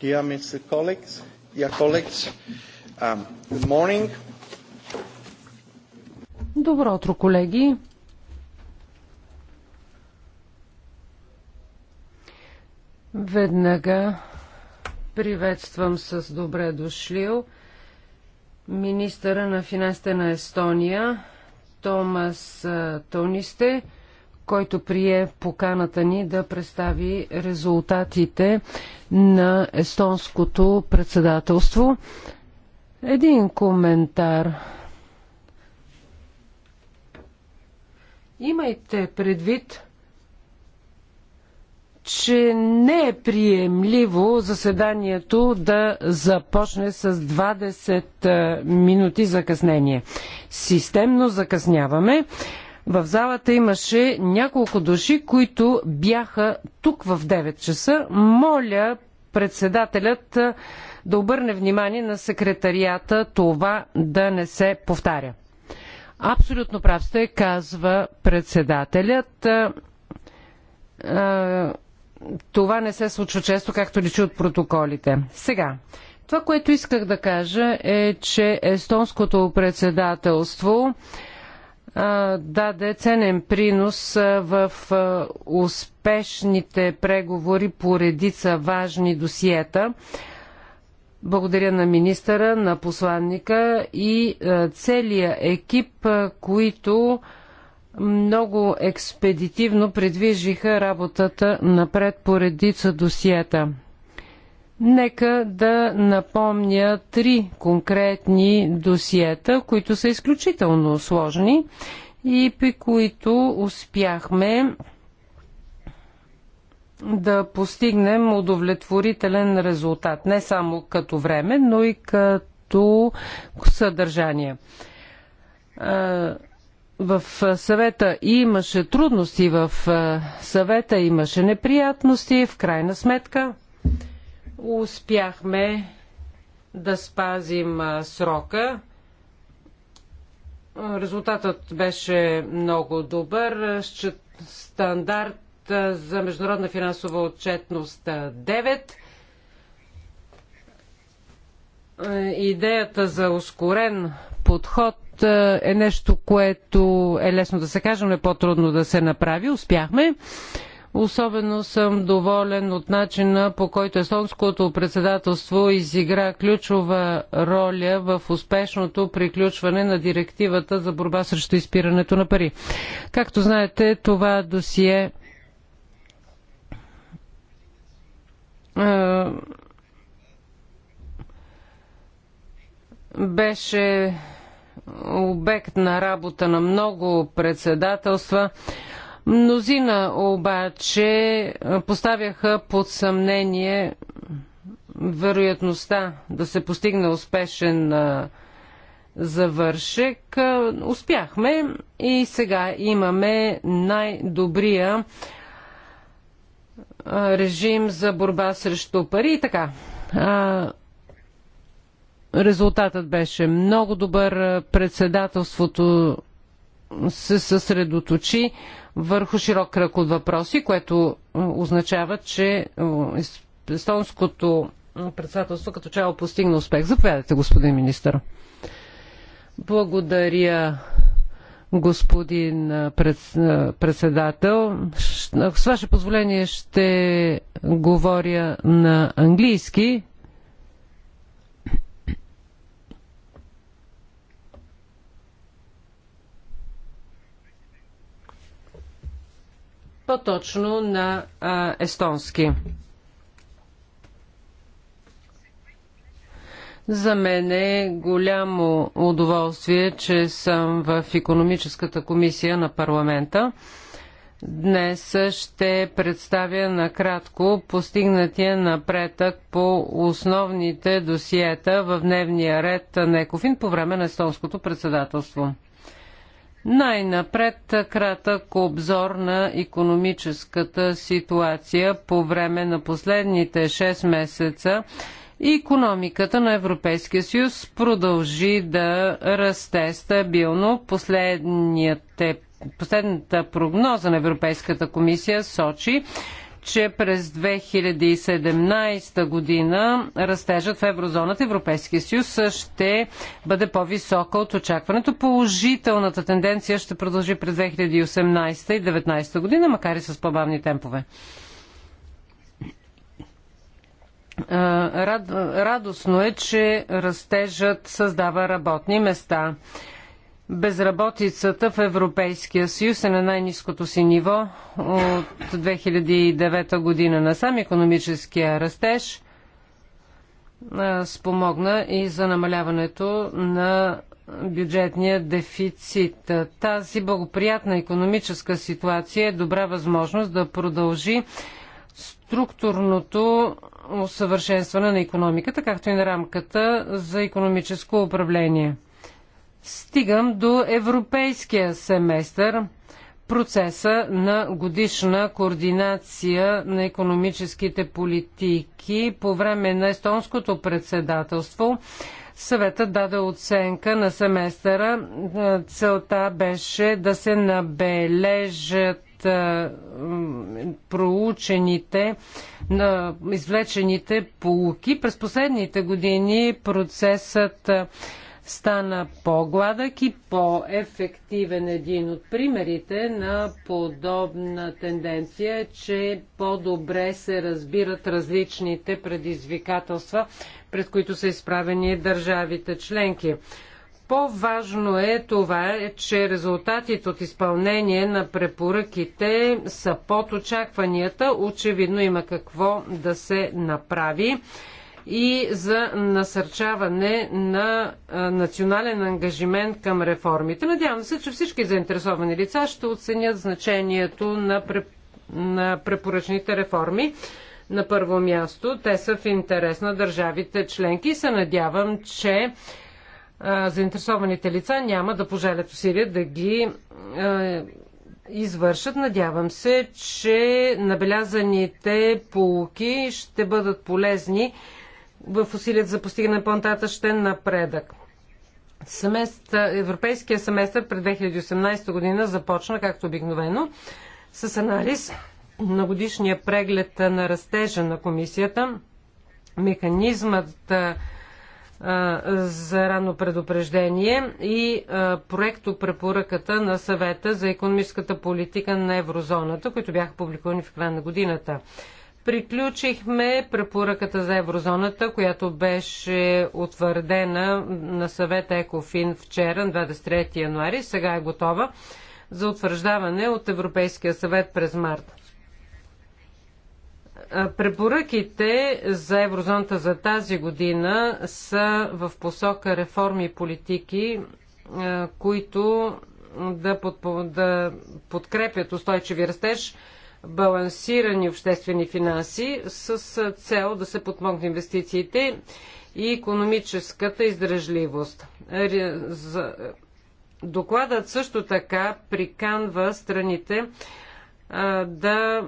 Dear Mr. colleagues, dear colleagues, um, good morning. Добро утро, колеги. Веднага приветствам с добре дошлил министъра на финансите на Естония Томас Тонисте който прие поканата ни да представи резултатите на естонското председателство. Един коментар. Имайте предвид, че не е приемливо заседанието да започне с 20 е, минути закъснение. Системно закъсняваме. В залата имаше няколко души, които бяха тук в 9 часа. Моля председателят да обърне внимание на секретарията това да не се повтаря. Абсолютно прав сте, казва председателят. Това не се случва често, както личи от протоколите. Сега, това, което исках да кажа е, че естонското председателство даде ценен принос в успешните преговори по редица важни досиета. Благодаря на министъра, на посланника и целия екип, които много експедитивно предвижиха работата напред по редица досиета. Нека да напомня три конкретни досиета, които са изключително сложни и при които успяхме да постигнем удовлетворителен резултат, не само като време, но и като съдържание. В съвета имаше трудности, в съвета имаше неприятности, в крайна сметка Успяхме да спазим срока. Резултатът беше много добър. Стандарт за международна финансова отчетност 9. Идеята за ускорен подход е нещо, което е лесно да се каже, но е по-трудно да се направи. Успяхме. Особено съм доволен от начина по който естонското председателство изигра ключова роля в успешното приключване на директивата за борба срещу изпирането на пари. Както знаете, това досие е, беше обект на работа на много председателства. Мнозина обаче поставяха под съмнение вероятността да се постигне успешен завършек. Успяхме и сега имаме най-добрия режим за борба срещу пари и така. Резултатът беше много добър. Председателството се съсредоточи върху широк кръг от въпроси, което означава, че естонското председателство като чало постигна успех. Заповядайте, господин министър. Благодаря, господин председател. С ваше позволение ще говоря на английски. по-точно на а, естонски. За мен е голямо удоволствие, че съм в економическата комисия на парламента. Днес ще представя накратко постигнатия напретък по основните досиета в дневния ред на Екофин по време на естонското председателство. Най-напред кратък обзор на економическата ситуация по време на последните 6 месеца. Икономиката на Европейския съюз продължи да расте стабилно. Последният е Последната прогноза на Европейската комисия сочи, че през 2017 година растежът в еврозоната Европейския съюз ще бъде по-висока от очакването. Положителната тенденция ще продължи през 2018 и 2019 година, макар и с по-бавни темпове. Радостно е, че растежът създава работни места. Безработицата в Европейския съюз е на най-низкото си ниво от 2009 година насам. Економическия растеж спомогна и за намаляването на бюджетния дефицит. Тази благоприятна економическа ситуация е добра възможност да продължи структурното усъвършенстване на економиката, както и на рамката за економическо управление. Стигам до европейския семестър, процеса на годишна координация на економическите политики по време на естонското председателство. Съветът даде оценка на семестъра. Целта беше да се набележат е, проучените, на извлечените полуки. През последните години процесът е, стана по-гладък и по-ефективен. Един от примерите на подобна тенденция е, че по-добре се разбират различните предизвикателства, пред които са изправени държавите членки. По-важно е това, че резултатите от изпълнение на препоръките са под очакванията. Очевидно има какво да се направи и за насърчаване на национален ангажимент към реформите. Надявам се, че всички заинтересовани лица ще оценят значението на, преп... на препоръчните реформи. На първо място, те са в интерес на държавите членки и се надявам, че заинтересованите лица няма да пожалят усилия да ги е, извършат. Надявам се, че набелязаните полуки ще бъдат полезни в усилията за постигане по-нататъчен напредък. Семестър, европейския семестър през 2018 година започна, както обикновено, с анализ на годишния преглед на растежа на комисията, механизмата за ранно предупреждение и проекто препоръката на съвета за економическата политика на еврозоната, които бяха публикувани в края на годината. Приключихме препоръката за еврозоната, която беше утвърдена на съвета Екофин вчера, 23 януари. Сега е готова за утвърждаване от Европейския съвет през март. Препоръките за еврозоната за тази година са в посока реформи и политики, които да, да подкрепят устойчиви растеж, балансирани обществени финанси с цел да се подмогне инвестициите и економическата издръжливост. Докладът също така приканва страните да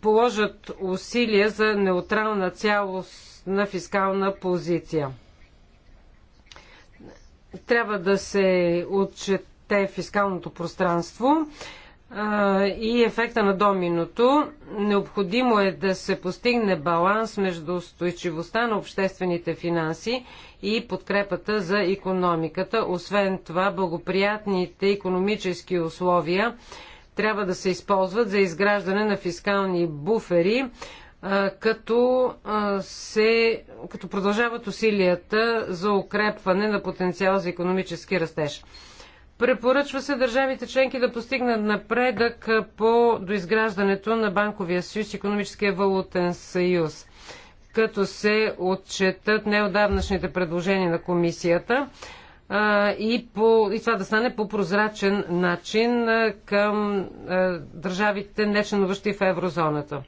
положат усилия за неутрална цялост на фискална позиция. Трябва да се отчете фискалното пространство и ефекта на доминото, необходимо е да се постигне баланс между устойчивостта на обществените финанси и подкрепата за економиката. Освен това, благоприятните економически условия трябва да се използват за изграждане на фискални буфери, като, се, като продължават усилията за укрепване на потенциал за економически растеж. Препоръчва се държавите членки да постигнат напредък по доизграждането на банковия съюз, економическия валутен съюз, като се отчетат неодавнашните предложения на комисията а, и, по, и това да стане по прозрачен начин а, към а, държавите, не членуващи в еврозоната.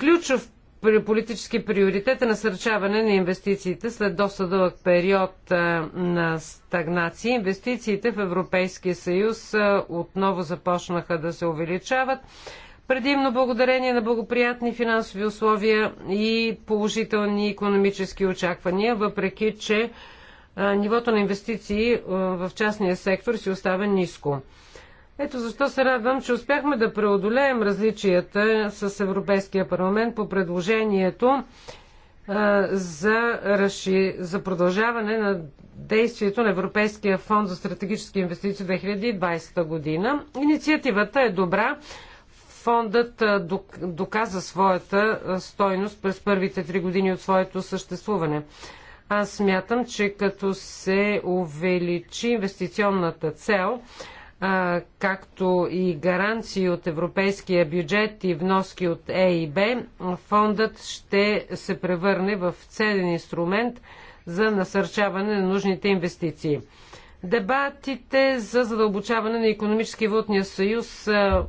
Ключов политически приоритет е насърчаване на инвестициите след доста дълъг период на стагнация. Инвестициите в Европейския съюз отново започнаха да се увеличават, предимно благодарение на благоприятни финансови условия и положителни економически очаквания, въпреки че нивото на инвестиции в частния сектор си остава ниско. Ето защо се радвам, че успяхме да преодолеем различията с Европейския парламент по предложението за, разши... за продължаване на действието на Европейския фонд за стратегически инвестиции 2020 година. Инициативата е добра. Фондът доказа своята стойност през първите три години от своето съществуване. Аз смятам, че като се увеличи инвестиционната цел, а, както и гаранции от европейския бюджет и вноски от Е и Б, фондът ще се превърне в ценен инструмент за насърчаване на нужните инвестиции. Дебатите за задълбочаване на економически водния съюз а,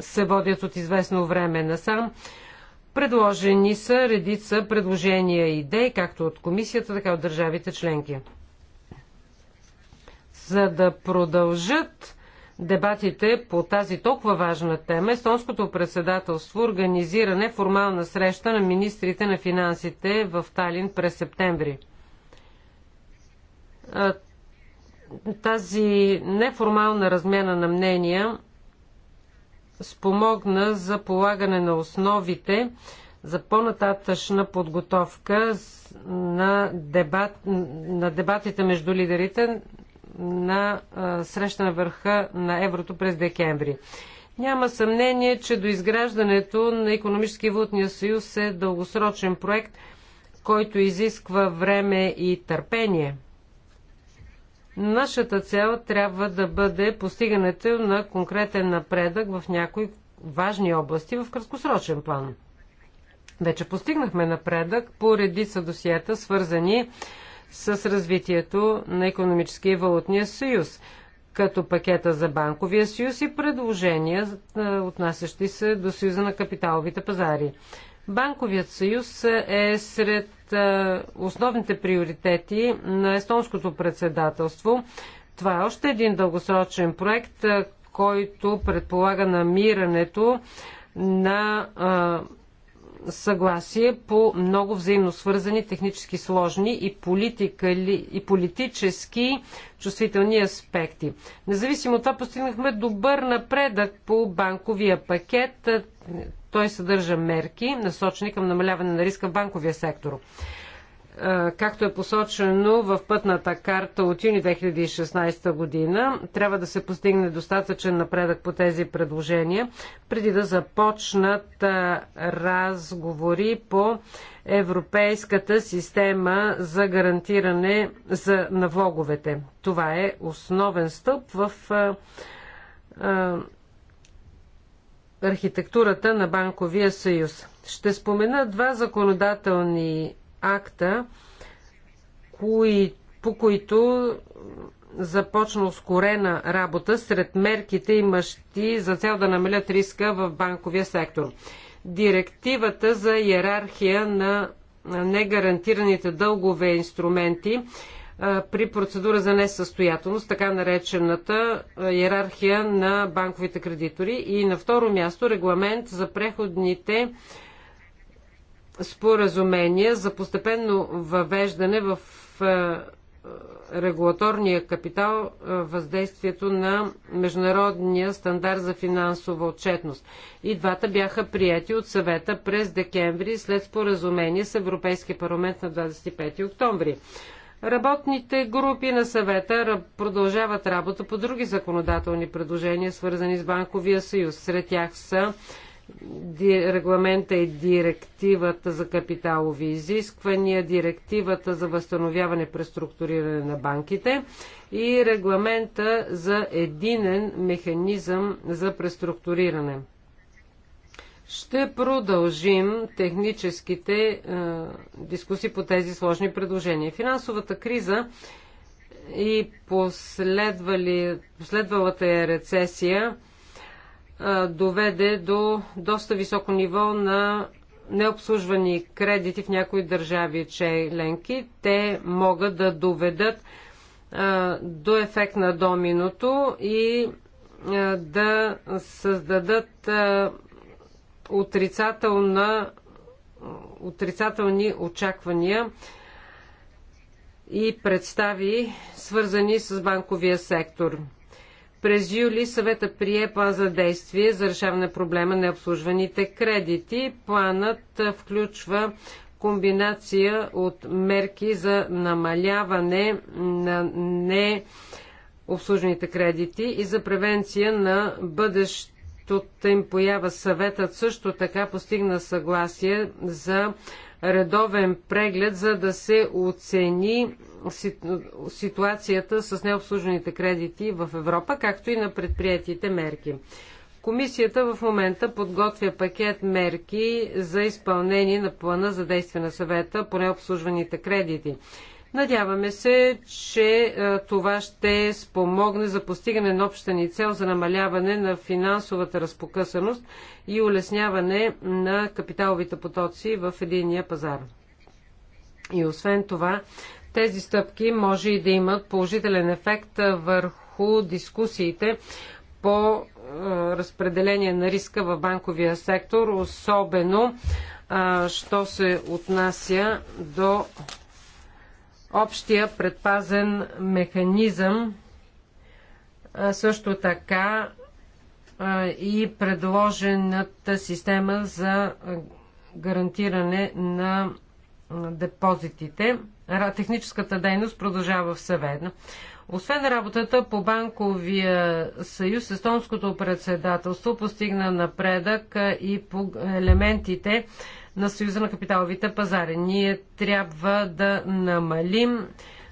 се водят от известно време насам. Предложени са редица предложения и идеи, както от комисията, така от държавите членки за да продължат дебатите по тази толкова важна тема, естонското председателство организира неформална среща на министрите на финансите в Талин през септември. Тази неформална размяна на мнения спомогна за полагане на основите за по-нататъчна подготовка на, дебат, на дебатите между лидерите на среща на върха на еврото през декември. Няма съмнение, че до изграждането на економически вълтния съюз е дългосрочен проект, който изисква време и търпение. Нашата цел трябва да бъде постигането на конкретен напредък в някои важни области в краткосрочен план. Вече постигнахме напредък по редица досиета, свързани с развитието на економическия и валутния съюз, като пакета за банковия съюз и предложения, отнасящи се до съюза на капиталовите пазари. Банковият съюз е сред основните приоритети на естонското председателство. Това е още един дългосрочен проект, който предполага намирането на съгласие по много взаимно свързани, технически сложни и, политикали, и политически чувствителни аспекти. Независимо от това, постигнахме добър напредък по банковия пакет. Той съдържа мерки, насочени към намаляване на риска в банковия сектор както е посочено в пътната карта от юни 2016 година, трябва да се постигне достатъчен напредък по тези предложения, преди да започнат разговори по Европейската система за гарантиране за навлоговете. Това е основен стъп в архитектурата на Банковия съюз. Ще спомена два законодателни акта, кои, по които започна ускорена работа сред мерките и мъщи за цел да намалят риска в банковия сектор. Директивата за иерархия на негарантираните дългове инструменти при процедура за несъстоятелност, така наречената иерархия на банковите кредитори. И на второ място регламент за преходните споразумения за постепенно въвеждане в е, регулаторния капитал е, въздействието на международния стандарт за финансова отчетност. И двата бяха прияти от съвета през декември след споразумение с Европейския парламент на 25 октомври. Работните групи на съвета продължават работа по други законодателни предложения, свързани с Банковия съюз. Сред тях са регламента и директивата за капиталови изисквания, директивата за възстановяване и преструктуриране на банките и регламента за единен механизъм за преструктуриране. Ще продължим техническите е, дискусии по тези сложни предложения. Финансовата криза и последвалата е рецесия доведе до доста високо ниво на необслужвани кредити в някои държави членки. Те могат да доведат до ефект на доминото и да създадат отрицателна, отрицателни очаквания и представи, свързани с банковия сектор. През юли съвета прие план за действие за решаване на проблема на обслужваните кредити. Планът включва комбинация от мерки за намаляване на не обслужваните кредити и за превенция на бъдещото им поява. Съветът също така постигна съгласие за редовен преглед, за да се оцени ситуацията с необслужените кредити в Европа, както и на предприятите мерки. Комисията в момента подготвя пакет мерки за изпълнение на плана за действие на съвета по необслужваните кредити. Надяваме се, че е, това ще спомогне за постигане на обща ни цел за намаляване на финансовата разпокъсаност и улесняване на капиталовите потоци в единия пазар. И освен това, тези стъпки може и да имат положителен ефект върху дискусиите по разпределение на риска в банковия сектор, особено що се отнася до общия предпазен механизъм, също така и предложената система за гарантиране на депозитите техническата дейност продължава в съвет. Освен работата по банковия съюз, естонското председателство постигна напредък и по елементите на съюза на капиталовите пазари. Ние трябва да намалим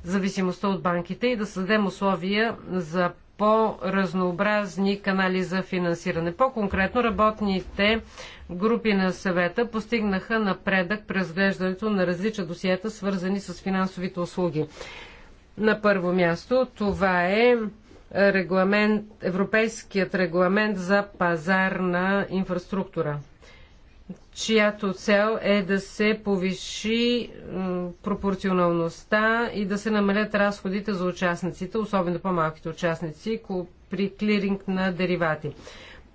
зависимостта от банките и да създадем условия за по-разнообразни канали за финансиране. По-конкретно работните групи на съвета постигнаха напредък при разглеждането на различни досиета, свързани с финансовите услуги. На първо място това е регламент, Европейският регламент за пазарна инфраструктура чиято цел е да се повиши пропорционалността и да се намалят разходите за участниците, особено по-малките участници, при клиринг на деривати.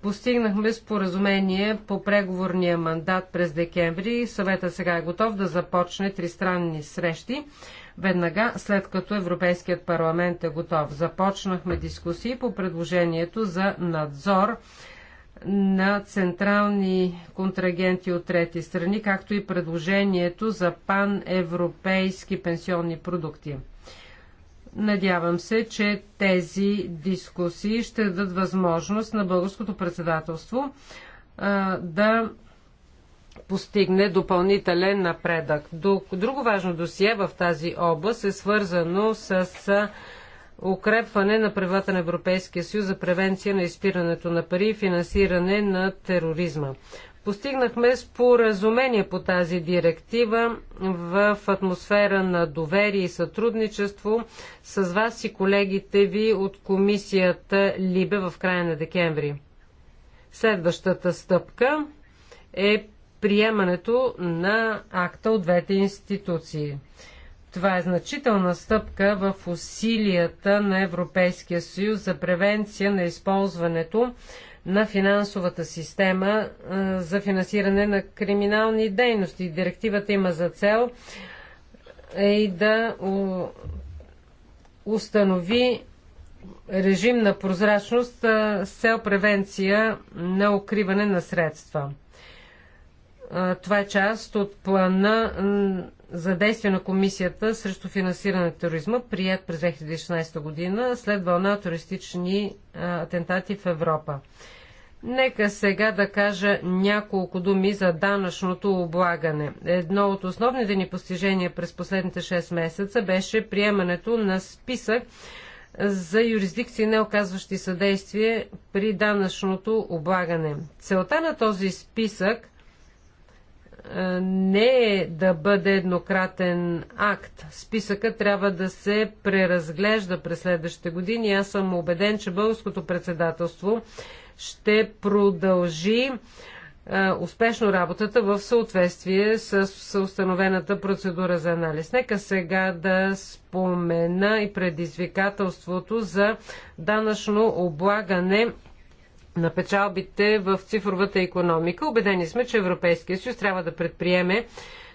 Постигнахме споразумение по преговорния мандат през декември. Съвета сега е готов да започне тристранни срещи. Веднага след като Европейският парламент е готов, започнахме дискусии по предложението за надзор на централни контрагенти от трети страни, както и предложението за паневропейски пенсионни продукти. Надявам се, че тези дискусии ще дадат възможност на българското председателство а, да постигне допълнителен напредък. Друго важно досие в тази област е свързано с укрепване на правилата на Европейския съюз за превенция на изпирането на пари и финансиране на тероризма. Постигнахме споразумение по тази директива в атмосфера на доверие и сътрудничество с вас и колегите ви от комисията Либе в края на декември. Следващата стъпка е приемането на акта от двете институции. Това е значителна стъпка в усилията на Европейския съюз за превенция на използването на финансовата система за финансиране на криминални дейности. Директивата има за цел е и да установи режим на прозрачност с цел превенция на укриване на средства. Това е част от плана за действие на комисията срещу финансиране на тероризма, прият през 2016 година след вълна туристични атентати в Европа. Нека сега да кажа няколко думи за данъчното облагане. Едно от основните ни постижения през последните 6 месеца беше приемането на списък за юрисдикции, не оказващи съдействие при данъчното облагане. Целта на този списък е, не е да бъде еднократен акт. Списъка трябва да се преразглежда през следващите години. Аз съм убеден, че българското председателство ще продължи е, успешно работата в съответствие с установената процедура за анализ. Нека сега да спомена и предизвикателството за данъчно облагане на печалбите в цифровата економика. Обедени сме, че Европейския съюз трябва да предприеме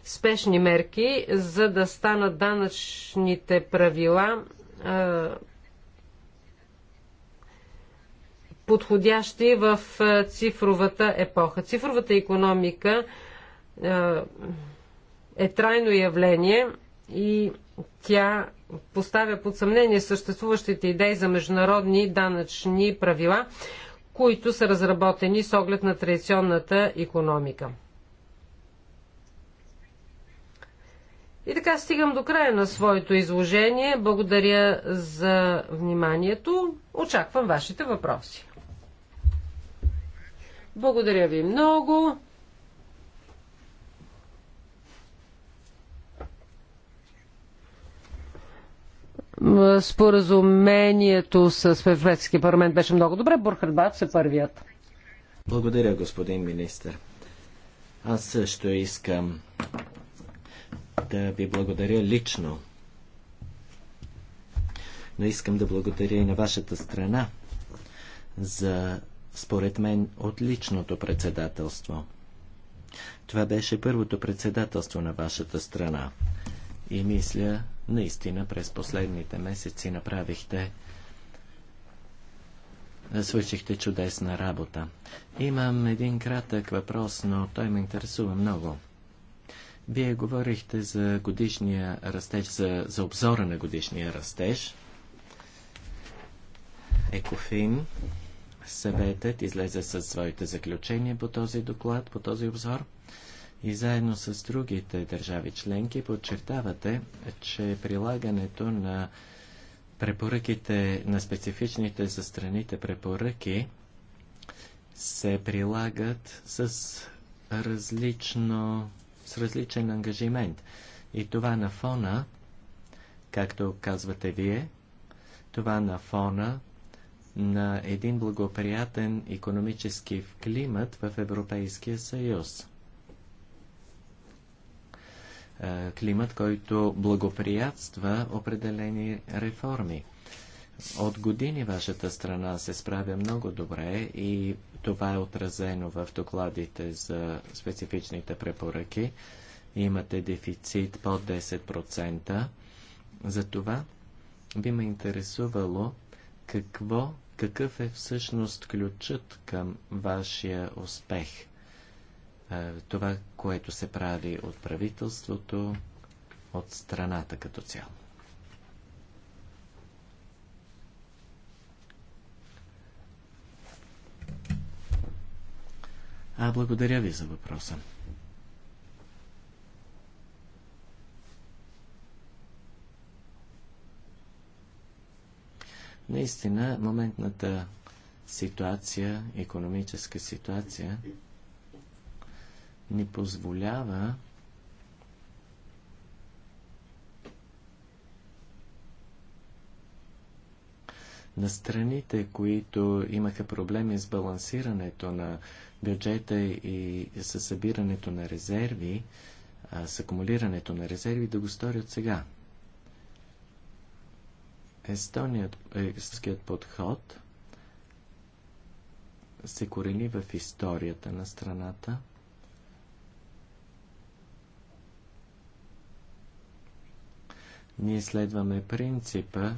спешни мерки, за да станат данъчните правила е, подходящи в цифровата епоха. Цифровата економика е, е трайно явление и тя поставя под съмнение съществуващите идеи за международни данъчни правила, които са разработени с оглед на традиционната економика. И така стигам до края на своето изложение. Благодаря за вниманието. Очаквам вашите въпроси. Благодаря ви много. Споразумението с Европейския парламент беше много добре. Бурхард Бац е първият. Благодаря, господин министр. Аз също искам да ви благодаря лично. Но искам да благодаря и на вашата страна за, според мен, отличното председателство. Това беше първото председателство на вашата страна. И мисля, Наистина през последните месеци направихте свършихте чудесна работа. Имам един кратък въпрос, но той ме интересува много. Вие говорихте за годишния растеж, за, за обзора на годишния растеж. Екофин, съветът излезе със своите заключения по този доклад, по този обзор и заедно с другите държави членки подчертавате, че прилагането на препоръките, на специфичните за страните препоръки се прилагат с различно, с различен ангажимент. И това на фона, както казвате вие, това на фона на един благоприятен економически климат в Европейския съюз. Е, климат, който благоприятства определени реформи. От години вашата страна се справя много добре и това е отразено в докладите за специфичните препоръки. Имате дефицит под 10%. Затова би ме интересувало какво, какъв е всъщност ключът към вашия успех – е, това, което се прави от правителството, от страната като цяло. А, благодаря ви за въпроса. Наистина, моментната ситуация, економическа ситуация, ни позволява на страните, които имаха проблеми с балансирането на бюджета и с събирането на резерви, с акумулирането на резерви, да го сторят сега. Естоният естонският подход се корени в историята на страната – Ние следваме принципа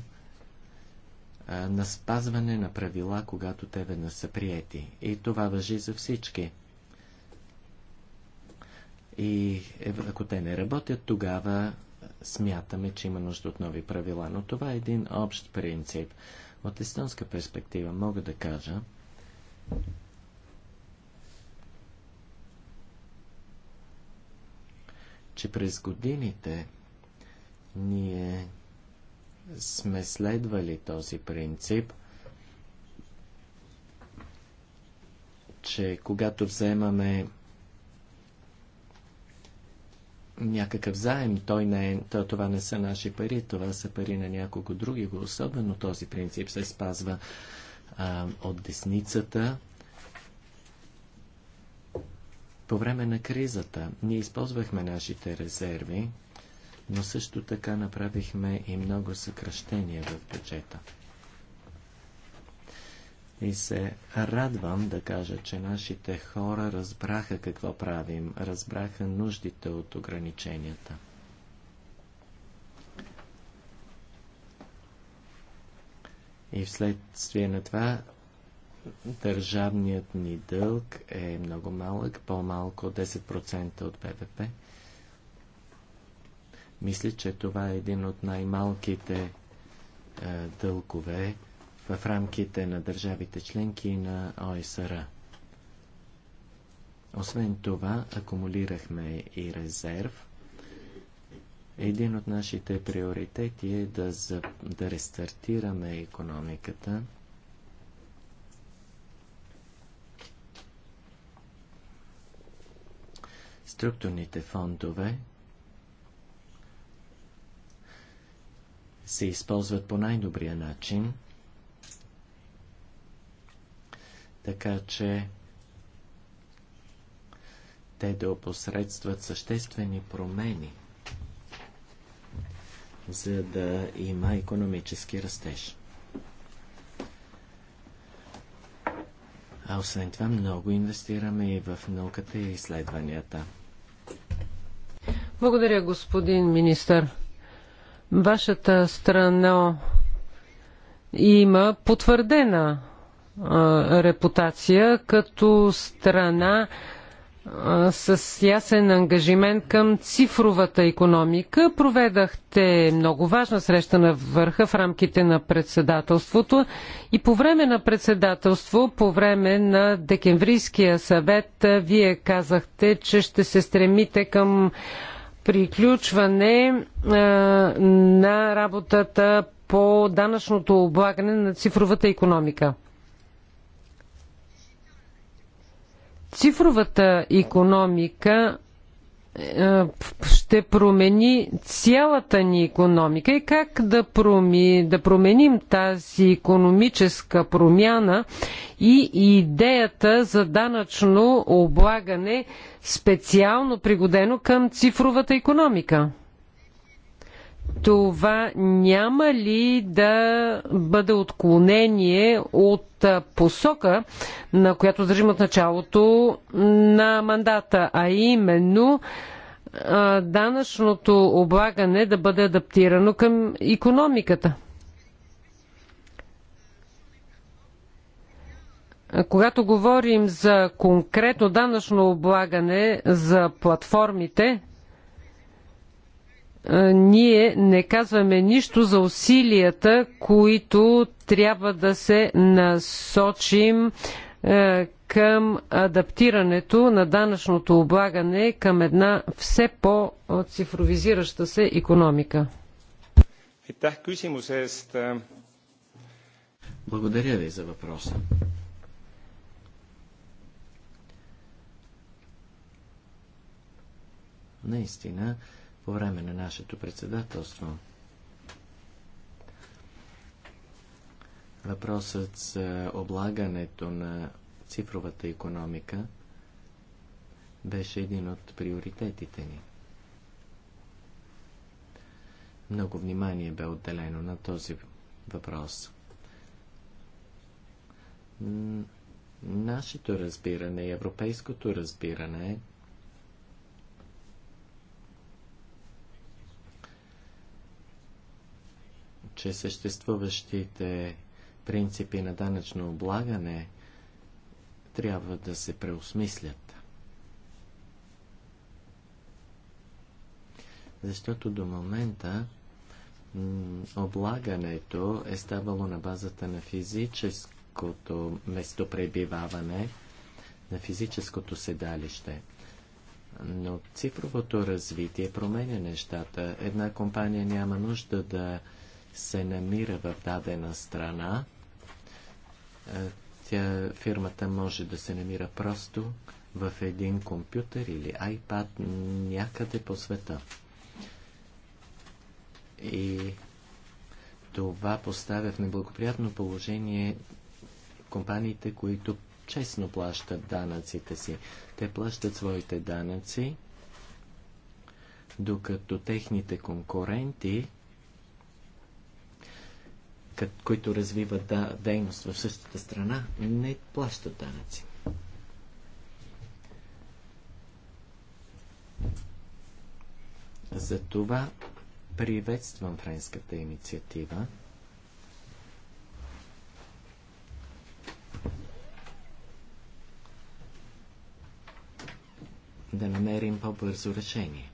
а, на спазване на правила, когато те веднъж са приети. И това въжи за всички. И ако те не работят, тогава смятаме, че има нужда от нови правила. Но това е един общ принцип. От естонска перспектива мога да кажа, че през годините ние сме следвали този принцип, че когато вземаме някакъв заем, той не е, това не са наши пари, това са пари на някого други. Особено този принцип се спазва а, от десницата. По време на кризата ние използвахме нашите резерви, но също така направихме и много съкръщения в бюджета. И се радвам да кажа, че нашите хора разбраха какво правим, разбраха нуждите от ограниченията. И вследствие на това държавният ни дълг е много малък, по-малко 10% от БВП. Мисля, че това е един от най-малките е, дългове в рамките на държавите членки и на ОСР. Освен това, акумулирахме и резерв. Един от нашите приоритети е да, за, да рестартираме економиката. Структурните фондове се използват по най-добрия начин, така че те да опосредстват съществени промени, за да има економически растеж. А освен това много инвестираме и в науката и изследванията. Благодаря, господин министър. Вашата страна има потвърдена а, репутация като страна а, с ясен ангажимент към цифровата економика. Проведахте много важна среща на върха в рамките на председателството и по време на председателство, по време на декемврийския съвет, вие казахте, че ще се стремите към приключване а, е, на работата по данъчното облагане на цифровата економика. Цифровата економика е, ще промени цялата ни економика и как да, проми, да променим тази економическа промяна и идеята за данъчно облагане специално пригодено към цифровата економика това няма ли да бъде отклонение от посока, на която държим от началото на мандата, а именно данъчното облагане да бъде адаптирано към економиката? Когато говорим за конкретно данъчно облагане за платформите, ние не казваме нищо за усилията, които трябва да се насочим към адаптирането на данъчното облагане към една все по-цифровизираща се економика. Благодаря ви за въпроса. Наистина, по време на нашето председателство. Въпросът за облагането на цифровата економика беше един от приоритетите ни. Много внимание бе отделено на този въпрос. Нашето разбиране и европейското разбиране е, че съществуващите принципи на данъчно облагане трябва да се преосмислят. Защото до момента облагането е ставало на базата на физическото местопребиваване, на физическото седалище. Но цифровото развитие променя нещата. Една компания няма нужда да се намира в дадена страна, е, тя, фирмата може да се намира просто в един компютър или iPad някъде по света. И това поставя в неблагоприятно положение компаниите, които честно плащат данъците си. Те плащат своите данъци, докато техните конкуренти които развиват да, дейност в същата страна, не плащат данъци. Затова приветствам френската инициатива. Да намерим по-бързо решение.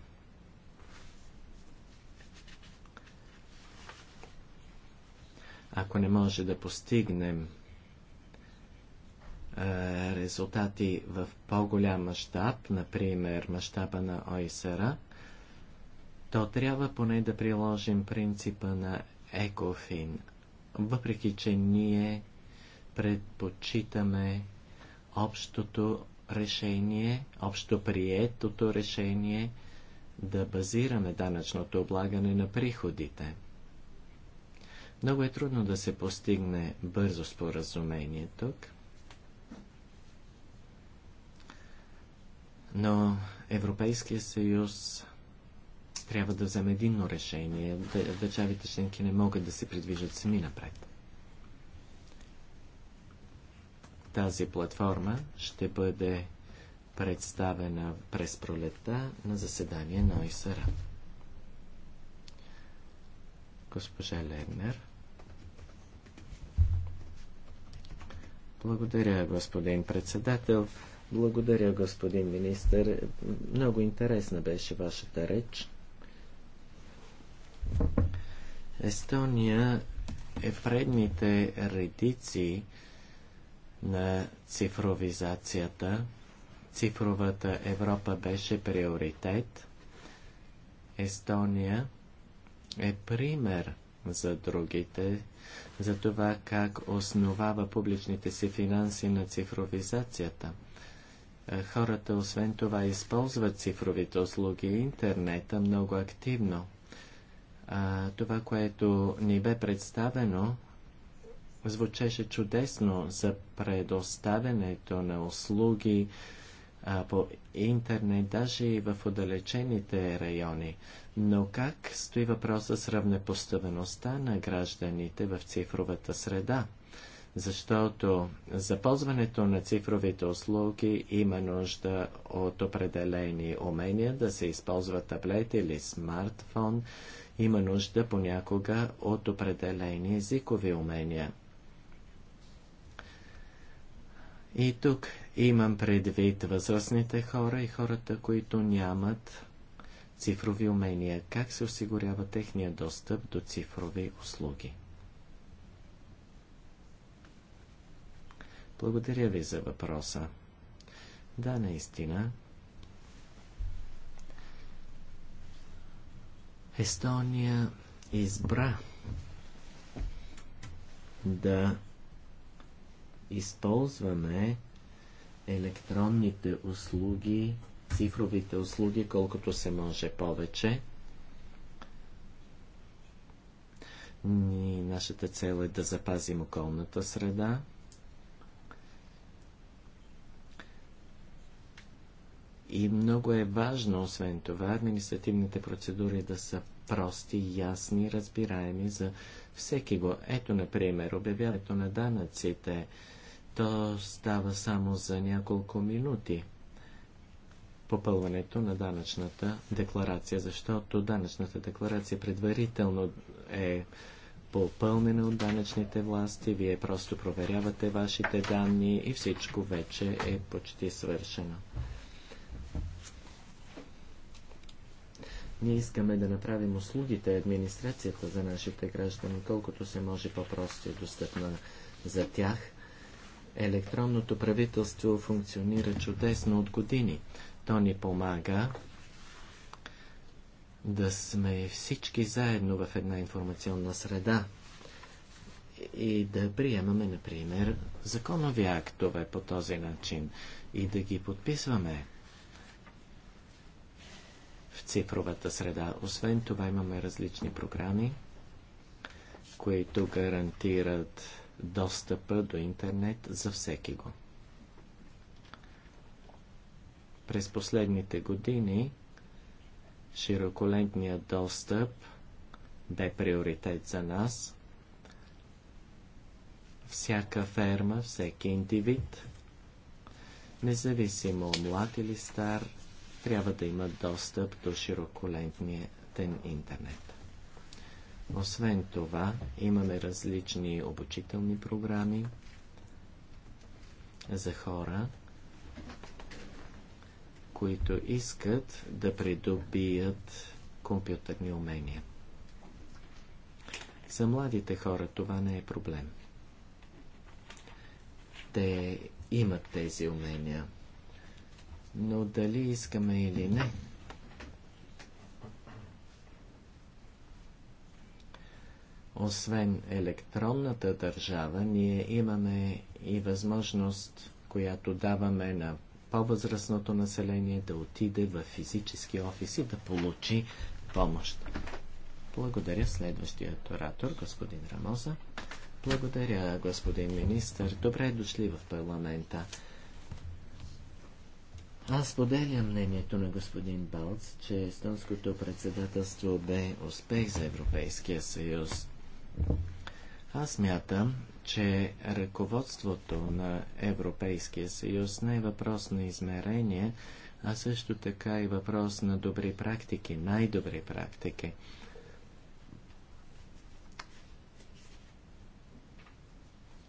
Ако не може да постигнем резултати в по-голям мащаб, например мащаба на ОИСР, то трябва поне да приложим принципа на екофин, въпреки че ние предпочитаме общото решение, общо приетото решение да базираме данъчното облагане на приходите – много е трудно да се постигне бързо споразумение тук, но Европейския съюз трябва да вземе единно решение. Държавите членки не могат да се придвижат сами напред. Тази платформа ще бъде представена през пролета на заседание на ОИСР. Госпожа Легнер. Благодаря, господин председател. Благодаря, господин министр. Много интересна беше вашата реч. Естония е предните редици на цифровизацията. Цифровата Европа беше приоритет. Естония е пример за другите за това как основава публичните си финанси на цифровизацията. Е, хората освен това използват цифровите услуги и интернета много активно. А, това, което ни бе представено, звучеше чудесно за предоставянето на услуги а, по интернет, даже и в отдалечените райони. Но как стои въпроса с равнепоставеността на гражданите в цифровата среда? Защото за ползването на цифровите услуги има нужда от определени умения да се използва таблет или смартфон. Има нужда понякога от определени езикови умения. И тук имам предвид възрастните хора и хората, които нямат цифрови умения, как се осигурява техния достъп до цифрови услуги. Благодаря ви за въпроса. Да, наистина. Естония избра да използваме електронните услуги цифровите услуги колкото се може повече. Ни, нашата цел е да запазим околната среда. И много е важно, освен това, административните процедури да са прости, ясни, разбираеми за всеки го. Ето, например, обявяването на данъците, то става само за няколко минути – попълването на данъчната декларация, защото данъчната декларация предварително е попълнена от данъчните власти, вие просто проверявате вашите данни и всичко вече е почти свършено. Ние искаме да направим услугите, администрацията за нашите граждани, колкото се може по-просто и достъпна за тях. Електронното правителство функционира чудесно от години. То ни помага да сме всички заедно в една информационна среда и да приемаме, например, законови актове по този начин и да ги подписваме в цифровата среда. Освен това имаме различни програми, които гарантират достъпа до интернет за всеки го. През последните години широколентният достъп бе приоритет за нас. Всяка ферма, всеки индивид, независимо млад или стар, трябва да има достъп до широколентния ден интернет. Освен това, имаме различни обучителни програми за хора, които искат да придобият компютърни умения. За младите хора това не е проблем. Те имат тези умения. Но дали искаме или не, освен електронната държава, ние имаме и възможност, която даваме на по-възрастното население да отиде в физически офис и да получи помощ. Благодаря следващият оратор, господин Рамоза. Благодаря, господин министр. Добре дошли в парламента. Аз поделям мнението на господин Балц, че естонското председателство бе успех за Европейския съюз. Аз мятам, че ръководството на Европейския съюз не е въпрос на измерение, а също така и въпрос на добри практики, най-добри практики.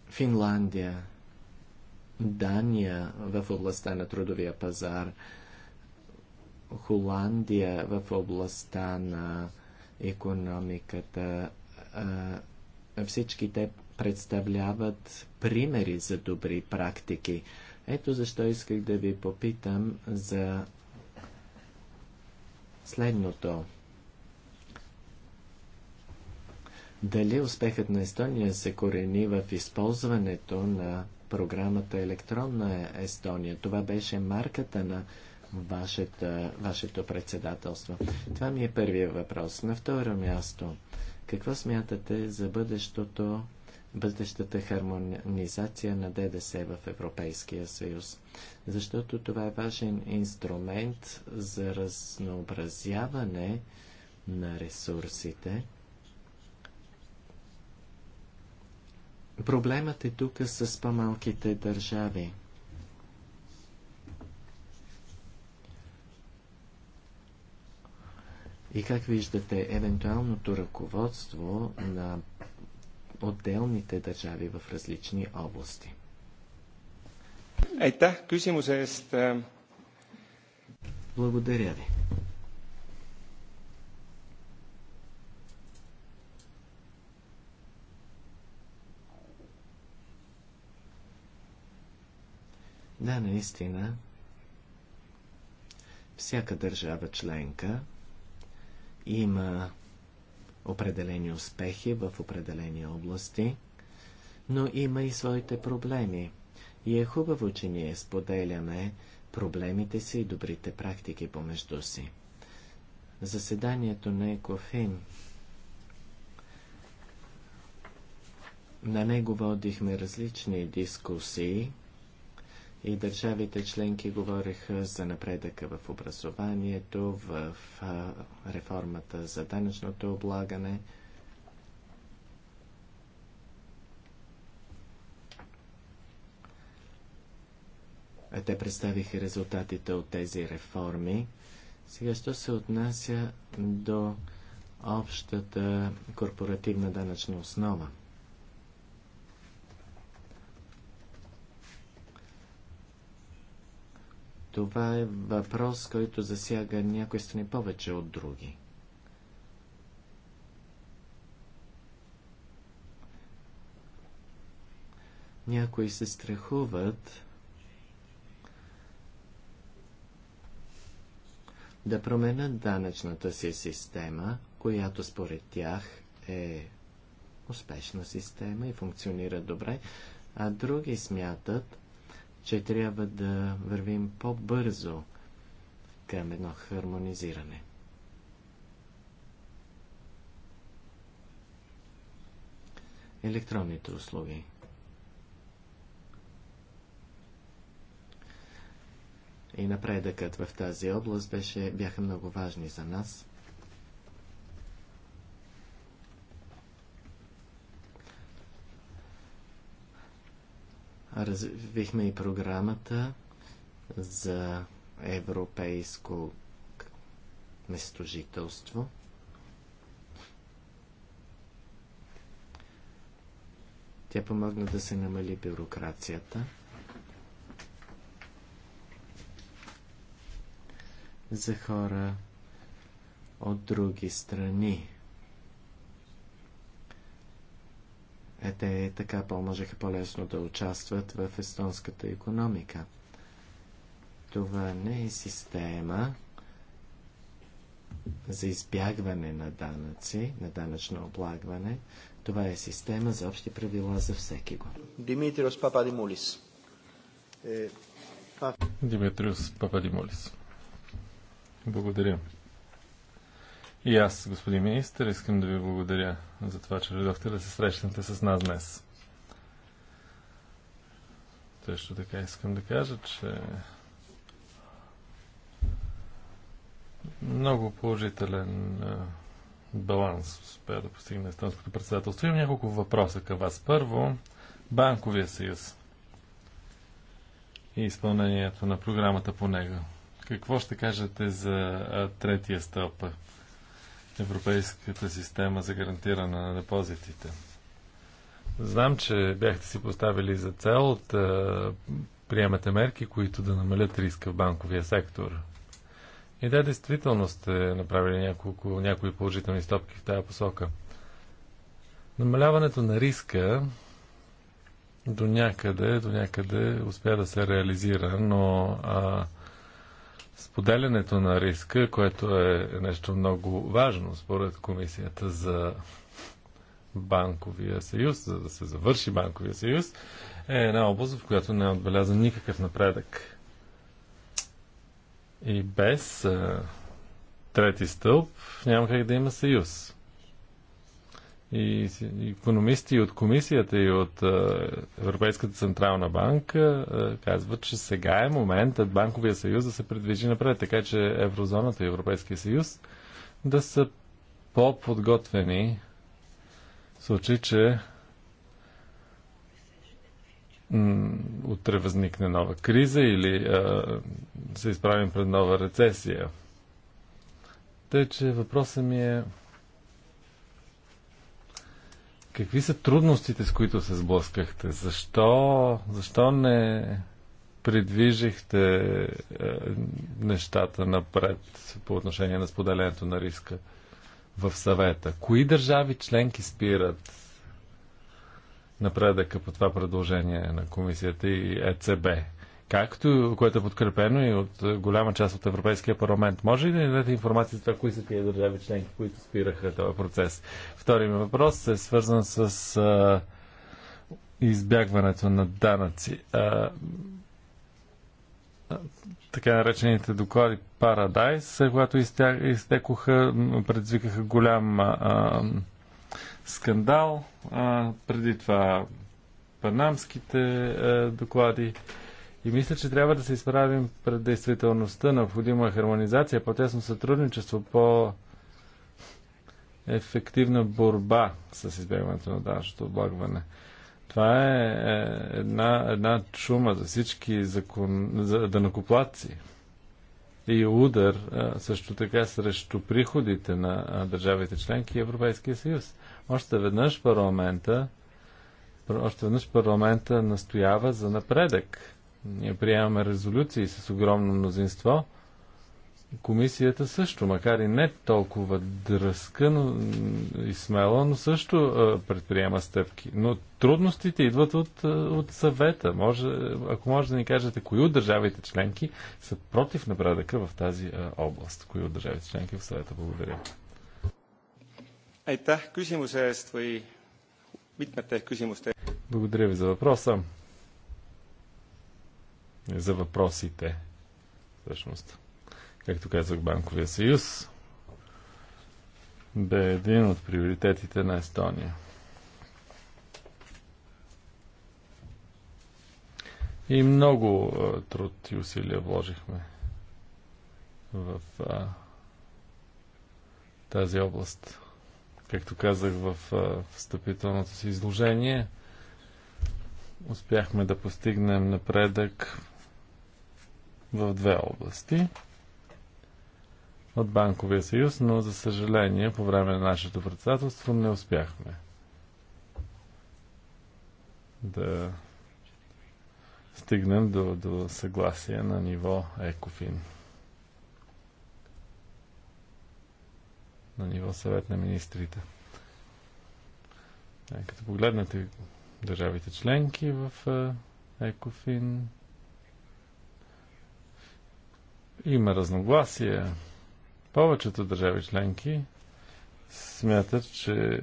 Финландия, Дания в областта на трудовия пазар, Холандия в областта на економиката, всички те представляват примери за добри практики. Ето защо исках да ви попитам за следното. Дали успехът на Естония се корени в използването на програмата Електронна Естония? Това беше марката на вашето, вашето председателство. Това ми е първият въпрос. На второ място. Какво смятате за бъдещото, бъдещата хармонизация на ДДС в Европейския съюз? Защото това е важен инструмент за разнообразяване на ресурсите. Проблемът е тук с по-малките държави. И как виждате евентуалното ръководство на отделните държави в различни области? Aitäh küsimuse eest. Благодаря ви. Да, наистина. Всяка държава членка има определени успехи в определени области, но има и своите проблеми. И е хубаво, че ние споделяме проблемите си и добрите практики помежду си. Заседанието на Екофин На него водихме различни дискусии и държавите членки говориха за напредъка в образованието, в реформата за данъчното облагане. Те представиха резултатите от тези реформи. Сега, що се отнася до общата корпоративна данъчна основа – Това е въпрос, който засяга някои страни повече от други. Някои се страхуват да променят данъчната си система, която според тях е успешна система и функционира добре, а други смятат, че трябва да вървим по-бързо към едно хармонизиране. Електронните услуги. И напредъкът в тази област беше, бяха много важни за нас – Развихме и програмата за европейско местожителство. Тя помогна да се намали бюрокрацията. За хора от други страни, Е, те така по-можеха по-лесно да участват в естонската економика. Това не е система за избягване на данъци, на данъчно облагване. Това е система за общи правила за всеки го. Димитриос Пападимулис. Е, Димитриос Пападимулис. Благодаря. И аз, господин министр, искам да ви благодаря за това, че дойдохте да се срещнете с нас днес. Също така искам да кажа, че много положителен баланс успя да постигне естонското председателство. Имам няколко въпроса към вас. Първо, банковия съюз и изпълнението на програмата по него. Какво ще кажете за третия стълб? Европейската система за гарантиране на депозитите. Знам, че бяхте си поставили за цел да приемате мерки, които да намалят риска в банковия сектор. И да, действително сте направили няколко, някои положителни стопки в тази посока. Намаляването на риска до някъде, до някъде успя да се реализира, но а, Споделянето на риска, което е нещо много важно според комисията за банковия съюз, за да се завърши банковия съюз, е една област, в която не е отбелязан никакъв напредък. И без е, трети стълб няма как да има съюз и економисти от комисията и от Европейската централна банка казват, че сега е моментът банковия съюз да се предвижи напред, така че еврозоната и Европейския съюз да са по-подготвени в случай, че утре възникне нова криза или а, се изправим пред нова рецесия. Тъй, че въпросът ми е Какви са трудностите, с които се сблъскахте? Защо, защо не предвижихте е, нещата напред по отношение на споделянето на риска в съвета? Кои държави членки спират напредъка по това предложение на комисията и ЕЦБ? както, което е подкрепено и от е, голяма част от Европейския парламент. Може ли да ни дадете информация за това, кои са тия държави членки, които спираха този процес? Втори ми въпрос е свързан с а, избягването на данъци. А, така наречените доклади Paradise, когато изтекоха, предизвикаха голям а, скандал. А, преди това панамските а, доклади. А, и мисля, че трябва да се изправим пред действителността. Необходима е хармонизация, по-тесно сътрудничество, по ефективна борба с избягването на данъчното облагване. Това е, е една, една чума за всички закон, за данакоплаци и удар е, също така срещу приходите на е, държавите членки и Европейския съюз. Още веднъж парламента още веднъж парламента настоява за напредък ние приемаме резолюции с огромно мнозинство. Комисията също, макар и не толкова дръска но, и смела, но също а, предприема стъпки. Но трудностите идват от, от съвета. Може, ако може да ни кажете, кои от държавите членки са против напредъка в тази а, област? Кои от държавите членки в съвета? Благодаря. се Благодаря ви за въпроса за въпросите. Всъщност, както казах, Банковия съюз бе един от приоритетите на Естония. И много труд и усилия вложихме в а, тази област. Както казах в а, встъпителното си изложение, успяхме да постигнем напредък в две области от Банковия съюз, но за съжаление по време на нашето председателство не успяхме да стигнем до, до съгласие на ниво ЕКОФИН. На ниво съвет на министрите. Е, като погледнете държавите членки в е, ЕКОФИН, има разногласия. Повечето държави членки смятат, че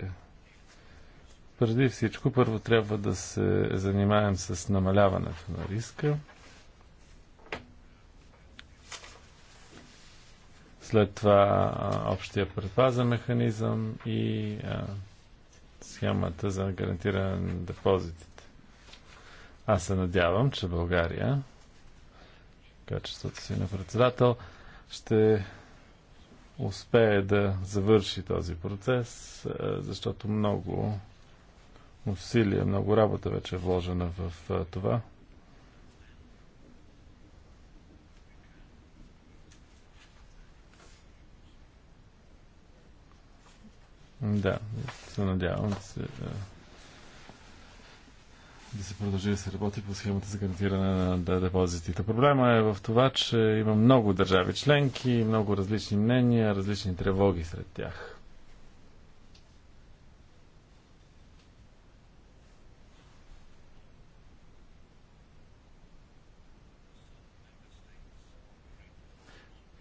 преди всичко първо трябва да се занимаем с намаляването на риска. След това общия предпазен механизъм и а, схемата за гарантиране на депозитите. Аз се надявам, че България качеството си на председател, ще успее да завърши този процес, е, защото много усилия, много работа вече е вложена в е, това. Да, се надявам да се да се продължи да се работи по схемата за гарантиране на депозитите. Проблема е в това, че има много държави членки, много различни мнения, различни тревоги сред тях.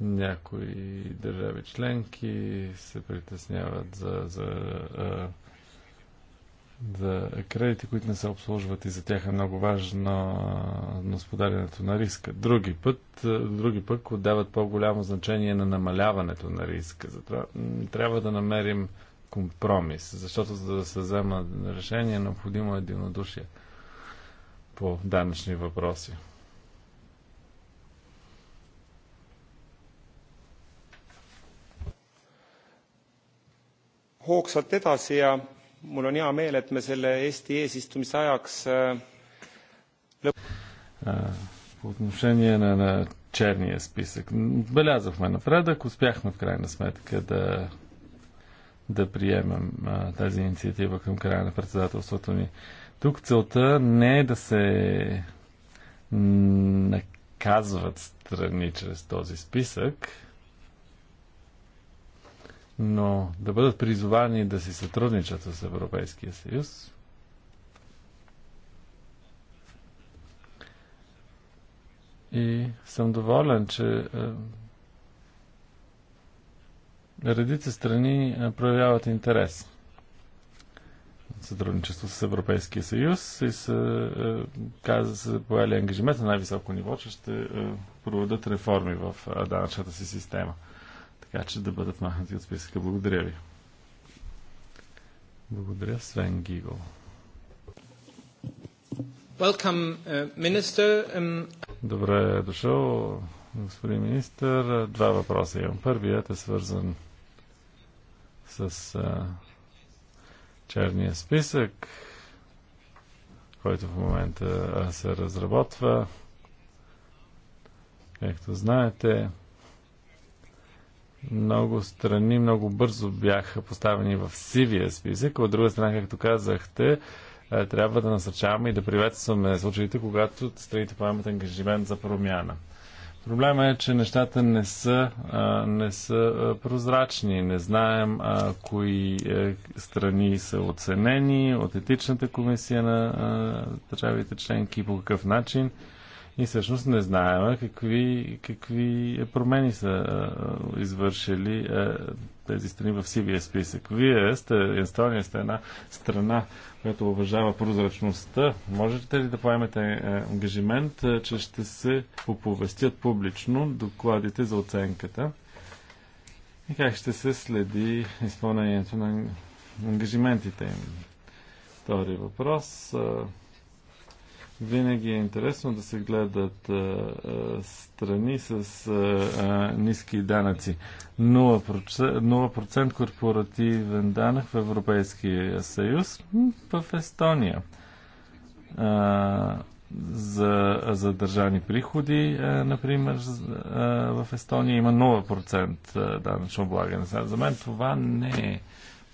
Някои държави членки се притесняват за, за за кредити, които не се обслужват и за тях е много важно на споделянето на риска. Други път, други пък отдават по-голямо значение на намаляването на риска. Затова трябва да намерим компромис, защото за да се взема решение, необходимо е единодушие по данъчни въпроси. hoogsalt edasi ja mul on hea meel, et me selle Eesti eesistumise ajaks äh, äh, По отношение на, на черния списък. Отбелязахме напредък, успяхме в крайна сметка да, да приемем а, тази инициатива към края на председателството ни. Тук целта не е да се наказват страни чрез този списък, но да бъдат призовани да си сътрудничат с Европейския съюз, И съм доволен, че е, редица страни е, проявяват интерес сътрудничество с Европейския съюз и са, е, каза, са поели ангажимент на най-високо ниво, че ще проведат реформи в данъчната си система така че да бъдат махнати от списъка. Благодаря ви. Благодаря, Свен Гиго. Welcome, uh, minister. Um, Добре е дошъл, господин министър. Два въпроса имам. Първият е свързан с черния списък, който в момента се разработва. Както знаете, много страни много бързо бяха поставени в сивия списък. От друга страна, както казахте, е, трябва да насърчаваме и да приветстваме случаите, когато страните поемат ангажимент за промяна. Проблема е, че нещата не са, а, не са прозрачни. Не знаем а, кои е, страни са оценени от етичната комисия на а, държавите членки и по какъв начин. И всъщност не знаем какви, какви промени са извършили тези страни в сивия списък. Вие сте, Естония сте една страна, която уважава прозрачността. Можете ли да поемете е, ангажимент, е, че ще се оповестят публично докладите за оценката? И как ще се следи изпълнението на ангажиментите им? Втори въпрос е, винаги е интересно да се гледат а, а, страни с а, а, ниски данъци. 0%, 0% корпоративен данък в Европейския съюз в Естония. А, за, задържани държавни приходи, а, например, а, в Естония има 0% данъчно облагане. За мен това не е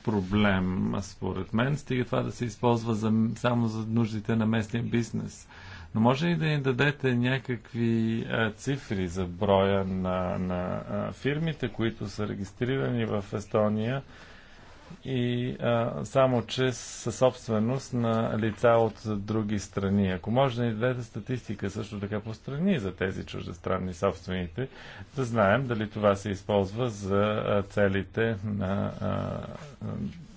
проблем, според мен. Стига това да се използва за, само за нуждите на местния бизнес. Но може ли да ни дадете някакви а, цифри за броя на, на а, фирмите, които са регистрирани в Естония? и а, само че със собственост на лица от други страни. Ако може да ни дадете статистика също така по страни за тези чуждестранни собствените, да знаем дали това се използва за целите на а, а,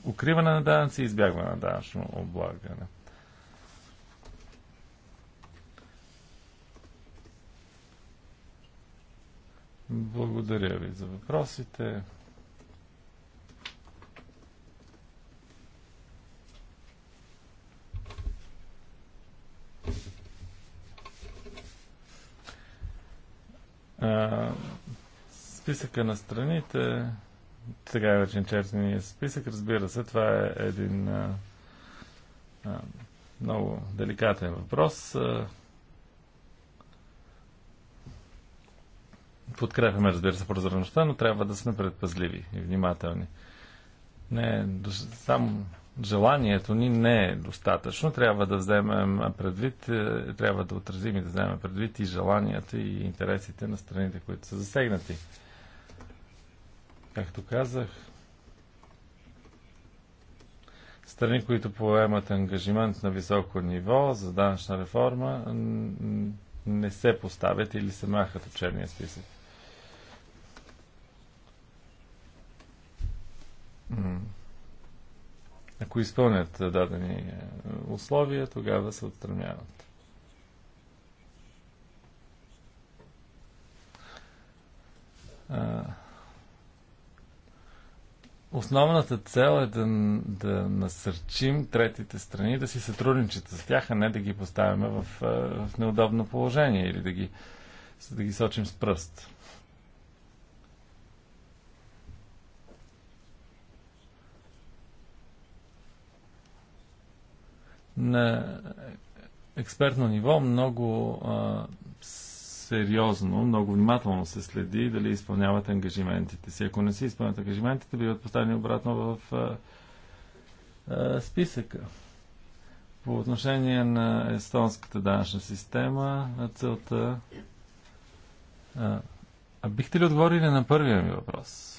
укриване на данъци и избягване на данъчно облагане. Благодаря ви за въпросите. а, списъка на страните, така е вече черния списък, разбира се, това е един а, а, много деликатен въпрос. подкрепяме, разбира се, прозрачността, но трябва да сме предпазливи и внимателни. Не, само желанието ни не е достатъчно. Трябва да вземем предвид, е, трябва да отразим и да вземем предвид и желанията и интересите на страните, които са засегнати. Както казах, страни, които поемат ангажимент на високо ниво за данъчна реформа, не се поставят или се махат от черния списък. Mm. Ако изпълнят дадени е, условия, тогава се отстраняват. Основната цел е да, да насърчим третите страни да си сътрудничат с тях, а не да ги поставяме в, е, в неудобно положение или да ги, да ги сочим с пръст. на експертно ниво много а, сериозно, много внимателно се следи дали изпълняват ангажиментите си. Ако не си изпълняват ангажиментите, биват поставени обратно в а, а, списъка. По отношение на естонската данъчна система, целта. А, а бихте ли отговорили на първия ми въпрос?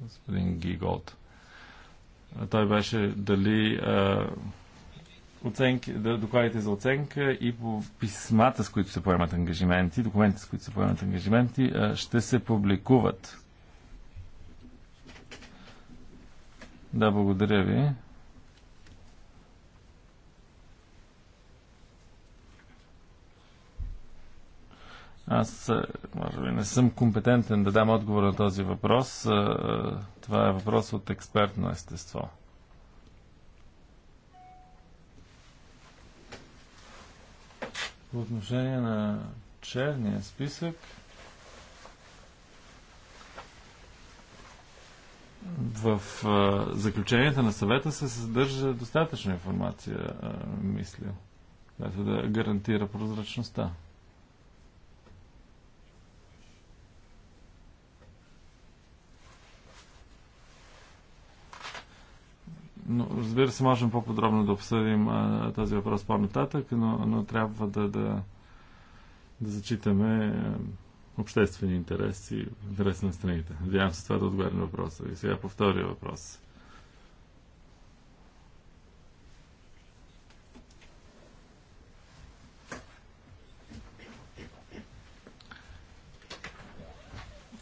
Господин Гиголт. Той беше дали а, оценки, да, докладите за оценка и по писмата, с които се поемат ангажименти, документите, с които се поемат ангажименти, а, ще се публикуват. Да, благодаря ви. Аз, е, може би, не съм компетентен да дам отговор на този въпрос. Е, е, това е въпрос от експертно естество. По отношение на черния списък, в заключенията на съвета се съдържа достатъчно информация, мисля, която да гарантира прозрачността. Но, разбира се, можем по-подробно да обсъдим а, този въпрос по-нататък, но, но трябва да, да, да зачитаме обществени интереси, и интерес на страните. Надявам се това да отговаря на въпроса. И сега по втория въпрос.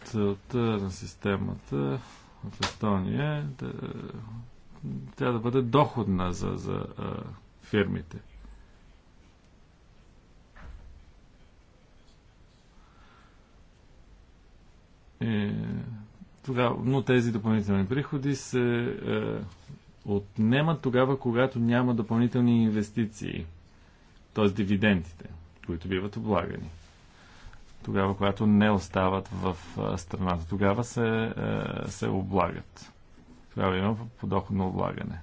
Целта на системата в Естония е да трябва да бъде доходна за, за а, фирмите. Е, тогава, но тези допълнителни приходи се е, отнемат тогава, когато няма допълнителни инвестиции, т.е. дивидендите, които биват облагани. Тогава, когато не остават в страната, тогава се, е, се облагат трябва да има подоходно облагане.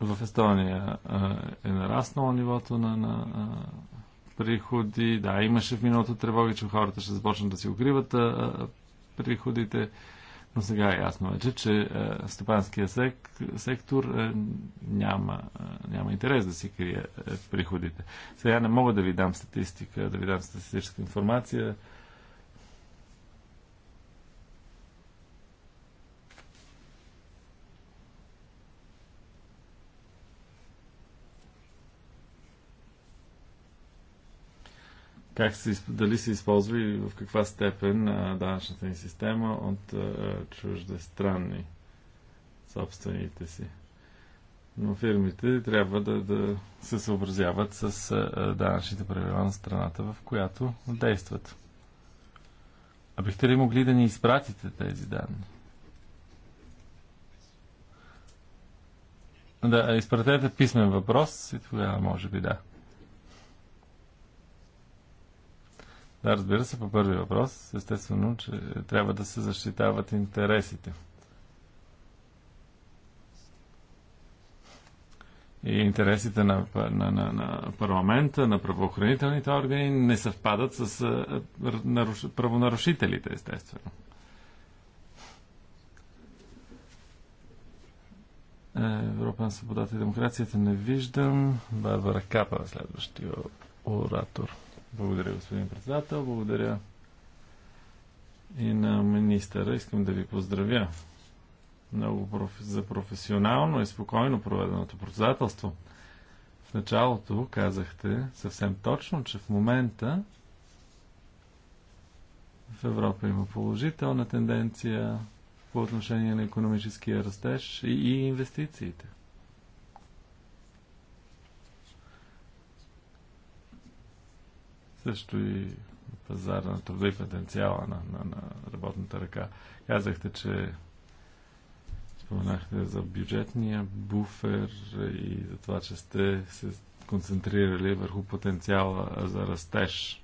В Естония е нараснало нивото на, на приходи. Да, имаше в миналото тревоги, че хората ще започнат да си укриват а, приходите. Но сега е ясно вече, че е, стопанския сек, сектор е, няма, е, няма интерес да си крие приходите. Сега не мога да ви дам статистика, да ви дам статистическа информация как се, дали се използва и в каква степен данъчната ни система от странни собствените си. Но фирмите трябва да, да се съобразяват с данъчните правила на страната, в която действат. А бихте ли могли да ни изпратите тези данни? Да, изпратете писмен въпрос и тогава може би да. Да, разбира се, по първи въпрос, естествено, че трябва да се защитават интересите. И интересите на, на, на, на парламента, на правоохранителните органи не съвпадат с наруш, правонарушителите, естествено. Европа на свободата и демокрацията не виждам. Барбара Капа, следващия оратор. Благодаря, господин председател. Благодаря и на министъра. Искам да ви поздравя много за професионално и спокойно проведеното председателство. В началото казахте съвсем точно, че в момента в Европа има положителна тенденция по отношение на економическия растеж и инвестициите. също и пазара на труда и потенциала на, на, на работната ръка. Казахте, че споменахте за бюджетния буфер и за това, че сте се концентрирали върху потенциала за растеж.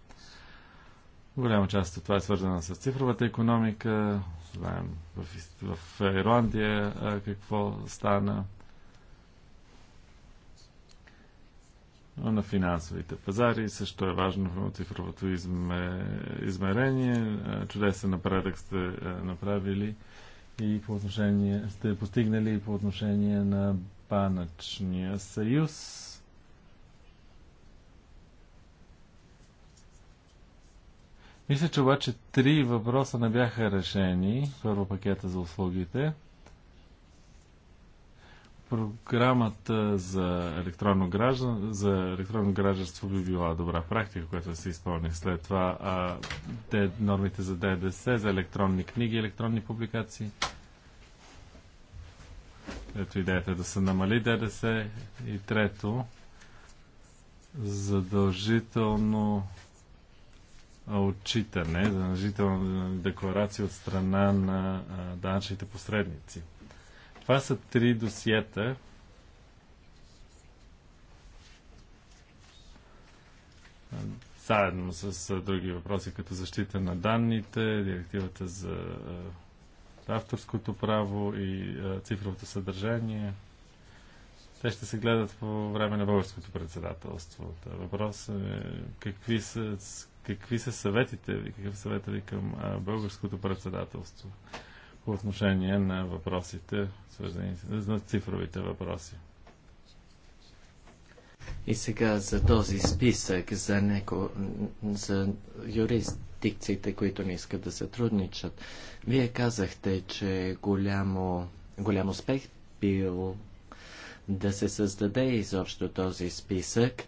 Голяма част от това е свързана с цифровата економика. Знаем в, в Ирландия какво стана. на финансовите пазари. Също е важно в цифровото измерение. Е, чудесен напредък сте е, направили и по отношение, сте постигнали и по отношение на банъчния съюз. Мисля, че обаче три въпроса не бяха решени. Първо пакета за услугите – Програмата за електронно, граждан, за електронно гражданство би била добра практика, която се изпълни след това. А, те, нормите за ДДС, за електронни книги, електронни публикации. Ето идеята е да се намали ДДС. И трето, задължително отчитане, задължителна декларация от страна на данъчните посредници. Това са три досиета, заедно с други въпроси, като защита на данните, директивата за е, авторското право и е, цифровото съдържание. Те ще се гледат по време на българското председателство. въпрос е какви са, какви са съветите ви, какъв е съвет ви към българското председателство? по отношение на въпросите, свързани с цифровите въпроси. И сега за този списък, за, неко, за юрисдикциите, които не искат да сътрудничат. Вие казахте, че голямо, голям успех бил да се създаде изобщо този списък.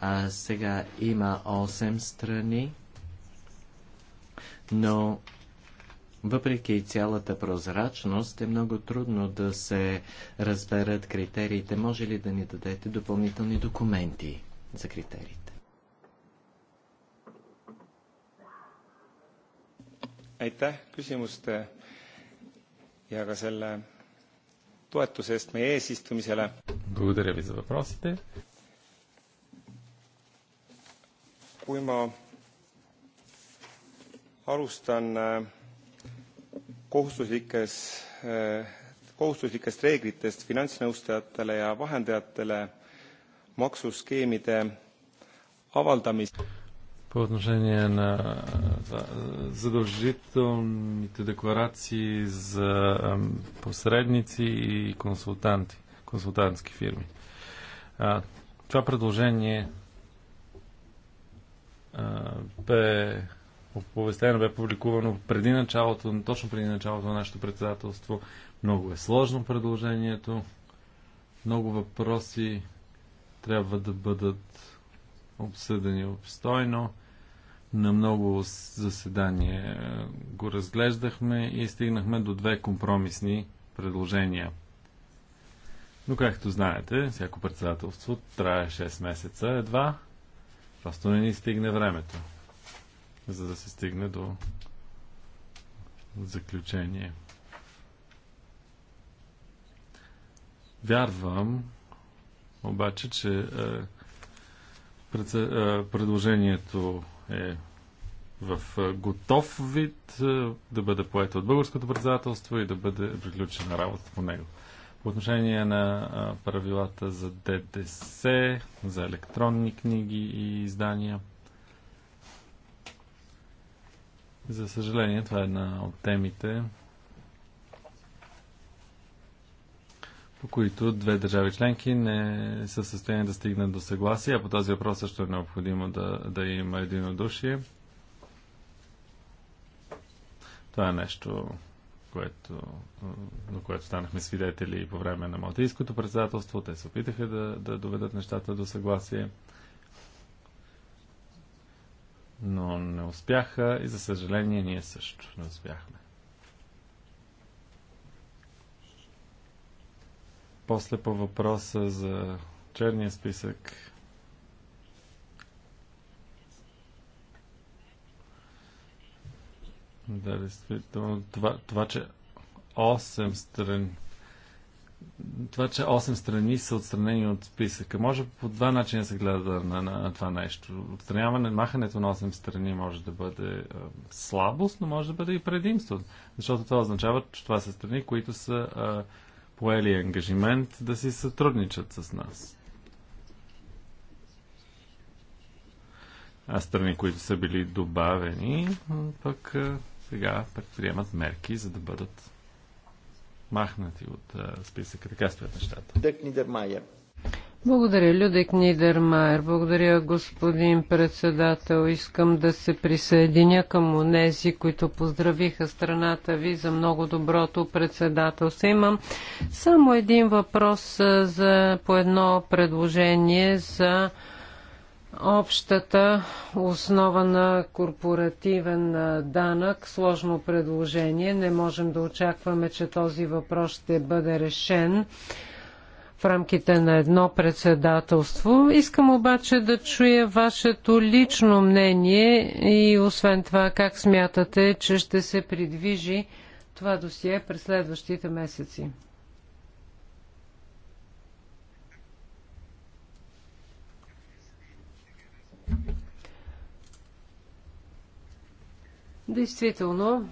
А сега има 8 страни, но въпреки цялата прозрачност е много трудно да се разберат критериите. Може ли да ни дадете допълнителни документи за критериите? aitäh küsimuste ja ka selle toetuse eest meie eesistumisele. kui ma alustan kohustuslikes, eh, kohustuslikest reeglitest finantsnõustajatele ja vahendajatele maksuskeemide avaldamist. По отношение на задължителните декларации за посредници и консултанти, консултантски фирми. Това предложение бе оповестено, бе публикувано преди началото, точно преди началото на нашето председателство. Много е сложно предложението. Много въпроси трябва да бъдат обсъдени обстойно. На много заседания го разглеждахме и стигнахме до две компромисни предложения. Но както знаете, всяко председателство трае 6 месеца едва. Просто не ни стигне времето за да се стигне до заключение. Вярвам, обаче, че е, пред, е, предложението е в е, готов вид е, да бъде поето от българското председателство и да бъде приключена работа по него. По отношение на е, правилата за ДДС, за електронни книги и издания – За съжаление, това е една от темите, по които две държави членки не са в състояние да стигнат до съгласие, а по този въпрос също е необходимо да, да има единодушие. Това е нещо, което, на което станахме свидетели по време на Малтийското председателство. Те се опитаха да, да доведат нещата до съгласие но не успяха и за съжаление ние също не успяхме. После по въпроса за черния списък. Да, действително, това, това че 8 страни това, че 8 страни са отстранени от списъка. Може по два начина се гледа на, на, на това нещо. Отстраняване, махането на 8 страни може да бъде а, слабост, но може да бъде и предимство. Защото това означава, че това са страни, които са а, поели ангажимент да си сътрудничат с нас. А страни, които са били добавени, пък а, сега предприемат мерки, за да бъдат махнати от списъка. Така стоят нещата. Дък Нидермайер. Благодаря, Людек Нидермайер. Благодаря, господин председател. Искам да се присъединя към онези, които поздравиха страната ви за много доброто председателство. Имам само един въпрос за, по едно предложение за общата основа на корпоративен данък, сложно предложение. Не можем да очакваме, че този въпрос ще бъде решен в рамките на едно председателство. Искам обаче да чуя вашето лично мнение и освен това как смятате, че ще се придвижи това досие през следващите месеци. Действително,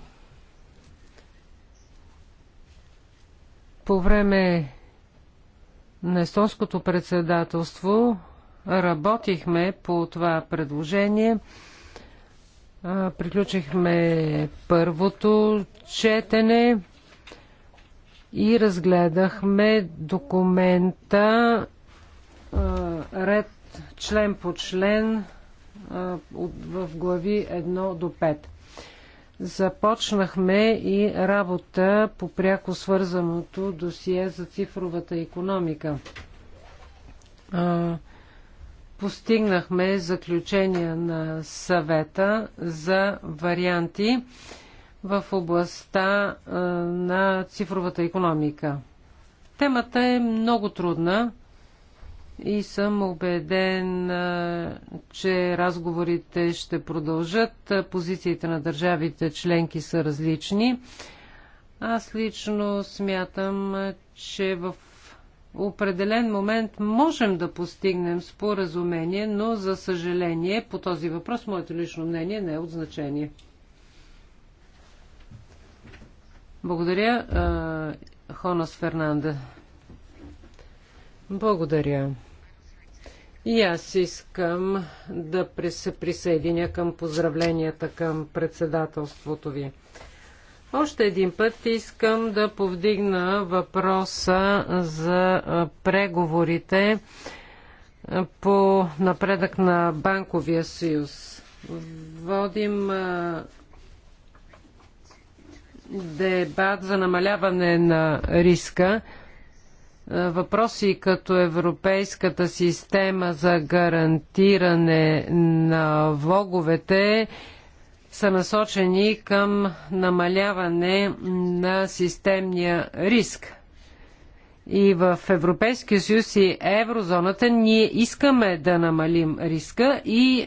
по време на естонското председателство работихме по това предложение. Приключихме първото четене и разгледахме документа ред член по член в глави 1 до 5 започнахме и работа по пряко свързаното досие за цифровата економика. Постигнахме заключения на съвета за варианти в областта на цифровата економика. Темата е много трудна и съм убеден, че разговорите ще продължат. Позициите на държавите членки са различни. Аз лично смятам, че в определен момент можем да постигнем споразумение, но за съжаление по този въпрос моето лично мнение не е от значение. Благодаря, Хонас Фернанде. Благодаря. И аз искам да се присъединя към поздравленията към председателството ви. Още един път искам да повдигна въпроса за преговорите по напредък на Банковия съюз. Водим дебат за намаляване на риска е, въпроси като Европейската система за гарантиране на влоговете са насочени към намаляване на системния риск. И в Европейския съюз и еврозоната ние искаме да намалим риска и е,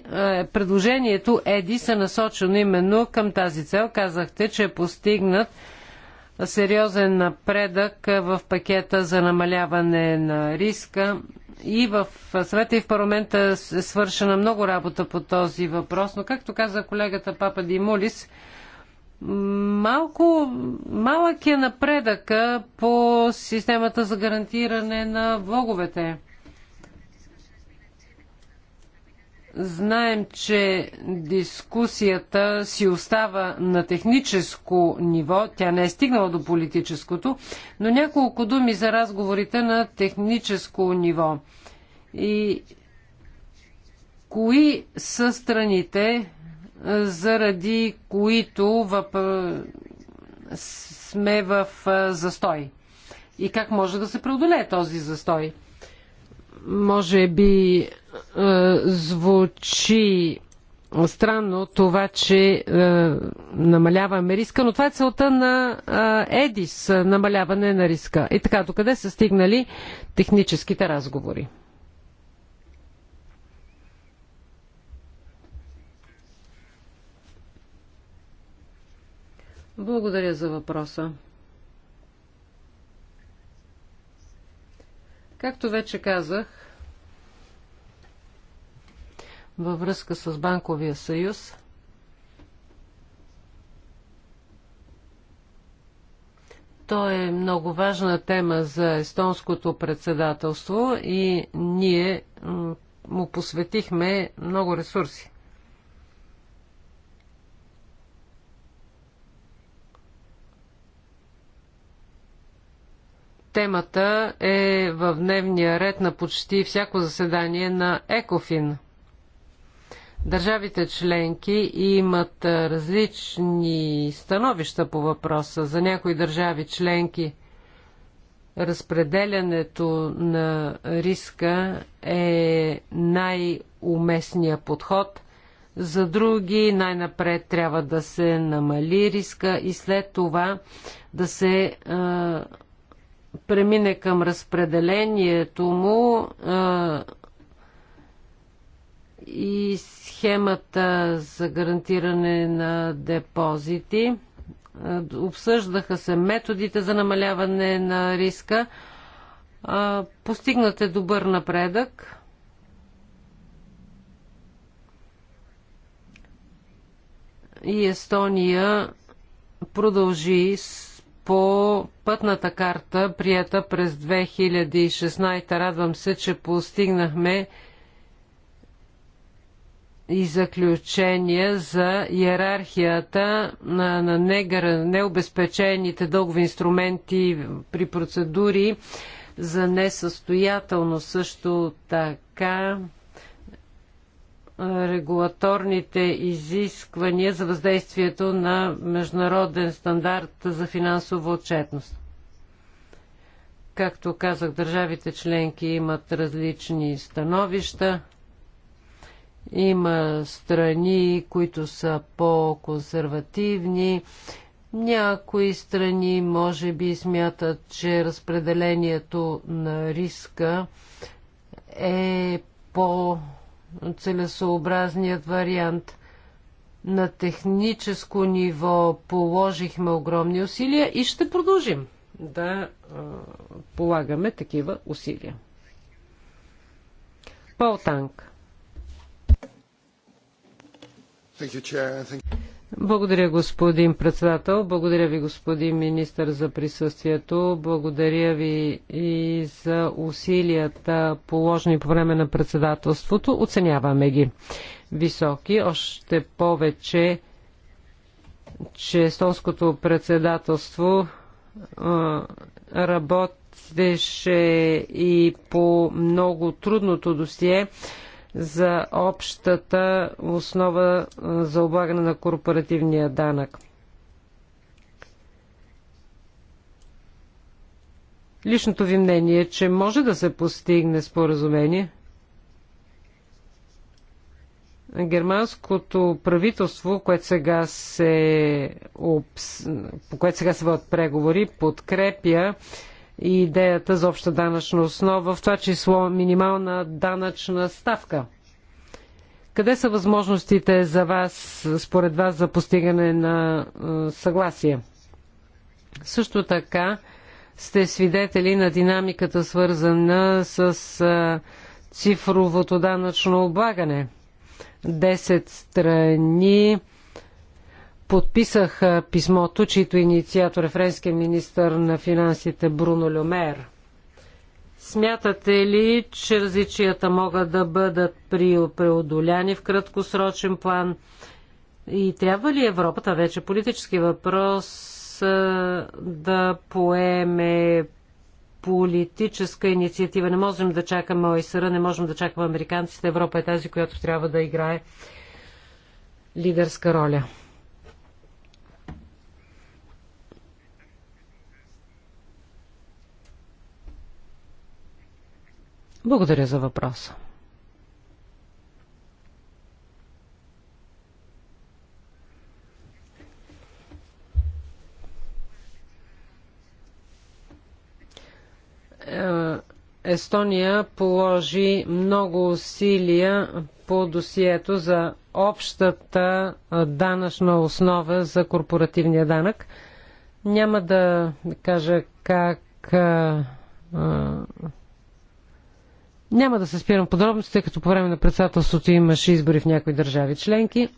предложението ЕДИ са насочено именно към тази цел. Казахте, че е постигнат сериозен напредък в пакета за намаляване на риска. И в съвета и в парламента е свършена много работа по този въпрос, но както каза колегата Папа Димулис, малко, малък е напредъка по системата за гарантиране на влоговете. Знаем, че дискусията си остава на техническо ниво, тя не е стигнала до политическото, но няколко думи за разговорите на техническо ниво. И кои са страните, заради които въп... сме в застой? И как може да се преодолее този застой? може би е, звучи странно това, че е, намаляваме риска, но това е целта на е, ЕДИС намаляване на риска. И така, докъде са стигнали техническите разговори? Благодаря за въпроса. Както вече казах, във връзка с Банковия съюз, То е много важна тема за естонското председателство и ние му посветихме много ресурси. темата е в дневния ред на почти всяко заседание на ЕКОФИН. Държавите членки имат различни становища по въпроса. За някои държави членки разпределянето на риска е най-уместния подход. За други най-напред трябва да се намали риска и след това да се премине към разпределението му а, и схемата за гарантиране на депозити. А, обсъждаха се методите за намаляване на риска. А, постигнат е добър напредък. И Естония продължи с по пътната карта, прията през 2016. Радвам се, че постигнахме и заключения за иерархията на, на негър, необезпечените дългови инструменти при процедури за несъстоятелно също така регулаторните изисквания за въздействието на международен стандарт за финансова отчетност. Както казах, държавите членки имат различни становища. Има страни, които са по-консервативни. Някои страни може би смятат, че разпределението на риска е по- целесообразният вариант. На техническо ниво положихме огромни усилия и ще продължим да полагаме такива усилия. Пол Танк. Благодаря, господин председател. Благодаря ви, господин министр, за присъствието. Благодаря ви и за усилията, положени по време на председателството. Оценяваме ги високи. Още повече, че естонското председателство работеше и по много трудното досие за общата основа за облагане на корпоративния данък. Личното ви мнение е, че може да се постигне споразумение? Германското правителство, което сега се, по което сега се водят преговори, подкрепя и идеята за обща данъчна основа, в това число минимална данъчна ставка. Къде са възможностите за вас, според вас, за постигане на съгласие? Също така сте свидетели на динамиката, свързана с цифровото данъчно облагане. 10 страни подписах писмото, чието инициатор е френския министр на финансите Бруно Люмер. Смятате ли, че различията могат да бъдат преодоляни в краткосрочен план? И трябва ли Европа, това вече е политически въпрос, да поеме политическа инициатива? Не можем да чакаме ОСР, не можем да чакаме американците. Европа е тази, която трябва да играе лидерска роля. Благодаря за въпроса. Е, Естония положи много усилия по досието за общата данъчна основа за корпоративния данък. Няма да кажа как няма да се спирам в подробности, тъй като по време на председателството имаше избори в някои държави членки.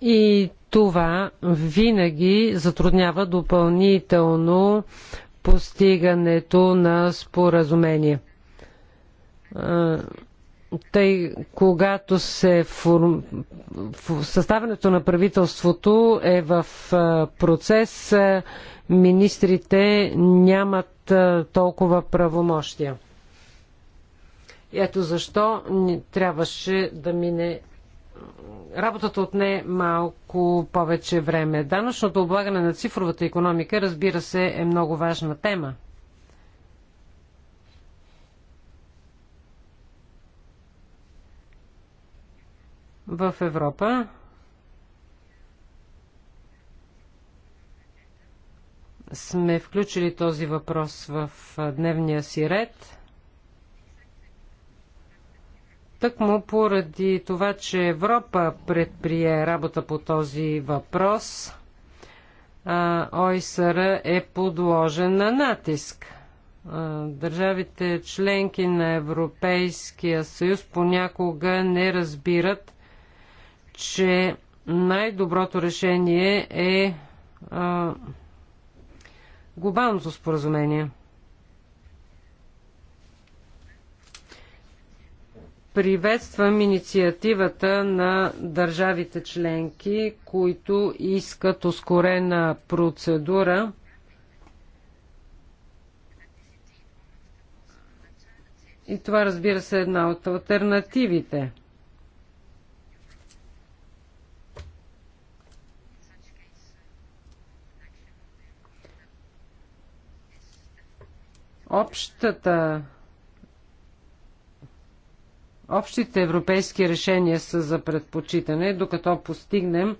И това винаги затруднява допълнително постигането на споразумение. Тъй, когато се форм... съставянето на правителството е в процес, министрите нямат толкова правомощия. Ето защо трябваше да мине работата отне малко повече време. Данъчното облагане на цифровата економика, разбира се, е много важна тема. В Европа сме включили този въпрос в дневния си ред. Тъкмо поради това, че Европа предприе работа по този въпрос, ОИСР е подложен на натиск. Държавите членки на Европейския съюз понякога не разбират, че най-доброто решение е глобалното споразумение. Приветствам инициативата на държавите членки, които искат ускорена процедура И това разбира се е една от альтернативите. Общата Общите европейски решения са за предпочитане, докато постигнем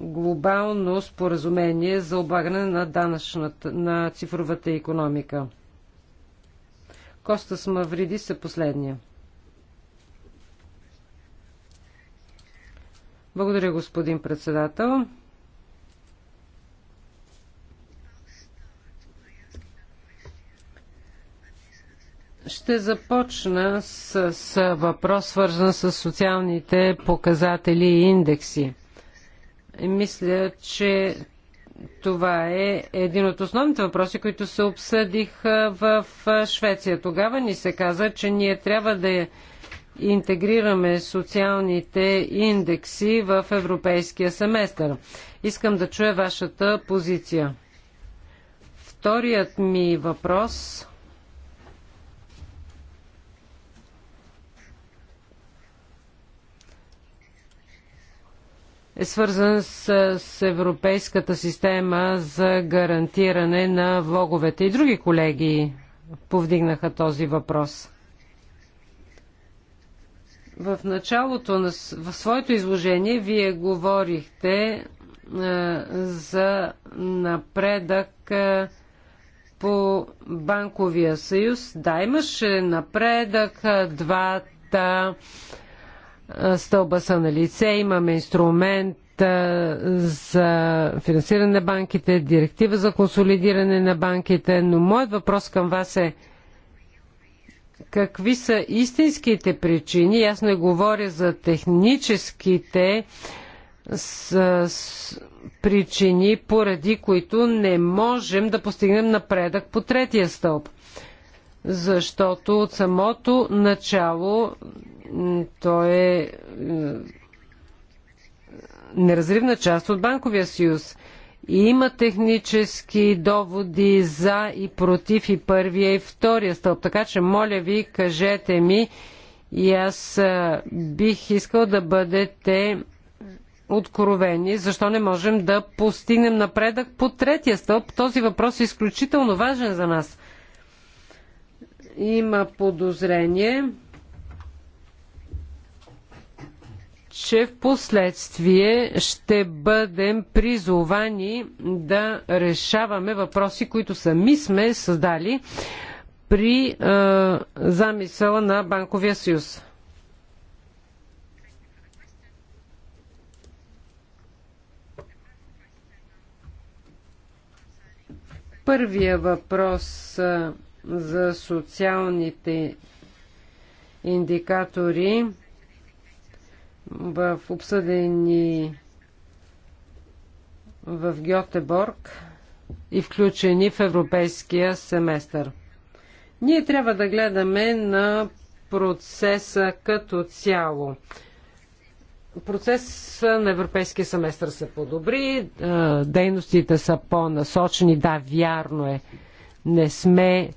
глобално споразумение за облагане на данъчната, на цифровата економика. Костас Мавридис е последния. Благодаря, господин председател. Ще започна с, с въпрос, свързан с социалните показатели и индекси. Мисля, че това е един от основните въпроси, които се обсъдих в Швеция. Тогава ни се каза, че ние трябва да интегрираме социалните индекси в европейския семестър. Искам да чуя вашата позиция. Вторият ми въпрос е свързан с, с Европейската система за гарантиране на влоговете. И други колеги повдигнаха този въпрос. В началото на в своето изложение вие говорихте е, за напредък е, по банковия съюз. Да, имаше напредък, е, двата стълба са на лице, имаме инструмент за финансиране на банките, директива за консолидиране на банките, но моят въпрос към вас е какви са истинските причини, аз не говоря за техническите с, с причини, поради които не можем да постигнем напредък по третия стълб. Защото от самото начало то е неразривна част от банковия съюз. И има технически доводи за и против и първия и втория стълб. Така че, моля ви, кажете ми и аз бих искал да бъдете откровени, защо не можем да постигнем напредък по третия стълб. Този въпрос е изключително важен за нас. Има подозрение че в последствие ще бъдем призовани да решаваме въпроси, които сами сме създали при е, замисъла на Банковия съюз. Първия въпрос е, за социалните индикатори в обсъдени в Гьотеборг и включени в европейския семестър. Ние трябва да гледаме на процеса като цяло. Процес на европейския семестър се подобри, е, дейностите са по-насочени, да, вярно е. Не сме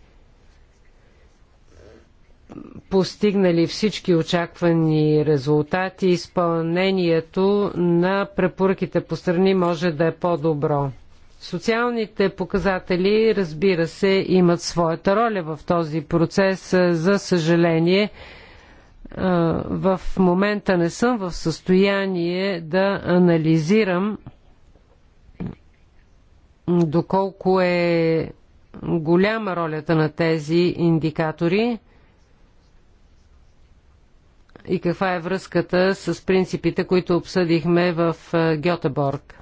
постигнали всички очаквани резултати, изпълнението на препоръките по страни може да е по-добро. Социалните показатели, разбира се, имат своята роля в този процес. За съжаление, в момента не съм в състояние да анализирам доколко е голяма ролята на тези индикатори и каква е връзката с принципите, които обсъдихме в е, Гьотеборг.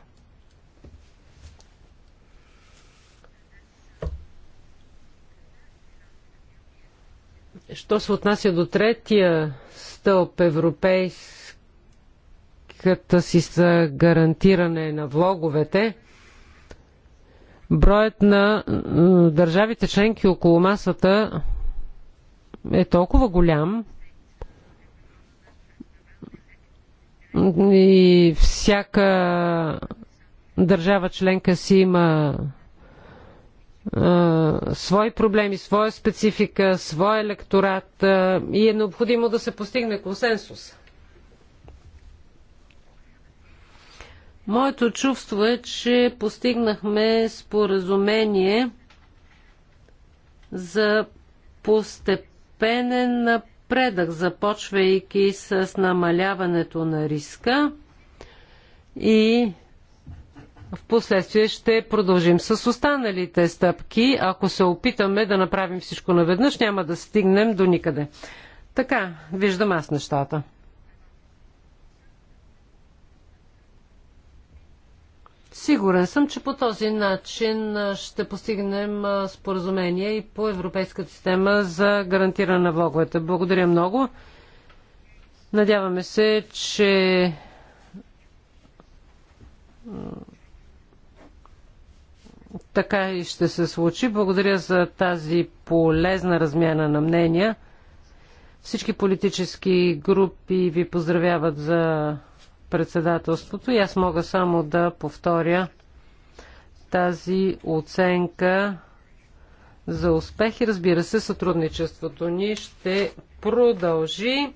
Що се отнася до третия стълб европейската си за гарантиране на влоговете, броят на държавите членки около масата е толкова голям, И всяка държава членка си има свои проблеми, своя специфика, свой електорат и е необходимо да се постигне консенсус. Моето чувство е, че постигнахме споразумение за постепенен напредък, започвайки с намаляването на риска и в последствие ще продължим с останалите стъпки. Ако се опитаме да направим всичко наведнъж, няма да стигнем до никъде. Така, виждам аз нещата. Сигурен съм, че по този начин ще постигнем споразумение и по Европейската система за гарантиране на влоговете. Благодаря много. Надяваме се, че така и ще се случи. Благодаря за тази полезна размяна на мнения. Всички политически групи ви поздравяват за председателството и аз мога само да повторя тази оценка за успех и разбира се, сътрудничеството ни ще продължи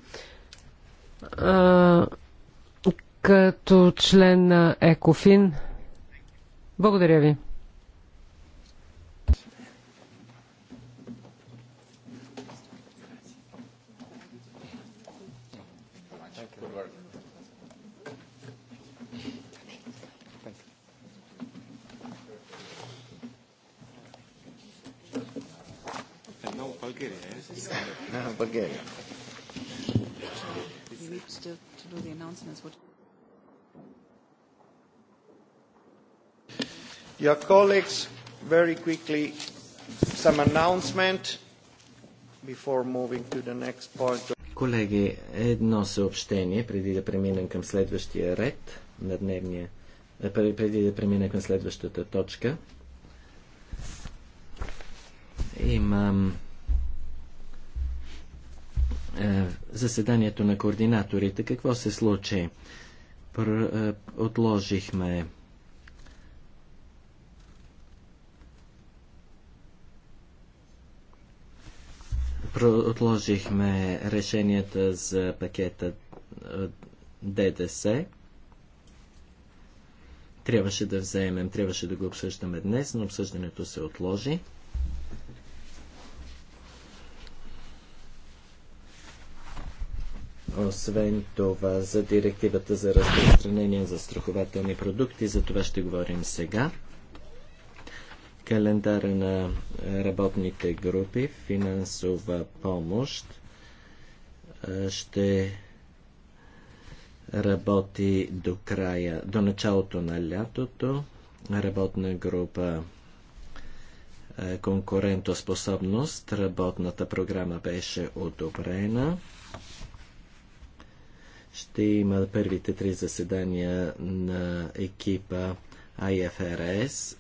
а, като член на Екофин. Благодаря ви. No, Bulgaria. You need to, to do the announcements. What Your colleagues, very quickly, some announcement before moving to the next point. Колеги, едно съобщение преди да преминем към следващия ред на дневния, преди да преминем към следващата точка. Имам е, заседанието на координаторите. Какво се случи? Пр- е, отложихме отложихме решенията за пакета е, ДДС. Трябваше да вземем, трябваше да го обсъждаме днес, но обсъждането се отложи. Освен това, за директивата за разпространение за страхователни продукти, за това ще говорим сега. Календара на работните групи, финансова помощ ще работи до края, до началото на лятото. Работна група конкурентоспособност. Работната програма беше одобрена ще има първите три заседания на екипа IFRS.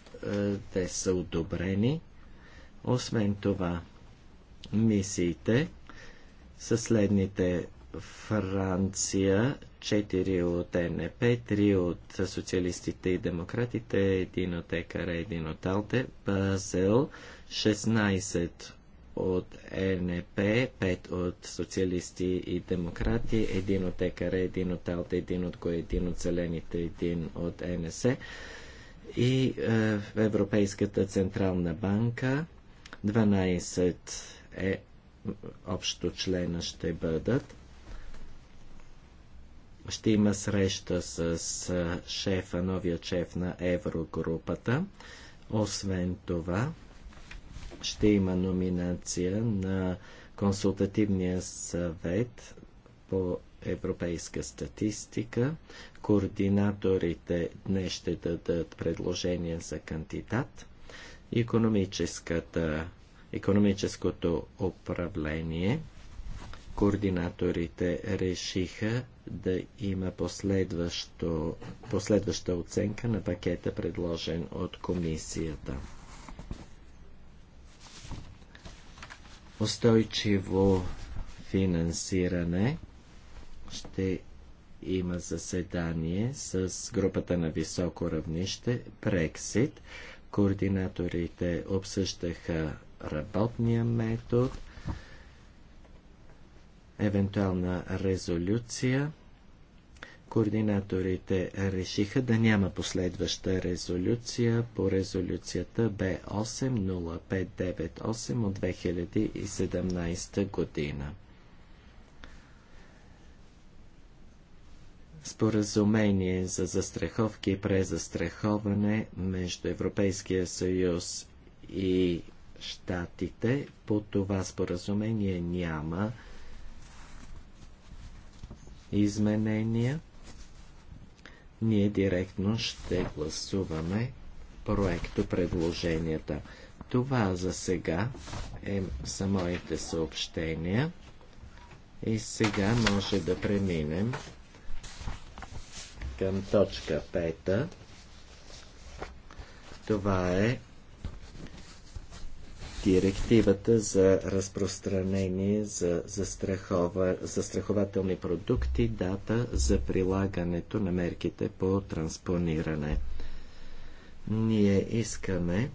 Е, те са одобрени. Освен това, мисиите са следните Франция, 4 от НП, 3 от социалистите и демократите, 1 от ЕКР, 1 от АЛТЕ, Базел, 16 от ЕНП, 5 от социалисти и демократи, един от ЕКР, един от АЛТА, един от КОЕ, един от Зелените, един от НС и е, Европейската Централна банка, 12 е, общо члена ще бъдат. Ще има среща с е, шефа, новия шеф на Еврогрупата. Освен това, ще има номинация на консултативния съвет по европейска статистика. Координаторите днес ще дадат предложение за кандидат. Економическата, економическото управление. Координаторите решиха да има последваща оценка на пакета, предложен от комисията. устойчиво финансиране ще има заседание с групата на високо равнище Brexit. Координаторите обсъждаха работния метод, евентуална резолюция Координаторите решиха да няма последваща резолюция по резолюцията Б80598 от 2017 година. Споразумение за застраховки и презастраховане между Европейския съюз и Штатите по това споразумение няма изменения ние директно ще гласуваме проекто предложенията. Това за сега е, са моите съобщения. И сега може да преминем към точка 5. Това е директивата за разпространение за застрахователни продукти, дата за прилагането на мерките по транспониране. Ние искаме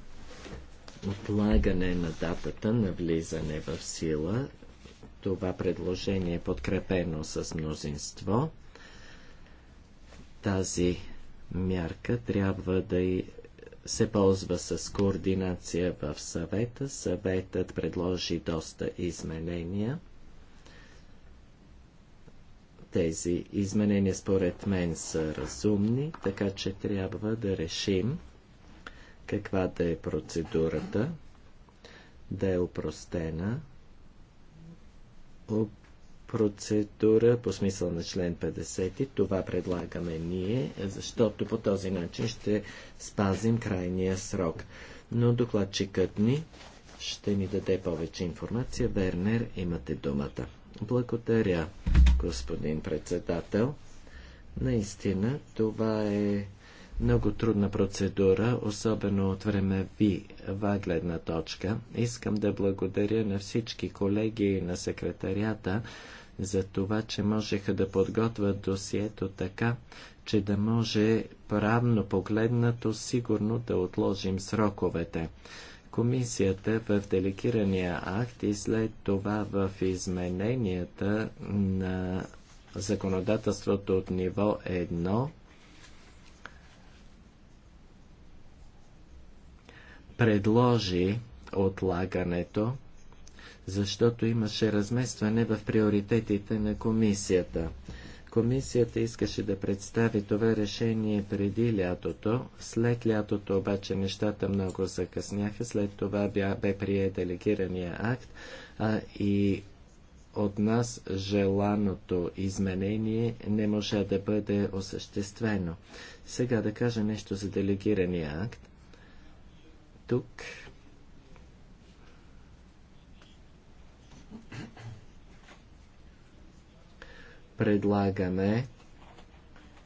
отлагане на датата на влизане в сила. Това предложение е подкрепено с мнозинство. Тази мярка трябва да и се ползва с координация в съвета. Съветът предложи доста изменения. Тези изменения според мен са разумни, така че трябва да решим каква да е процедурата, да е упростена, процедура по смисъл на член 50. Това предлагаме ние, защото по този начин ще спазим крайния срок. Но докладчикът ни ще ни даде повече информация. Вернер, имате думата. Благодаря, господин председател. Наистина, това е много трудна процедура, особено от времеви гледна точка. Искам да благодаря на всички колеги и на секретарията за това, че можеха да подготвят досието така, че да може правно погледнато сигурно да отложим сроковете. Комисията в делегирания акт и след това в измененията на законодателството от ниво предложи отлагането, защото имаше разместване в приоритетите на комисията. Комисията искаше да представи това решение преди лятото, след лятото обаче нещата много закъсняха, след това бе, бе прие делегирания акт а, и от нас желаното изменение не може да бъде осъществено. Сега да кажа нещо за делегирания акт тук. Предлагаме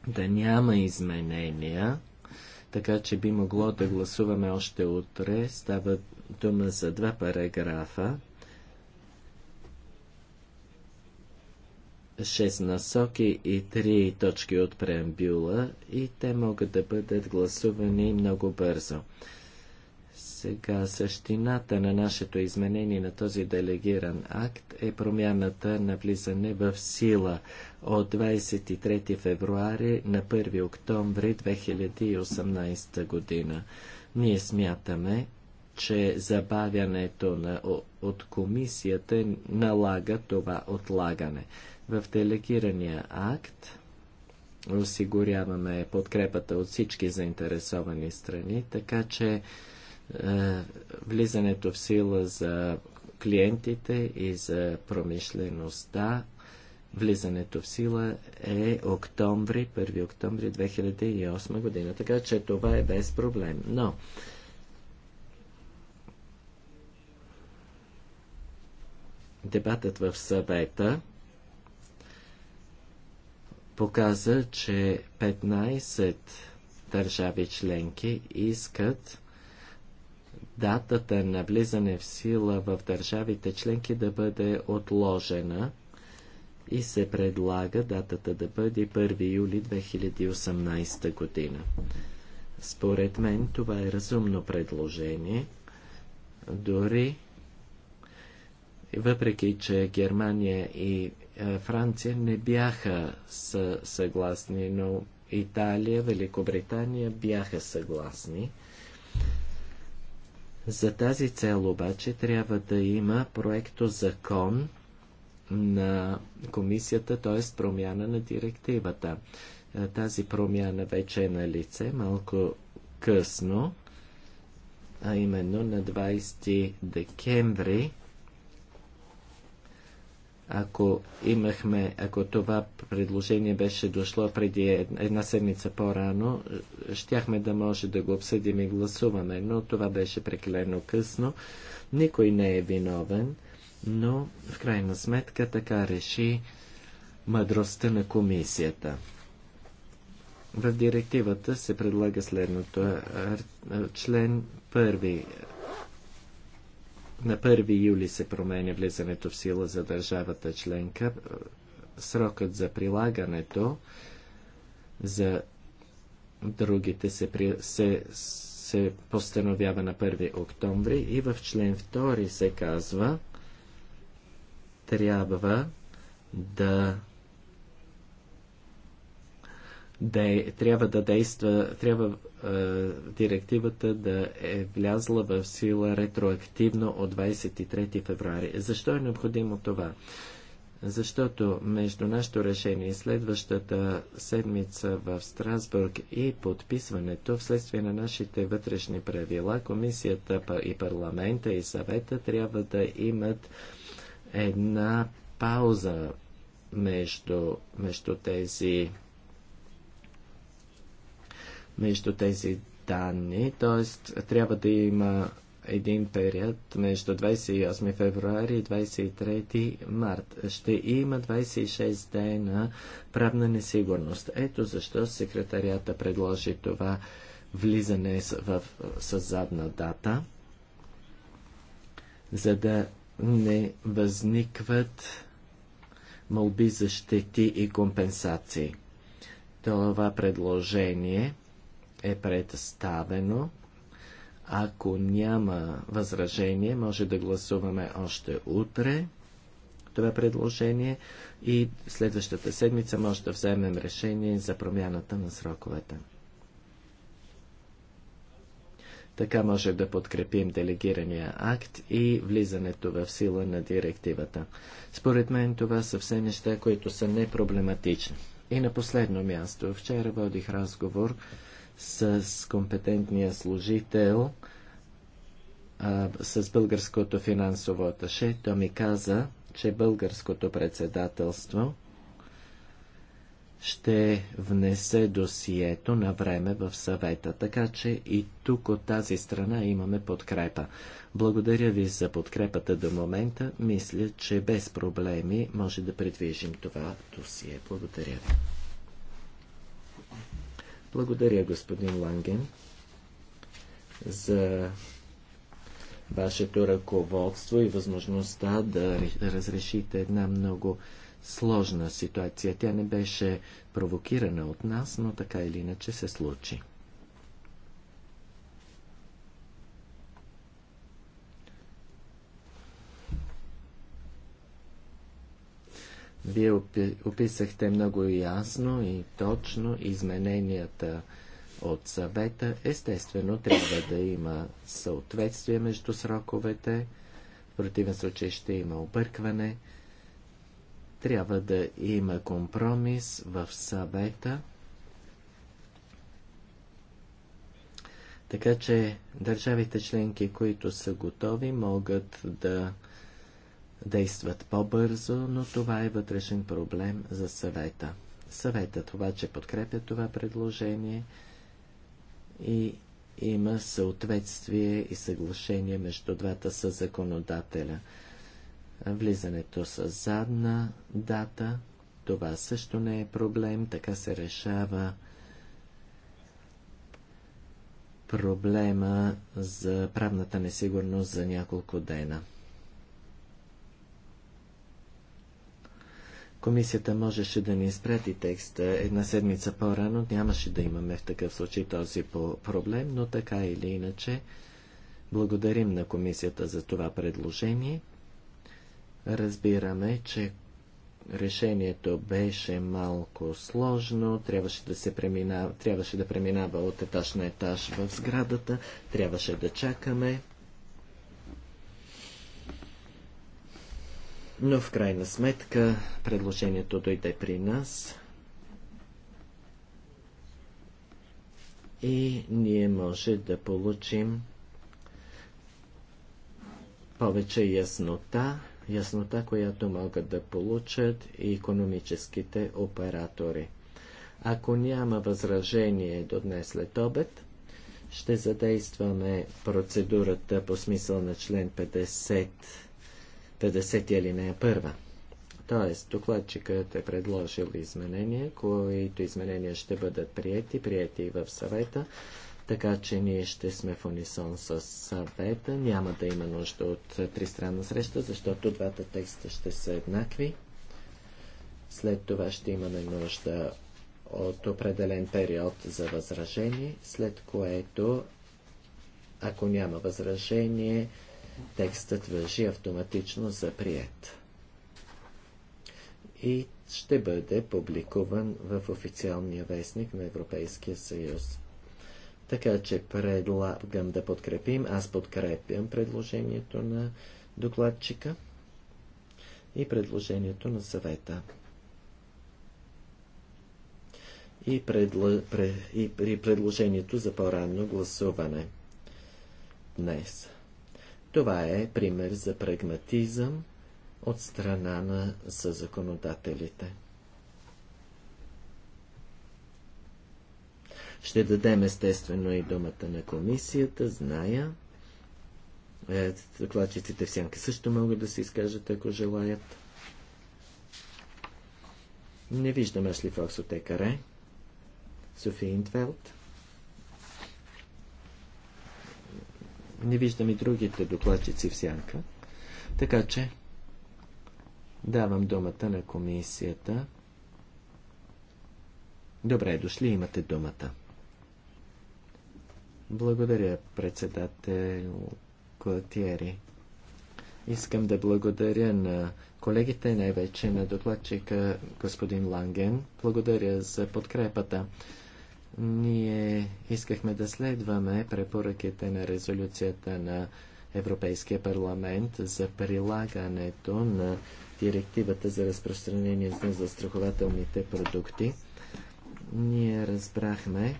да няма изменения, така че би могло да гласуваме още утре. Става дума за два параграфа. 6 насоки и 3 точки от преамбюла и те могат да бъдат гласувани много бързо. Сега същината на нашето изменение на този делегиран акт е промяната на влизане в сила от 23 февруари на 1 октомври 2018 година. Ние смятаме, че забавянето на, от комисията налага това отлагане. В делегирания акт осигуряваме подкрепата от всички заинтересовани страни, така че е, влизането в сила за клиентите и за промишлеността. Влизането в сила е октомври, 1 октомври 2008 година, така че това е без проблем. Но дебатът в съвета показа, че 15 държави членки искат датата на влизане в сила в държавите членки да бъде отложена и се предлага датата да бъде 1 юли 2018 година. Според мен това е разумно предложение, дори въпреки, че Германия и е, Франция не бяха съгласни, но Италия, Великобритания бяха съгласни. За тази цел обаче трябва да има проекто закон на комисията, т.е. промяна на директивата. Е, тази промяна вече е на лице малко късно, а именно на 20 декември ако имахме, ако това предложение беше дошло преди една седмица по-рано, щяхме да може да го обсъдим и гласуваме, но това беше прекалено късно. Никой не е виновен, но в крайна сметка така реши мъдростта на комисията. В директивата се предлага следното. Член първи на 1 юли се променя влизането в сила за държавата членка. Срокът за прилагането за другите се, при... се, се постановява на 1 октомври и в член 2 се казва трябва да де, трябва да действа, трябва е, директивата да е влязла в сила ретроактивно от 23 февруари. Защо е необходимо това? Защото между нашето решение и следващата седмица в Страсбург и подписването, вследствие на нашите вътрешни правила, комисията и парламента и съвета трябва да имат една пауза между, между тези между тези данни, т.е. трябва да има един период между 28 февруари и 23 март. Ще има 26 дена правна несигурност. Ето защо секретарията предложи това влизане в, в, с задна дата, за да не възникват молби за щети и компенсации. Това предложение – е представено. Ако няма възражение, може да гласуваме още утре това предложение и следващата седмица може да вземем решение за промяната на сроковете. Така може да подкрепим делегирания акт и влизането в сила на директивата. Според мен това са все неща, които са непроблематични. И на последно място, вчера водих разговор с компетентния служител, а, с българското финансово аташе. Той ми каза, че българското председателство ще внесе досието на време в съвета, така че и тук от тази страна имаме подкрепа. Благодаря ви за подкрепата до момента. Мисля, че без проблеми може да предвижим това досие. Благодаря ви. Благодаря, господин Ланген, за вашето ръководство и възможността да разрешите една много сложна ситуация. Тя не беше провокирана от нас, но така или иначе се случи. Вие описахте много ясно и точно измененията от съвета. Естествено, трябва да има съответствие между сроковете. В противен случай ще има объркване. Трябва да има компромис в съвета. Така че държавите членки, които са готови, могат да действат по-бързо, но това е вътрешен проблем за съвета. Съветът обаче подкрепя това предложение и има съответствие и съглашение между двата са законодателя. Влизането с задна дата, това също не е проблем, така се решава проблема за правната несигурност за няколко дена. Комисията можеше да ни изпрати текста една седмица по-рано. Нямаше да имаме в такъв случай този проблем, но така или иначе благодарим на комисията за това предложение. Разбираме, че решението беше малко сложно, трябваше да, се преминава, трябваше да преминава от етаж на етаж в сградата, трябваше да чакаме Но в крайна сметка предложението дойде при нас и ние може да получим повече яснота, яснота, която могат да получат и економическите оператори. Ако няма възражение до днес след обед, ще задействаме процедурата по смисъл на член 50 50 алинея първа. Тоест, докладчикът е предложил изменения, които изменения ще бъдат приети, приети и в съвета, така че ние ще сме в унисон с съвета. Няма да има нужда от тристранна среща, защото двата текста ще са еднакви. След това ще имаме нужда от определен период за възражение, след което, ако няма възражение, текстът въжи автоматично за прият и ще бъде публикуван в официалния вестник на Европейския съюз. Така че предлагам да подкрепим, аз подкрепям предложението на докладчика и предложението на съвета. И, предла... и при предложението за по-ранно гласуване днес. Това е пример за прагматизъм от страна на съзаконодателите. Ще дадем естествено и думата на комисията, зная. Е, докладчиците в сянка също могат да се изкажат, ако желаят. Не виждам Ашли Фокс от ЕКАРЕ. Софи Интвелт. Не виждам и другите докладчици в сянка. Така че давам думата на комисията. Добре дошли, имате думата. Благодаря, председател Клатиери. Искам да благодаря на колегите, най-вече на докладчика господин Ланген. Благодаря за подкрепата. Ние искахме да следваме препоръките на резолюцията на Европейския парламент за прилагането на директивата за разпространение на застрахователните продукти. Ние разбрахме,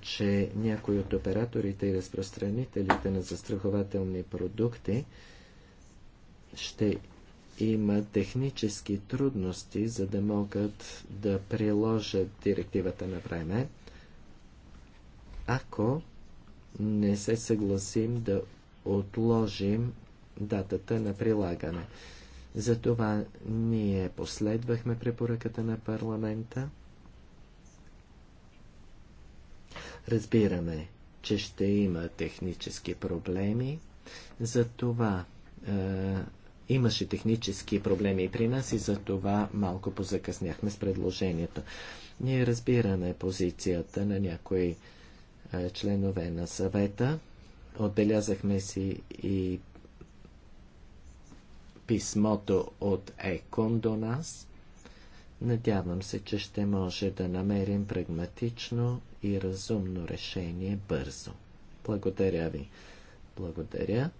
че някои от операторите и разпространителите на застрахователни продукти ще има технически трудности, за да могат да приложат директивата на време ако не се съгласим да отложим датата на прилагане. Затова ние последвахме препоръката на парламента. Разбираме, че ще има технически проблеми, затова е, имаше технически проблеми и при нас и затова малко позакъсняхме с предложението. Ние разбираме позицията на някои е, членове на съвета. Отбелязахме си и писмото от ЕКОН до нас. Надявам се, че ще може да намерим прагматично и разумно решение бързо. Благодаря ви. Благодаря.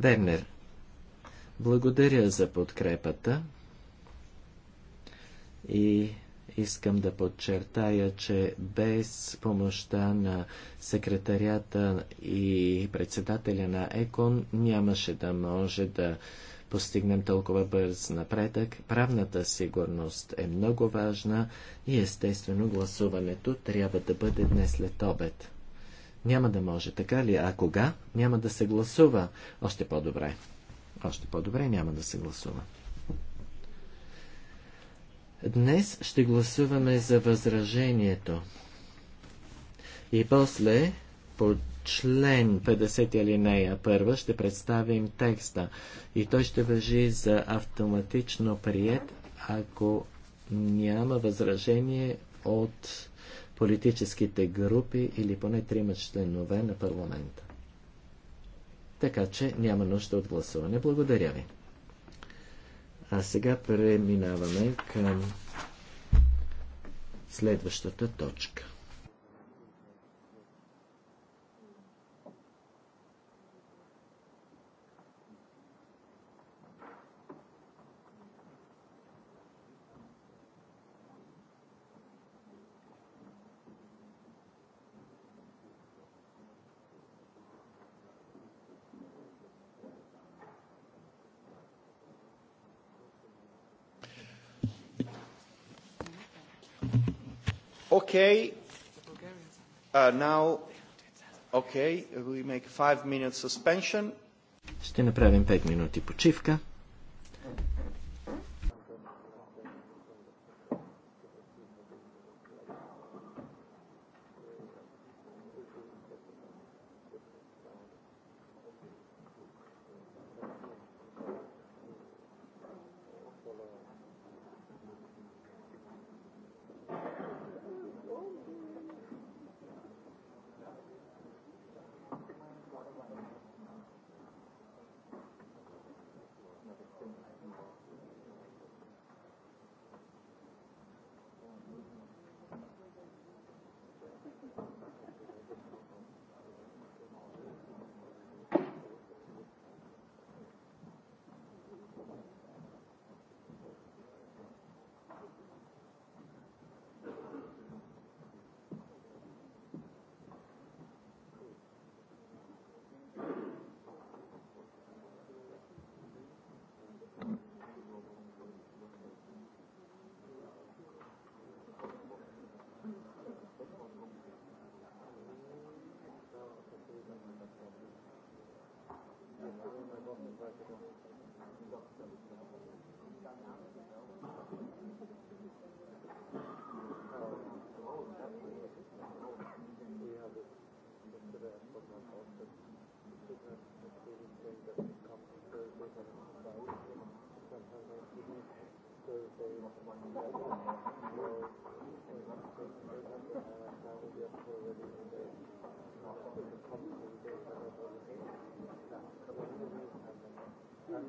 Вернер, благодаря за подкрепата и искам да подчертая, че без помощта на секретарията и председателя на ЕКОН нямаше да може да постигнем толкова бърз напредък. Правната сигурност е много важна и естествено гласуването трябва да бъде днес след обед. Няма да може, така ли? А кога? Няма да се гласува. Още по-добре. Още по-добре няма да се гласува. Днес ще гласуваме за възражението. И после, по член 50 алинея първа, ще представим текста. И той ще въжи за автоматично прият, ако няма възражение от политическите групи или поне трима членове на парламента. Така че няма нужда от гласуване. Благодаря ви. А сега преминаваме към следващата точка. Okay. Uh, now, okay, we make five minutes suspension. Ще направим 5 минути почивка.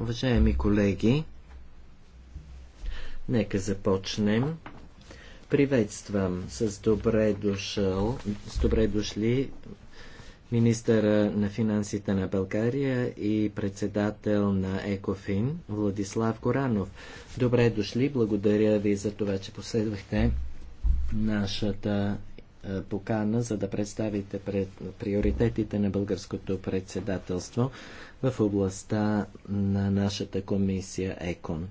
Уважаеми колеги, нека започнем. Приветствам с добре, дошъл, с добре дошли министъра на финансите на България и председател на ЕКОФИН Владислав Горанов. Добре дошли, благодаря ви за това, че последвахте нашата е, покана, за да представите пред приоритетите на българското председателство в областта на нашата комисия ЕКОН.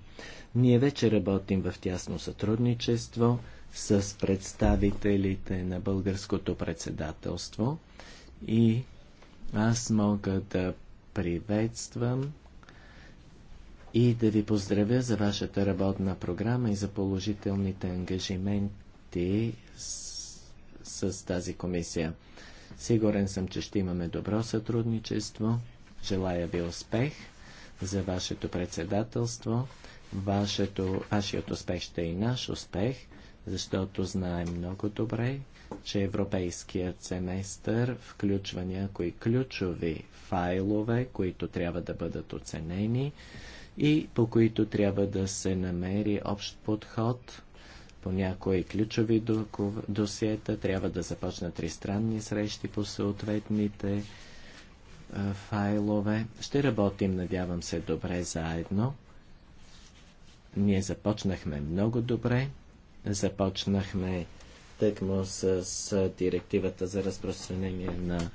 Ние вече работим в тясно сътрудничество с представителите на българското председателство и аз мога да приветствам и да ви поздравя за вашата работна програма и за положителните ангажименти с с тази комисия. Сигурен съм, че ще имаме добро сътрудничество. Желая ви успех за вашето председателство. Вашето, вашият успех ще е и наш успех, защото знаем много добре, че европейският семестър включва някои ключови файлове, които трябва да бъдат оценени и по които трябва да се намери общ подход по някои ключови досиета, трябва да започнат тристранни срещи по съответните файлове. Ще работим, надявам се, добре заедно. Ние започнахме много добре. Започнахме тъкмо с, с директивата за разпространение на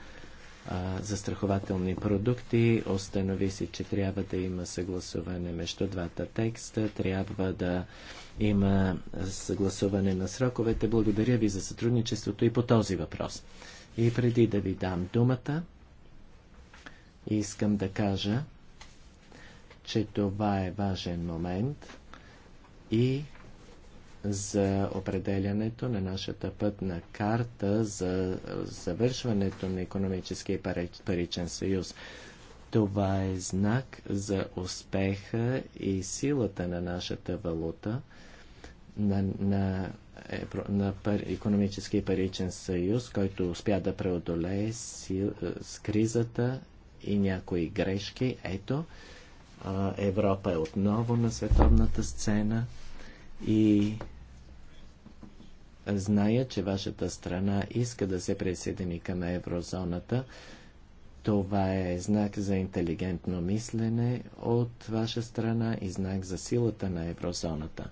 застрахователни продукти. Останови се, че трябва да има съгласуване между двата текста, трябва да има съгласуване на сроковете. Благодаря ви за сътрудничеството и по този въпрос. И преди да ви дам думата, искам да кажа, че това е важен момент и за определянето на нашата пътна карта за завършването на и паричен съюз. Това е знак за успеха и силата на нашата валута, на, на, на пар, економически паричен съюз, който успя да преодолее сил, е, с кризата и някои грешки. Ето, Европа е отново на световната сцена и Зная, че вашата страна иска да се присъедини към еврозоната. Това е знак за интелигентно мислене от ваша страна и знак за силата на еврозоната.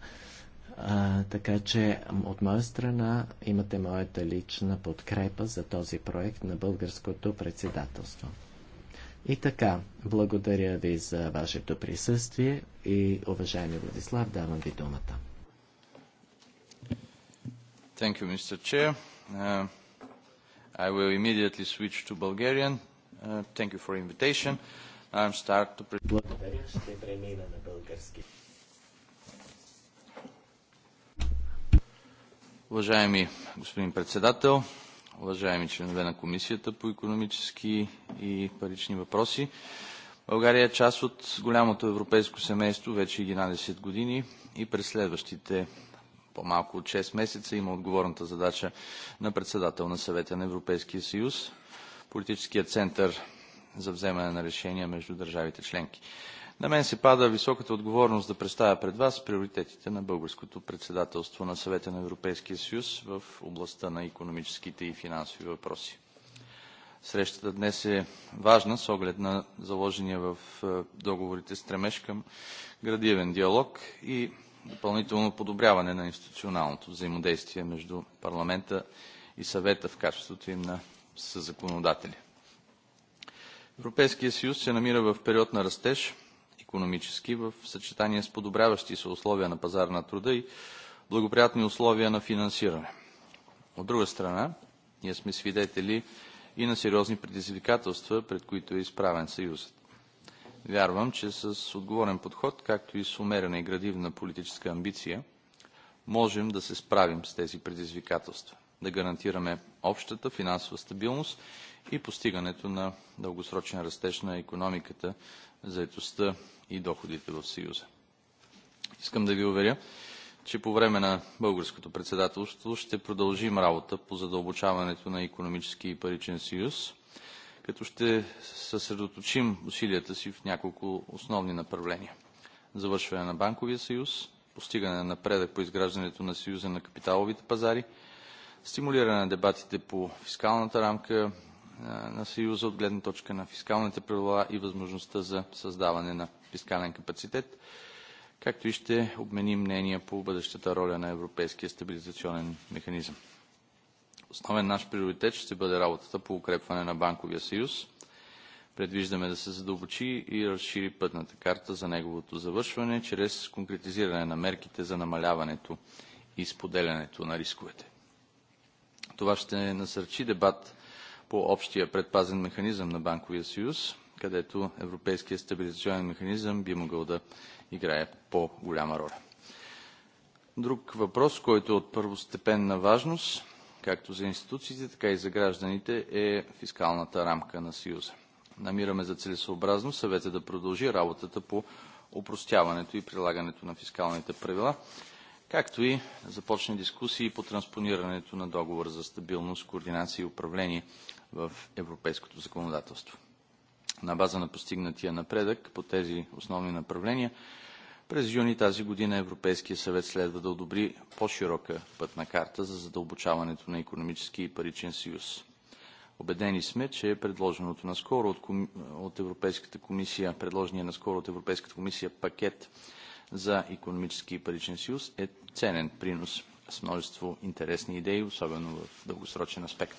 А, така че от моя страна имате моята лична подкрепа за този проект на българското председателство. И така, благодаря ви за вашето присъствие и, уважаеми Владислав, давам ви думата. Thank you, Mr. Chair. Uh, I will immediately switch to Bulgarian. Uh, thank you for invitation. I'm start to... Уважаеми господин председател, уважаеми членове на Комисията по економически и парични въпроси, България е част от голямото европейско семейство вече 11 години и през следващите по-малко от 6 месеца има отговорната задача на председател на съвета на Европейския съюз, политическия център за вземане на решения между държавите членки. На мен се пада високата отговорност да представя пред вас приоритетите на българското председателство на съвета на Европейския съюз в областта на економическите и финансови въпроси. Срещата днес е важна с оглед на заложения в е, договорите стремеж към градивен диалог и допълнително подобряване на институционалното взаимодействие между парламента и съвета в качеството им на съзаконодатели. Европейския съюз се намира в период на растеж, економически, в съчетание с подобряващи се условия на пазар на труда и благоприятни условия на финансиране. От друга страна, ние сме свидетели и на сериозни предизвикателства, пред които е изправен Съюзът. Вярвам, че с отговорен подход, както и с умерена и градивна политическа амбиция, можем да се справим с тези предизвикателства, да гарантираме общата финансова стабилност и постигането на дългосрочен растеж на економиката, заетостта и доходите в Съюза. Искам да ви уверя, че по време на българското председателство ще продължим работа по задълбочаването на економически и паричен съюз, като ще съсредоточим усилията си в няколко основни направления. Завършване на банковия съюз, постигане на напредък по изграждането на съюза на капиталовите пазари, стимулиране на дебатите по фискалната рамка на съюза от гледна точка на фискалните правила и възможността за създаване на фискален капацитет, както и ще обменим мнения по бъдещата роля на Европейския стабилизационен механизъм. Основен наш приоритет ще бъде работата по укрепване на банковия съюз. Предвиждаме да се задълбочи и разшири пътната карта за неговото завършване чрез конкретизиране на мерките за намаляването и споделянето на рисковете. Това ще насърчи дебат по общия предпазен механизъм на Банковия съюз, където Европейския стабилизационен механизъм би могъл да играе по-голяма роля. Друг въпрос, който е от първостепенна важност както за институциите, така и за гражданите, е фискалната рамка на Съюза. Намираме за целесообразно съвета да продължи работата по упростяването и прилагането на фискалните правила, както и започне дискусии по транспонирането на договора за стабилност, координация и управление в европейското законодателство. На база на постигнатия напредък по тези основни направления – през юни тази година Европейския съвет следва да одобри по-широка пътна карта за задълбочаването на економически и паричен съюз. Обедени сме, че предложеното наскоро от, коми... от Европейската комисия, предложения наскоро от Европейската комисия пакет за економически и паричен съюз е ценен принос с множество интересни идеи, особено в дългосрочен аспект.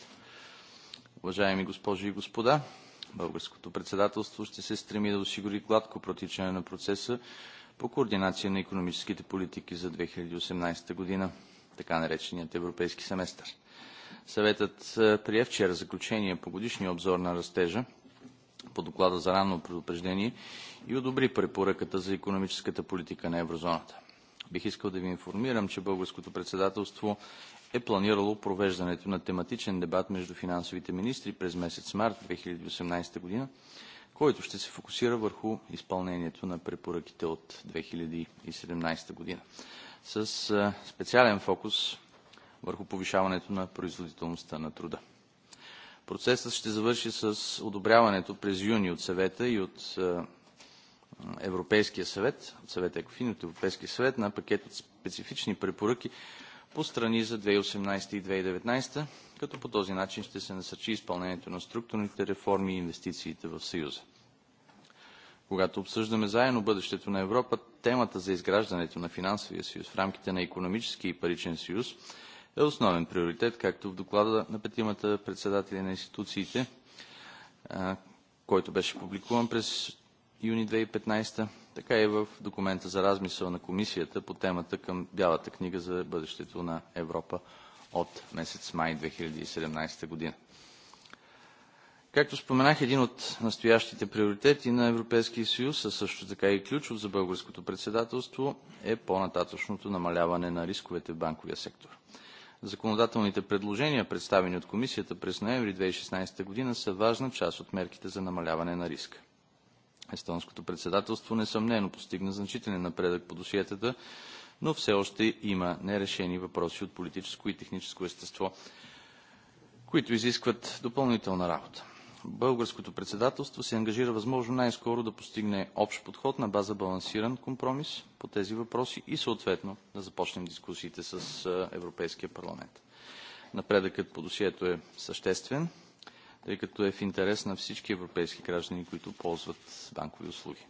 Уважаеми госпожи и господа, българското председателство ще се стреми да осигури гладко протичане на процеса по координация на економическите политики за 2018 година, така нареченият Европейски семестър. Съветът е, прие вчера заключение по годишния обзор на растежа по доклада за ранно предупреждение и одобри препоръката за економическата политика на еврозоната. Бих искал да ви информирам, че българското председателство е планирало провеждането на тематичен дебат между финансовите министри през месец март 2018 година който ще се фокусира върху изпълнението на препоръките от 2017 година, с е, специален фокус върху повишаването на производителността на труда. Процесът ще завърши с одобряването през юни от съвета и от е, Европейския съвет, от съвета ЕКОФИН, от Европейския съвет на пакет от специфични препоръки по страни за 2018 и 2019, като по този начин ще се насърчи изпълнението на структурните реформи и инвестициите в Съюза. Когато обсъждаме заедно бъдещето на Европа, темата за изграждането на финансовия съюз в рамките на економически и паричен съюз е основен приоритет, както в доклада на петимата председатели на институциите, който беше публикуван през юни 2015, така и е в документа за размисъл на комисията по темата към Бялата книга за бъдещето на Европа от месец май 2017 година. Както споменах, един от настоящите приоритети на Европейския съюз, а също така и ключов за българското председателство, е по-нататъчното намаляване на рисковете в банковия сектор. Законодателните предложения, представени от комисията през ноември 2016 година, са важна част от мерките за намаляване на риска. Естонското председателство несъмнено постигна значителен напредък по досиетата, но все още има нерешени въпроси от политическо и техническо естество, които изискват допълнителна работа. Българското председателство се ангажира възможно най-скоро да постигне общ подход на база балансиран компромис по тези въпроси и съответно да започнем дискусиите с е, Европейския парламент. Напредъкът по досието е съществен тъй като е в интерес на всички европейски граждани, които ползват банкови услуги.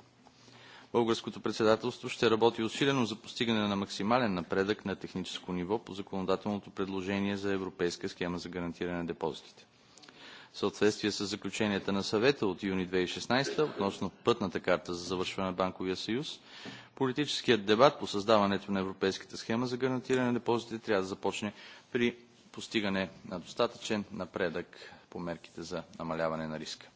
Българското председателство ще работи усилено за постигане на максимален напредък на техническо ниво по законодателното предложение за европейска схема за гарантиране на депозитите. В съответствие с заключенията на съвета от юни 2016 относно пътната карта за завършване на Банковия съюз, политическият дебат по създаването на европейската схема за гарантиране на депозитите трябва да започне при постигане на достатъчен напредък по мерките за намаляване на риска.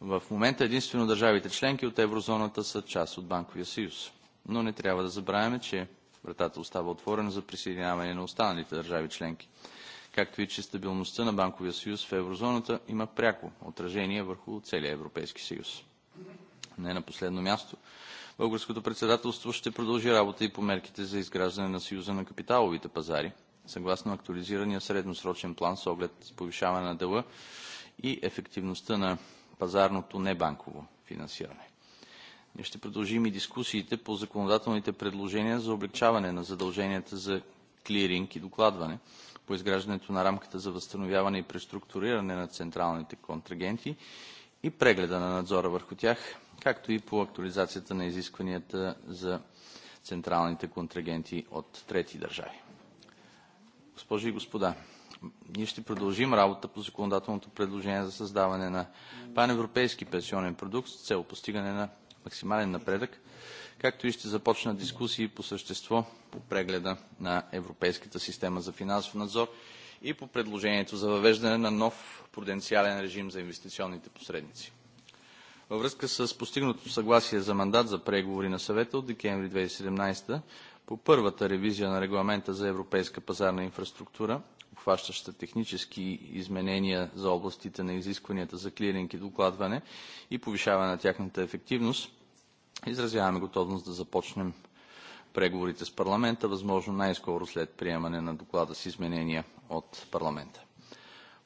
В момента единствено държавите членки от еврозоната са част от Банковия съюз. Но не трябва да забравяме, че вратата остава отворена за присъединяване на останалите държави членки, както и че стабилността на Банковия съюз в еврозоната има пряко отражение върху целия Европейски съюз. Не на последно място, българското председателство ще продължи работа и по мерките за изграждане на Съюза на капиталовите пазари – съгласно актуализирания средносрочен план с оглед повишаване на дела и ефективността на пазарното небанково финансиране. Ние ще продължим и дискусиите по законодателните предложения за облегчаване на задълженията за клиринг и докладване по изграждането на рамката за възстановяване и преструктуриране на централните контрагенти и прегледа на надзора върху тях, както и по актуализацията на изискванията за централните контрагенти от трети държави. Госпожи и господа, ние ще продължим работа по законодателното предложение за създаване на паневропейски пенсионен продукт с цел постигане на максимален напредък, както и ще започна дискусии по същество по прегледа на Европейската система за финансов надзор и по предложението за въвеждане на нов пруденциален режим за инвестиционните посредници. Във връзка с постигнато съгласие за мандат за преговори на съвета от декември 2017 по първата ревизия на регламента за европейска пазарна инфраструктура, обхващаща технически изменения за областите на изискванията за клиринг и докладване и повишаване на тяхната ефективност, изразяваме готовност да започнем преговорите с парламента, възможно най-скоро след приемане на доклада с изменения от парламента.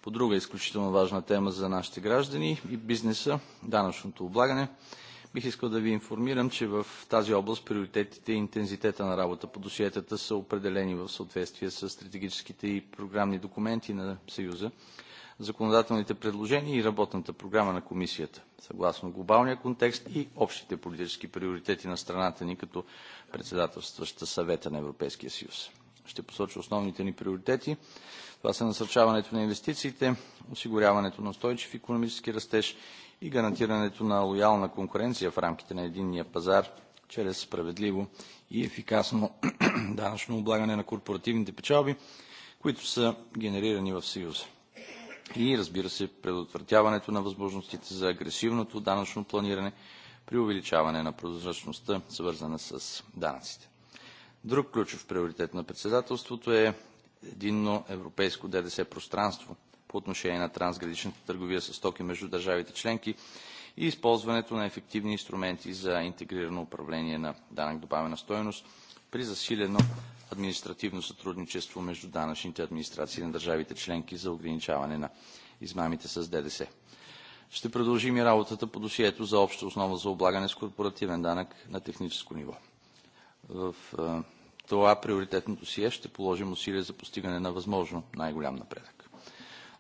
По друга изключително важна тема за нашите граждани и бизнеса – данъчното облагане – Бих искал да ви информирам, че в тази област приоритетите и интензитета на работа по досиетата са определени в съответствие с стратегическите и програмни документи на Съюза, законодателните предложения и работната програма на комисията, съгласно глобалния контекст и общите политически приоритети на страната ни като председателстваща съвета на Европейския съюз. Ще посоча основните ни приоритети. Това са насърчаването на инвестициите, осигуряването на устойчив економически растеж и гарантирането на лоялна конкуренция в рамките на единния пазар чрез справедливо и ефикасно данъчно облагане на корпоративните печалби, които са генерирани в Съюза. И, разбира се, предотвратяването на възможностите за агресивното данъчно планиране при увеличаване на прозрачността, свързана с данъците. Друг ключов приоритет на председателството е единно европейско ДДС пространство – по отношение на трансграничната търговия с стоки между държавите членки и използването на ефективни инструменти за интегрирано управление на данък добавена стойност при засилено административно сътрудничество между данъчните администрации на държавите членки за ограничаване на измамите с ДДС. Ще продължим и работата по досието за обща основа за облагане с корпоративен данък на техническо ниво. В е, това приоритетното сие ще положим усилия за постигане на възможно най-голям напредък.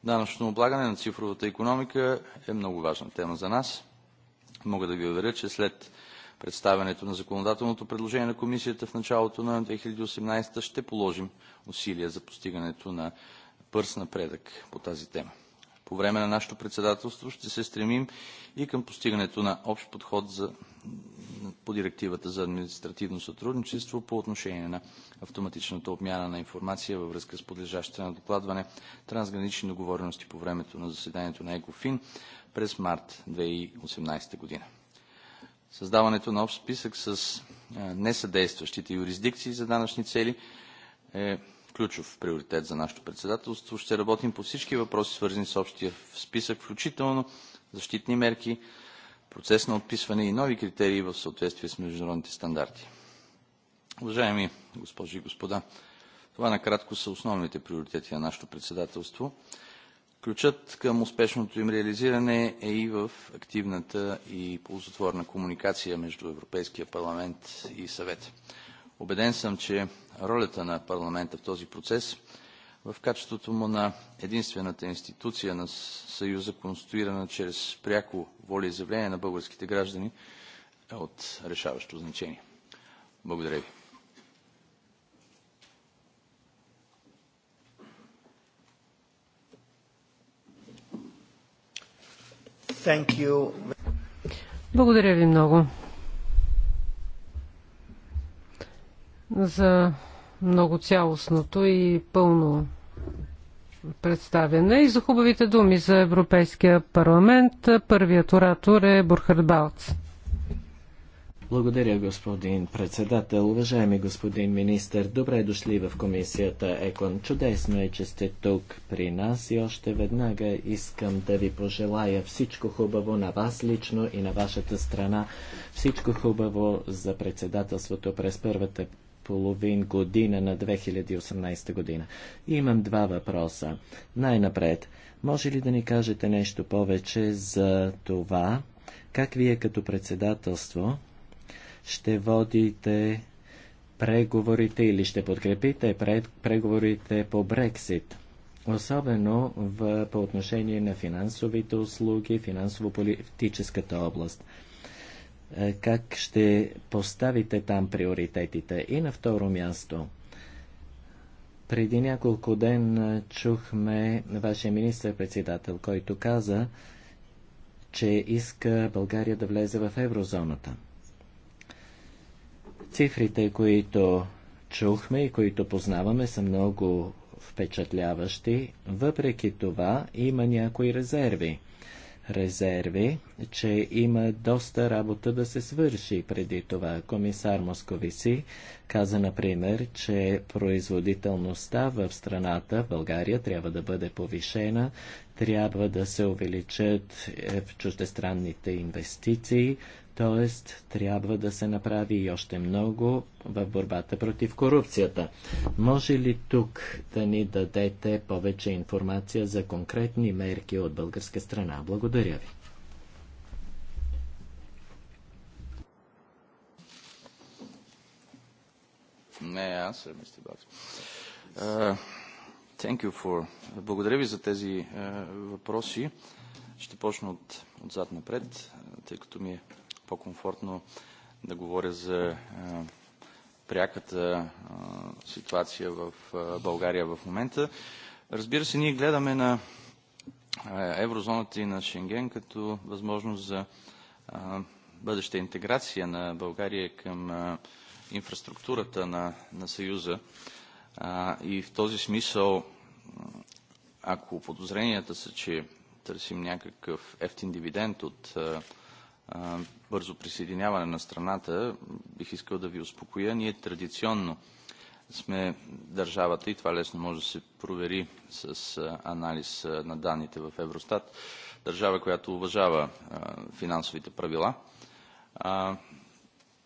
Данъчно облагане на цифровата економика е много важна тема за нас. Мога да ви уверя, че след представянето на законодателното предложение на комисията в началото на 2018 ще положим усилия за постигането на бърз напредък по тази тема. По време на нашето председателство ще се стремим и към постигането на общ подход за по директивата за административно сътрудничество по отношение на автоматичната обмяна на информация във връзка с подлежащите на докладване трансгранични договорености по времето на заседанието на ЕКОФИН през март 2018 година. Създаването на общ списък с е, несъдействащите юрисдикции за данъчни цели е ключов приоритет за нашето председателство. Ще работим по всички въпроси, свързани с общия списък, включително защитни мерки, процес на отписване и нови критерии в съответствие с международните стандарти. Уважаеми госпожи и господа, това накратко са основните приоритети на нашето председателство. Ключът към успешното им реализиране е и в активната и ползотворна комуникация между Европейския парламент и съвет. Обеден съм, че ролята на парламента в този процес – в качеството му на единствената институция на Съюза, конституирана чрез пряко волеизявление на българските граждани, е от решаващо значение. Благодаря ви. Благодаря ви много за много цялостното и пълно представяне и за хубавите думи за Европейския парламент. Първият оратор е Бурхард Балц. Благодаря, господин председател. Уважаеми господин министр, добре дошли в комисията ЕКОН. Чудесно е, че сте тук при нас и още веднага искам да ви пожелая всичко хубаво на вас лично и на вашата страна. Всичко хубаво за председателството през първата половин година на 2018 година. Имам два въпроса. Най-напред, може ли да ни кажете нещо повече за това, как вие като председателство ще водите преговорите или ще подкрепите пред преговорите по Брексит? Особено в, по отношение на финансовите услуги, финансово-политическата област. Е, как ще поставите там приоритетите. И на второ място, преди няколко ден е, чухме вашия министр-председател, който каза, че иска България да влезе в еврозоната. Цифрите, които чухме и които познаваме, са много впечатляващи. Въпреки това има някои резерви. Резерви че има доста работа да се свърши преди това. Комисар Московиси каза, например, че производителността в страната, в България, трябва да бъде повишена, трябва да се увеличат в е, чуждестранните инвестиции, т.е. трябва да се направи и още много в борбата против корупцията. Може ли тук да ни дадете повече информация за конкретни мерки от българска страна? Благодаря ви. Не, аз, мистер Бакс. Thank you for... Благодаря ви за тези uh, въпроси. Ще почна от, отзад напред, uh, тъй като ми е по-комфортно да говоря за uh, пряката uh, ситуация в uh, България в момента. Разбира се, ние гледаме на uh, еврозоната и на Шенген като възможност за uh, бъдеща интеграция на България към инфраструктурата на, на Съюза. А, и в този смисъл, ако подозренията са, че търсим някакъв ефтин дивиденд от а, а, бързо присъединяване на страната, бих искал да ви успокоя. Ние традиционно сме държавата, и това лесно може да се провери с анализ на данните в Евростат, държава, която уважава а, финансовите правила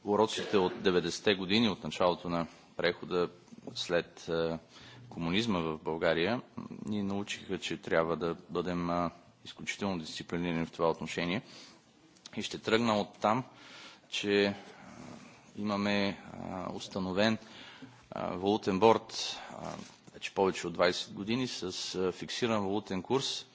уроците от 90-те години, от началото на прехода след е, комунизма в България, ни научиха, че трябва да бъдем е, изключително дисциплинирани в това отношение. И ще тръгна от там, че е, имаме установен валутен борт вече повече от 20 години с фиксиран валутен курс –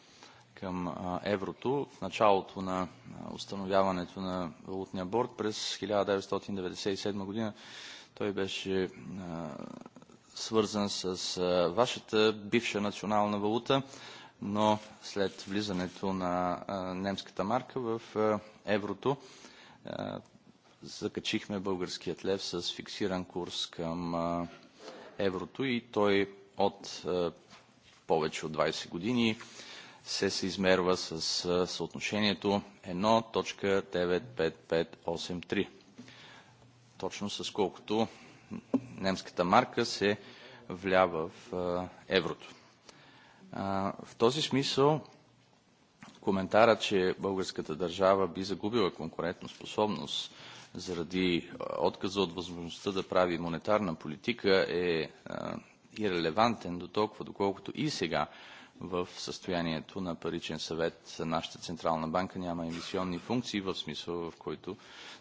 към еврото в началото на установяването на валутния борт през 1997 година. Той беше свързан с вашата бивша национална валута, но след влизането на немската марка в еврото закачихме българският лев с фиксиран курс към еврото и той от повече от 20 години се се измерва с съотношението 1.95583. Точно с колкото немската марка се влява в еврото. В този смисъл коментара, че българската държава би загубила конкурентоспособност заради отказа от възможността да прави монетарна политика е ирелевантен до толкова, доколкото и сега в състоянието на паричен съвет нашата Централна банка няма емисионни функции в смисъл, в който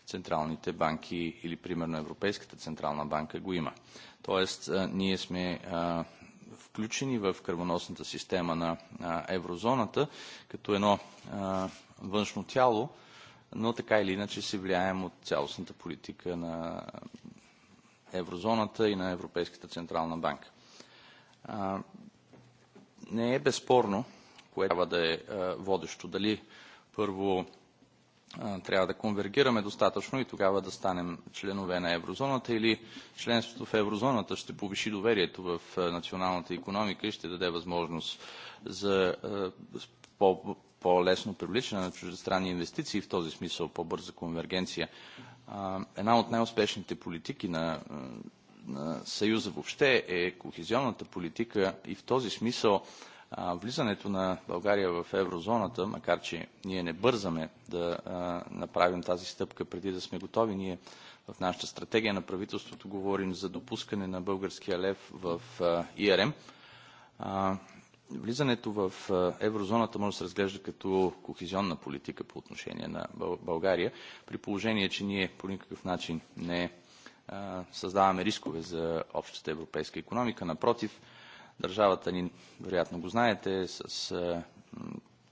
централните банки или примерно Европейската Централна банка го има. Тоест, ние сме включени в кръвоносната система на еврозоната като едно външно тяло, но така или иначе се влияем от цялостната политика на еврозоната и на Европейската Централна банка не е безспорно, кое трябва да е, е водещо. Дали първо е, трябва да конвергираме достатъчно и тогава да станем членове на еврозоната или членството в еврозоната ще повиши доверието в е, националната економика и ще даде възможност за по- по-лесно привличане на чуждестранни инвестиции в този смисъл по-бърза конвергенция. Една от най-успешните политики на на Съюза въобще е кохезионната политика и в този смисъл влизането на България в еврозоната, макар че ние не бързаме да направим тази стъпка преди да сме готови, ние в нашата стратегия на правителството говорим за допускане на българския лев в ИРМ. Влизането в еврозоната може да се разглежда като кохезионна политика по отношение на България, при положение, че ние по никакъв начин не е, създаваме рискове за общата европейска економика. Напротив, държавата ни, вероятно го знаете, е с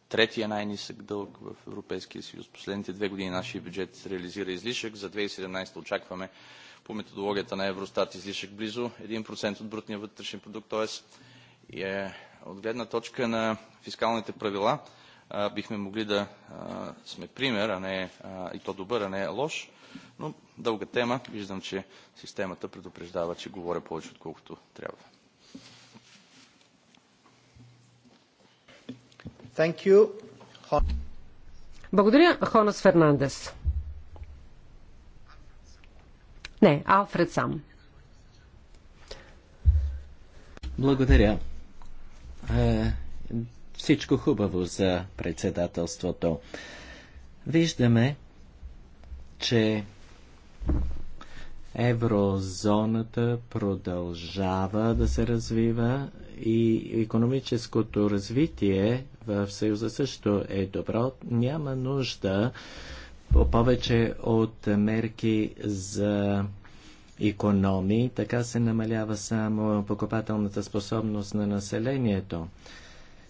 третия най-нисък дълг в Европейския съюз. Последните две години нашия бюджет реализира излишък. За 2017 очакваме по методологията на Евростат излишък близо 1% от брутния вътрешен продукт, т.е. от гледна точка на фискалните правила е, бихме могли да е, сме пример, а не, и то добър, а не лош. Но дълга тема. Виждам, че системата предупреждава, че говоря повече, отколкото трябва. Thank you. Благодаря, Хонас Фернандес. Не, Алфред сам. Благодаря. Е, всичко хубаво за председателството. Виждаме, че еврозоната продължава да се развива и економическото развитие в Съюза също е добро. Няма нужда повече от мерки за економии, така се намалява само покупателната способност на населението.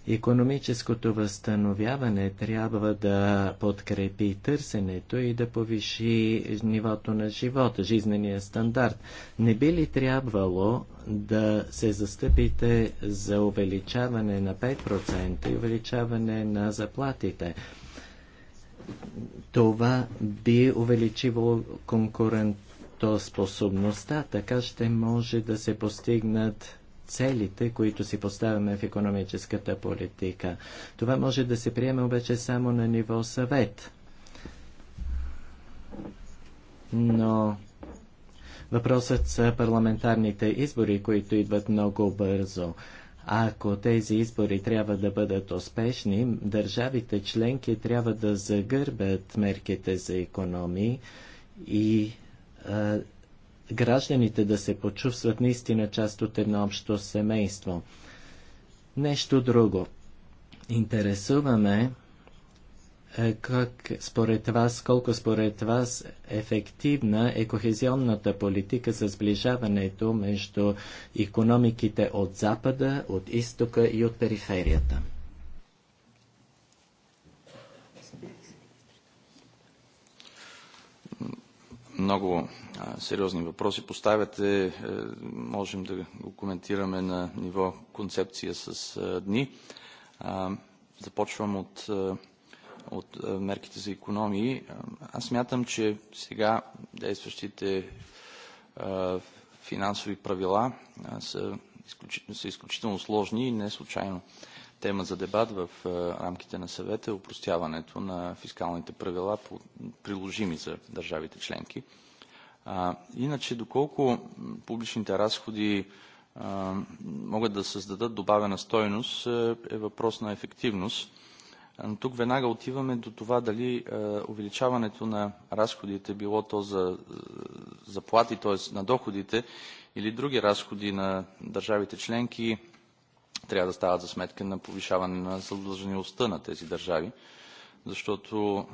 Економическото възстановяване трябва да подкрепи търсенето и да повиши нивото на живота, жизнения стандарт. Не би ли трябвало да се застъпите за увеличаване на 5% и увеличаване на заплатите? Това би увеличило конкурентоспособността, така ще може да се постигнат целите, които си поставяме в економическата политика. Това може да се приеме обаче само на ниво съвет. Но въпросът са парламентарните избори, които идват много бързо. Ако тези избори трябва да бъдат успешни, държавите членки трябва да загърбят мерките за економии и гражданите да се почувстват наистина част от едно общо семейство. Нещо друго. Интересуваме е, как според вас, колко според вас ефективна е кохезионната политика за сближаването между економиките от Запада, от Изтока и от периферията? Много сериозни въпроси поставяте. Е, можем да го коментираме на ниво концепция с е, дни. Започвам от, е, от мерките за економии. Аз мятам, че сега действащите финансови правила са, изключително, са изключително сложни и не случайно тема за дебат в рамките на съвета е упростяването на фискалните правила, приложими за държавите членки. А, иначе, доколко публичните разходи а, могат да създадат добавена стойност, е, е въпрос на ефективност. Но тук веднага отиваме до това дали а, е, увеличаването на разходите, било то за е, заплати, т.е. на доходите или други разходи на държавите членки, трябва да стават за сметка на повишаване на задлъжнилостта на тези държави. Защото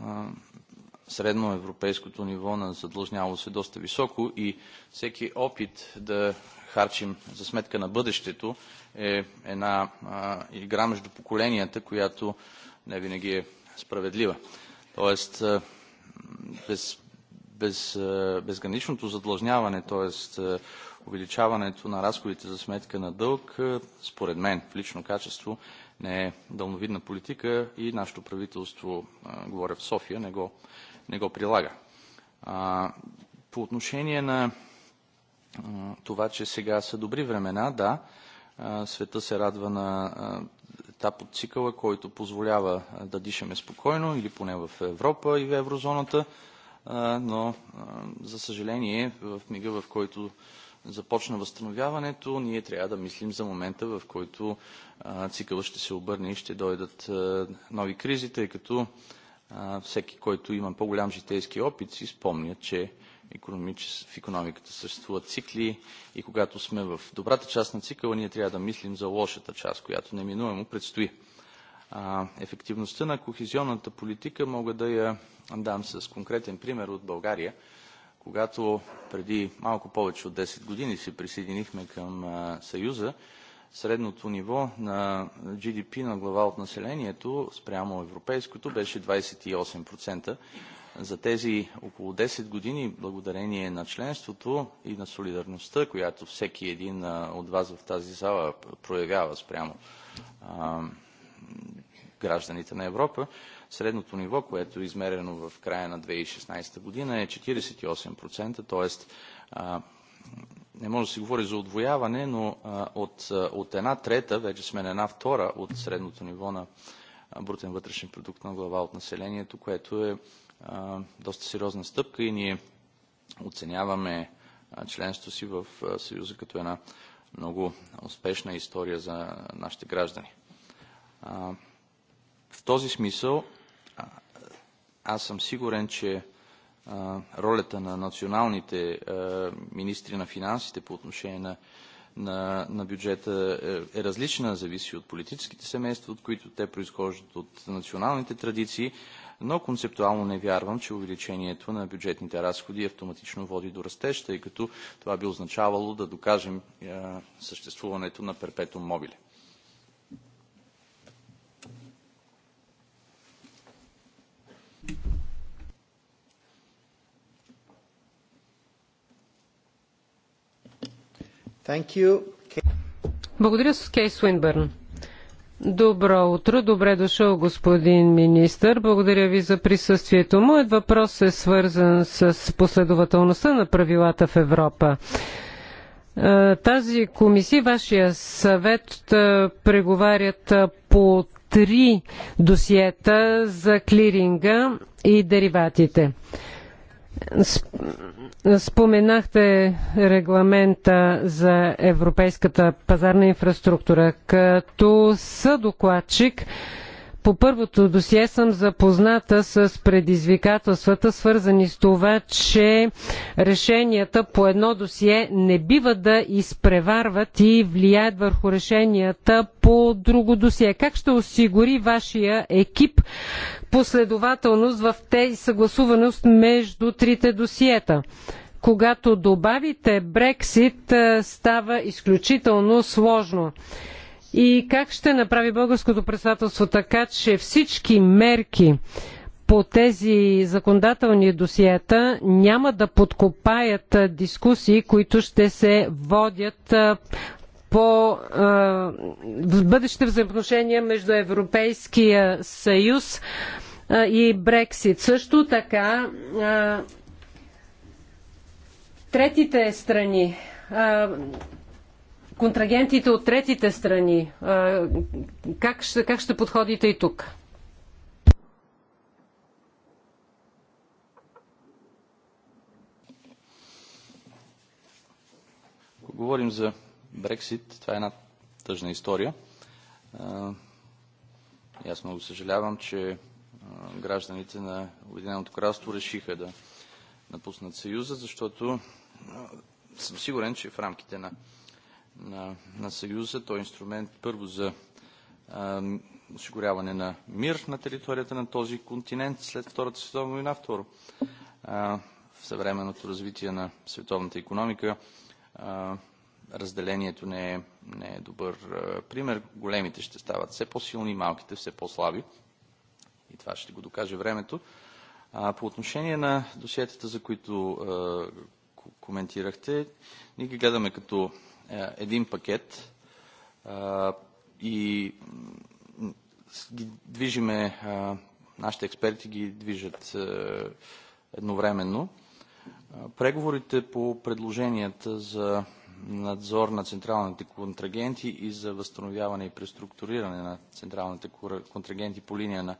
средноевропейското ниво на задлъжнялост е доста високо и всеки опит да харчим за сметка на бъдещето е една а, игра между поколенията, която не винаги е справедлива. Тоест, без, без, безграничното задлъжняване, т.е. увеличаването на разходите за сметка на дълг, според мен в лично качество не е дълновидна политика и нашето правителство, а, говоря в София, не го не го прилага. А, по отношение на а, това, че сега са добри времена, да, а, света се радва на а, етап от цикъла, който позволява а, да дишаме спокойно, или поне в Европа и в еврозоната, а, но а, за съжаление в мига, в който започна възстановяването, ние трябва да мислим за момента, в който цикълът ще се обърне и ще дойдат нови кризи, тъй като всеки, който има по-голям житейски опит, си спомня, че в економиката съществуват цикли и когато сме в добрата част на цикъла, ние трябва да мислим за лошата част, която неминуемо предстои. Ефективността на кохезионната политика мога да я дам с конкретен пример от България. Когато преди малко повече от 10 години се присъединихме към Съюза, средното ниво на GDP на глава от населението спрямо европейското беше 28%. За тези около 10 години, благодарение на членството и на солидарността, която всеки един от вас в тази зала проявява спрямо а, гражданите на Европа, средното ниво, което е измерено в края на 2016 година е 48%, т.е не може да се говори за отвояване, но а, от, от една трета, вече сме на една втора от средното ниво на брутен вътрешен продукт на глава от населението, което е а, доста сериозна стъпка и ние оценяваме членството си в Съюза като една много успешна история за нашите граждани. А, в този смисъл аз съм сигурен, че ролята на националните министри на финансите по отношение на, на, на бюджета е, е, различна, зависи от политическите семейства, от които те произхождат, от националните традиции, но концептуално не вярвам, че увеличението на бюджетните разходи автоматично води до растеща, тъй като това би означавало да докажем съществуването на перпетум мобиле. Благодаря, Кей Суинбърн. Добро утро, добре дошъл господин министър. Благодаря ви за присъствието. Моят въпрос е свързан с последователността на правилата в Европа. Е, тази комисия, вашия съвет, е, преговарят е, по три досиета за клиринга и дериватите. Споменахте регламента за европейската пазарна инфраструктура. Като съдокладчик, докладчик по първото досие съм запозната с предизвикателствата, свързани с това, че решенията по едно досие не бива да изпреварват и влияят върху решенията по друго досие. Как ще осигури вашия екип последователност в тези съгласуваност между трите досиета? Когато добавите Брексит, става изключително сложно. И как ще направи българското председателство така, че всички мерки по тези законодателни досиета няма да подкопаят дискусии, които ще се водят по е, бъдеще взаимоотношения между Европейския съюз е, и Брексит. Също така е, третите страни контрагентите от третите страни. Как ще, как ще подходите и тук? Ако говорим за Брексит, това е една тъжна история. И аз много съжалявам, че гражданите на Обединеното кралство решиха да напуснат Съюза, защото съм сигурен, че в рамките на на, на Съюза. Той е инструмент първо за а, осигуряване на мир на територията на този континент след Втората световна война. Второ, а, в съвременното развитие на световната економика а, разделението не е, не е добър а, пример. Големите ще стават все по-силни, малките все по-слаби. И това ще го докаже времето. А, по отношение на досиетата, за които а, коментирахте, ние ги гледаме като е, един пакет и ги движиме, нашите експерти ги движат едновременно. Преговорите по предложенията за надзор на централните контрагенти и за възстановяване и преструктуриране на централните контрагенти по линия на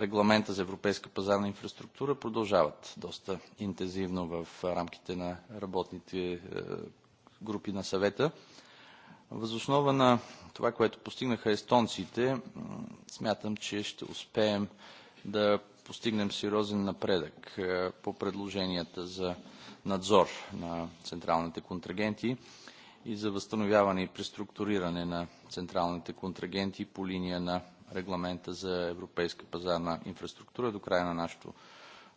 регламента за европейска пазарна инфраструктура продължават доста интензивно в рамките на работните групи на съвета. Възоснова на това, което постигнаха естонците, смятам, че ще успеем да постигнем сериозен напредък е, по предложенията за надзор на централните контрагенти и за възстановяване и преструктуриране на централните контрагенти по линия на регламента за европейска пазарна инфраструктура до края на нашето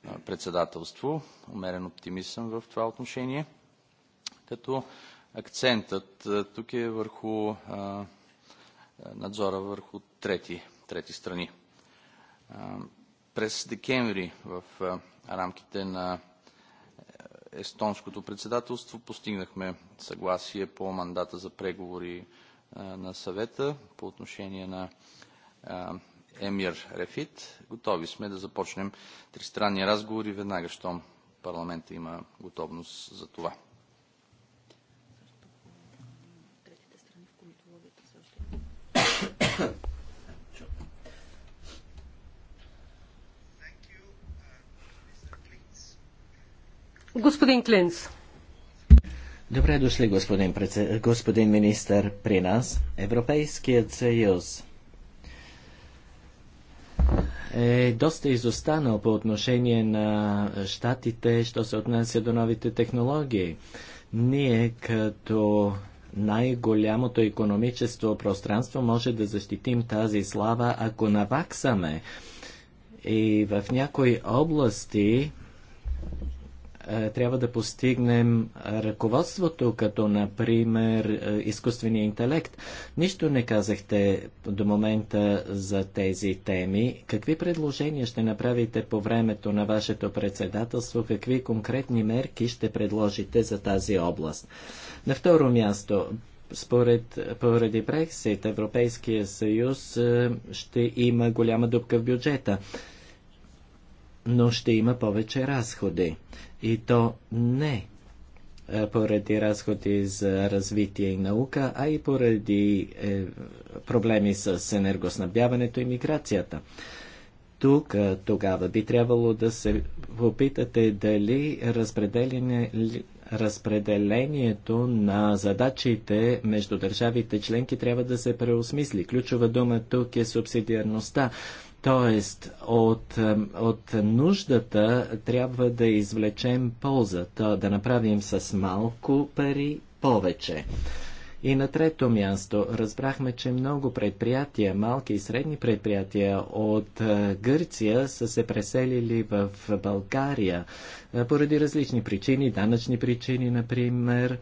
е, председателство. Умерен оптимист съм в това отношение – като акцентът тук е върху а, надзора върху трети, трети страни. А, през декември в а, рамките на естонското председателство постигнахме съгласие по мандата за преговори на съвета по отношение на Емир Рефит. Готови сме да започнем тристранни разговори веднага, щом парламента има готовност за това. Господин Клинц. Добре дошли, господин, председ... господин министър, при нас. Европейският съюз е доста изостанал по отношение на щатите, що се отнася до новите технологии. Ние като най-голямото економическо пространство може да защитим тази слава, ако наваксаме. И в някои области е, трябва да постигнем ръководството, като например е, изкуствения интелект. Нищо не казахте до момента за тези теми. Какви предложения ще направите по времето на вашето председателство? Какви конкретни мерки ще предложите за тази област? На второ място, според, поради Брексит, Европейския съюз е, ще има голяма дупка в бюджета но ще има повече разходи и то не поради разходи за развитие и наука, а и поради е, проблеми с енергоснабдяването и миграцията. Тук тогава би трябвало да се попитате дали разпределение, разпределението на задачите между държавите членки трябва да се преосмисли. Ключова дума тук е субсидиарността. Тоест, от, от нуждата трябва да извлечем ползата, да направим с малко пари повече. И на трето място разбрахме, че много предприятия, малки и средни предприятия от е, Гърция са се преселили в България е, поради различни причини, данъчни причини, например.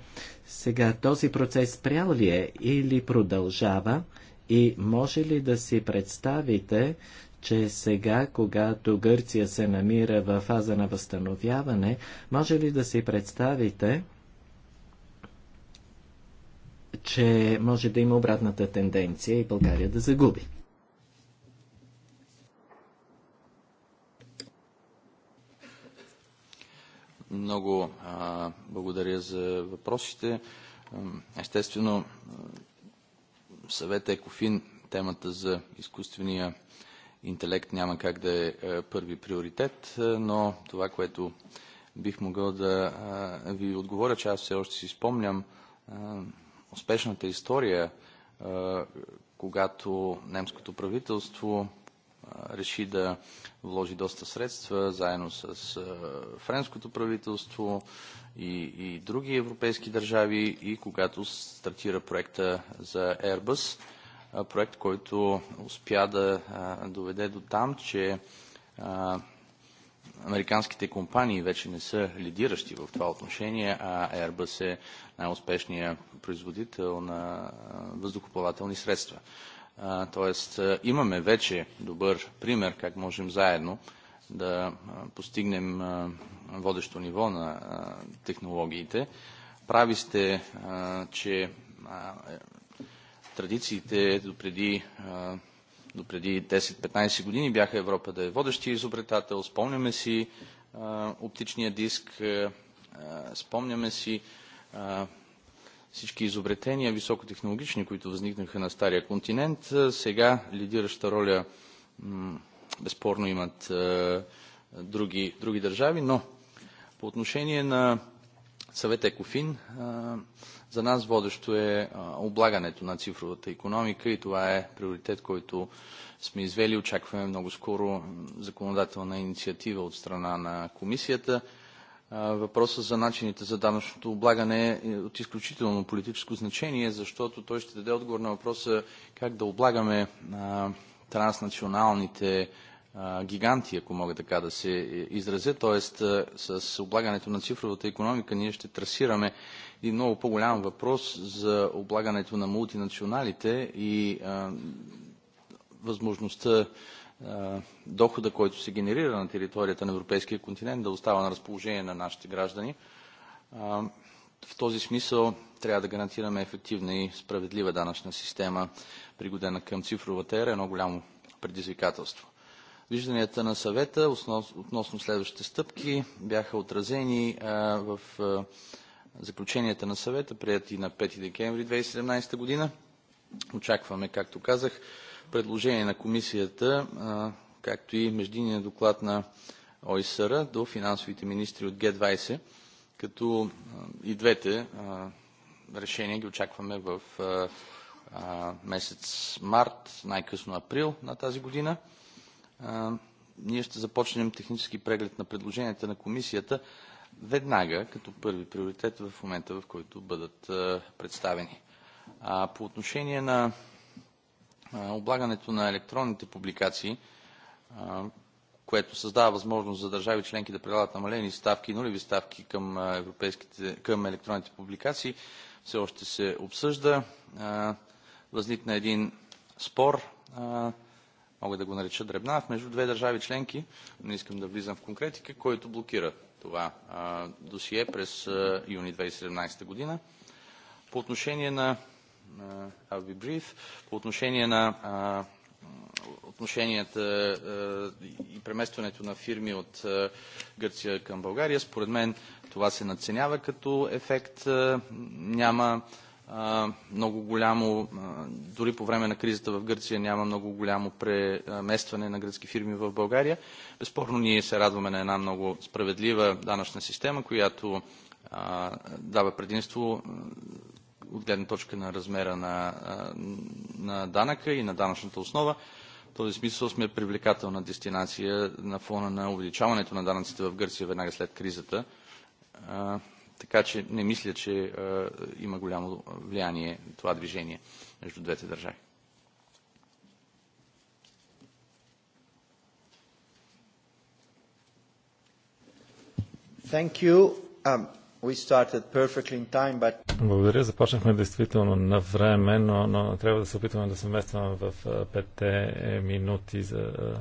Сега този процес спрял ли е или продължава? И може ли да си представите че сега, когато Гърция се намира в фаза на възстановяване, може ли да си представите, че може да има обратната тенденция и България да загуби? Много а, благодаря за въпросите. Естествено, съвет Екофин, темата за изкуствения интелект няма как да е, е първи приоритет, е, но това, което бих могъл да е, ви отговоря, че аз все още си спомням успешната история, когато немското правителство реши да вложи доста средства заедно с френското правителство и, и други европейски държави и когато стартира проекта за Airbus – проект, който успя да доведе до там, че американските компании вече не са лидиращи в това отношение, а Airbus е най-успешният производител на въздухоплавателни средства. Тоест имаме вече добър пример как можем заедно да постигнем водещо ниво на технологиите. Прави сте, че традициите допреди до преди 10-15 години бяха Европа да е водещия изобретател. Спомняме си оптичния диск, спомняме си всички изобретения високотехнологични, които възникнаха на Стария континент. Сега лидираща роля безспорно имат други, други държави, но по отношение на съвет Екофин. За нас водещо е облагането на цифровата економика и това е приоритет, който сме извели. Очакваме много скоро законодателна инициатива от страна на комисията. Въпросът за начините за данъчното облагане е от изключително политическо значение, защото той ще даде отговор на въпроса как да облагаме транснационалните гиганти, ако мога така да се е, изразя. Тоест, с облагането на цифровата економика ние ще трасираме един много по-голям въпрос за облагането на мултинационалите и възможността дохода, който се генерира на територията на европейския континент, да остава на разположение на нашите граждани. в този смисъл трябва да гарантираме ефективна и справедлива данъчна система, пригодена към цифровата ера, едно голямо предизвикателство. Вижданията на съвета относно следващите стъпки бяха отразени в заключенията на съвета, прияти на 5 декември 2017 година. Очакваме, както казах, предложение на комисията, както и междинния доклад на ОИСР до финансовите министри от Г-20, като и двете решения ги очакваме в месец март, най-късно април на тази година ние ще започнем технически преглед на предложенията на комисията веднага, като първи приоритет в момента, в който бъдат представени. по отношение на облагането на електронните публикации, което създава възможност за държави членки да прилагат намалени ставки и нулеви ставки към, към електронните публикации, все още се обсъжда. Възникна един спор мога да го нареча дребнав между две държави членки, не искам да влизам в конкретика, който блокира това а, досие през а, юни 2017 година. По отношение на I'll be brief, по отношение на а, отношенията и преместването на фирми от Гърция към България. Според мен това се надценява като ефект. Няма много голямо, дори по време на кризата в Гърция няма много голямо преместване на гръцки фирми в България. Безспорно ние се радваме на една много справедлива данъчна система, която дава предимство от гледна точка на размера на, на данъка и на данъчната основа. В този смисъл сме привлекателна дестинация на фона на увеличаването на данъците в Гърция веднага след кризата така че не мисля, че е, има голямо влияние това движение между двете държави. Thank you. Um, we started perfectly in time, but... Благодаря. Започнахме действително на време, но, но трябва да се опитваме да се вместваме в е, петте минути за е,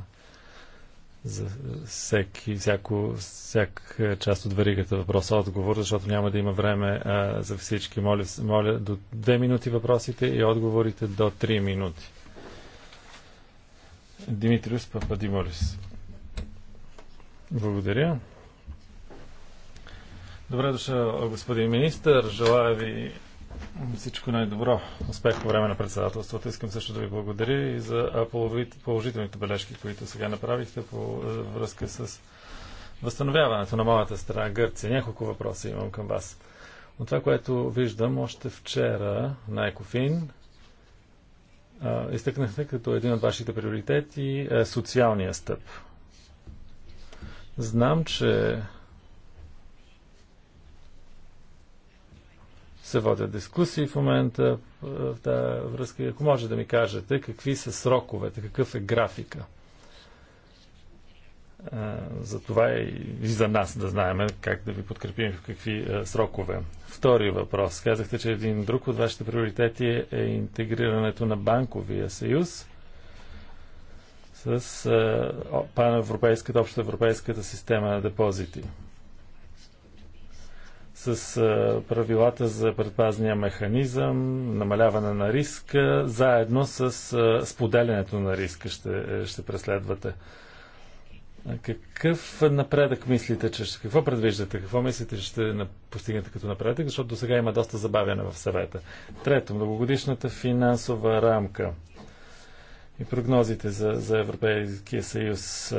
за всеки, всяко, всяка част от варигата въпроса отговор защото няма да има време а, за всички. Моля, моля до 2 минути въпросите и отговорите до 3 минути. Димитриус Пападимолис. Благодаря. Добре дошъл, господин министър. Желая ви всичко най-добро. Успех по време на председателството. Искам също да ви благодаря и за положителните бележки, които сега направихте по връзка с възстановяването на моята страна Гърция. Няколко въпроса имам към вас. От това, което виждам, още вчера на Екофин изтъкнахте като един от вашите приоритети е социалния стъп. Знам, че се водят дискусии в момента е, в тази връзка. Ако може да ми кажете какви са сроковете, какъв е графика. Е, за това е и за нас да знаем как да ви подкрепим в какви срокове. Втори въпрос. Казахте, че един друг от вашите приоритети е интегрирането на банковия съюз с паневропейската, общоевропейската система на депозити с правилата за предпазния механизъм, намаляване на риска, заедно с споделянето на риска ще, е, ще преследвате. Какъв напредък мислите, че какво предвиждате, какво мислите, че ще постигнете като напредък, защото до сега има доста забавяне в съвета. Трето, многогодишната финансова рамка – и прогнозите за, за Европейския съюз.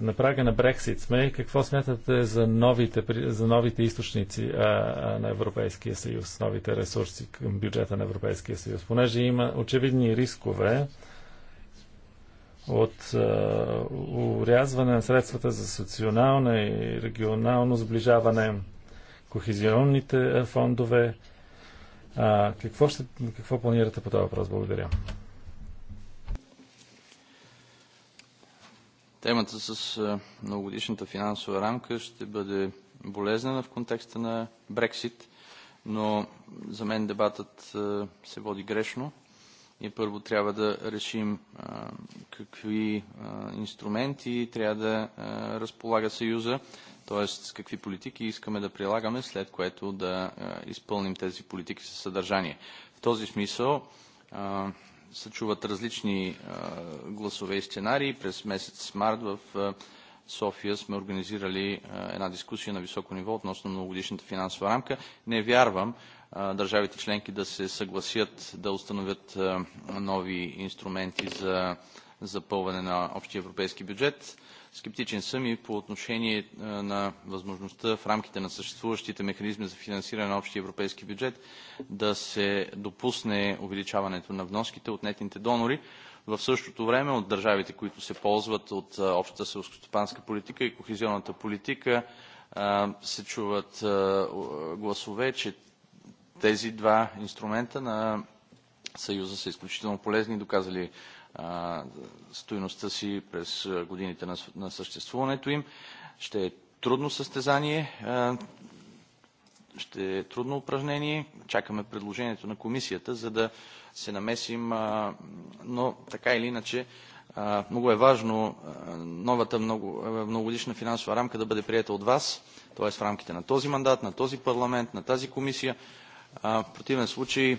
На прага на Брексит сме. Какво смятате за новите, за новите източници а, а, на Европейския съюз, новите ресурси към бюджета на Европейския съюз? Понеже има очевидни рискове от а, урязване на средствата за соционално и регионално сближаване, кохезионните фондове. А, какво, ще, какво планирате по този въпрос? Благодаря. Темата с е, многогодишната финансова рамка ще бъде болезнена в контекста на Брексит, но за мен дебатът е, се води грешно. И първо трябва да решим е, какви инструменти трябва да разполага Съюза, т.е. какви политики искаме да прилагаме, след което да изпълним тези политики със съдържание. В този смисъл се чуват различни гласове и сценарии. През месец март в София сме организирали една дискусия на високо ниво относно многогодишната финансова рамка. Не вярвам държавите членки да се съгласят да установят нови инструменти за запълване на общия европейски бюджет. Скептичен съм и по отношение на възможността в рамките на съществуващите механизми за финансиране на общия европейски бюджет да се допусне увеличаването на вноските от нетните донори. В същото време от държавите, които се ползват от общата селскостопанска политика и кохезионната политика, се чуват гласове, че тези два инструмента на Съюза са изключително полезни и доказали Стоиността си през годините на, на съществуването им. Ще е трудно състезание, ще е трудно упражнение. Чакаме предложението на комисията, за да се намесим, но така или иначе много е важно новата многодишна многогодишна финансова рамка да бъде приятел от вас, т.е. в рамките на този мандат, на този парламент, на тази комисия, в противен случай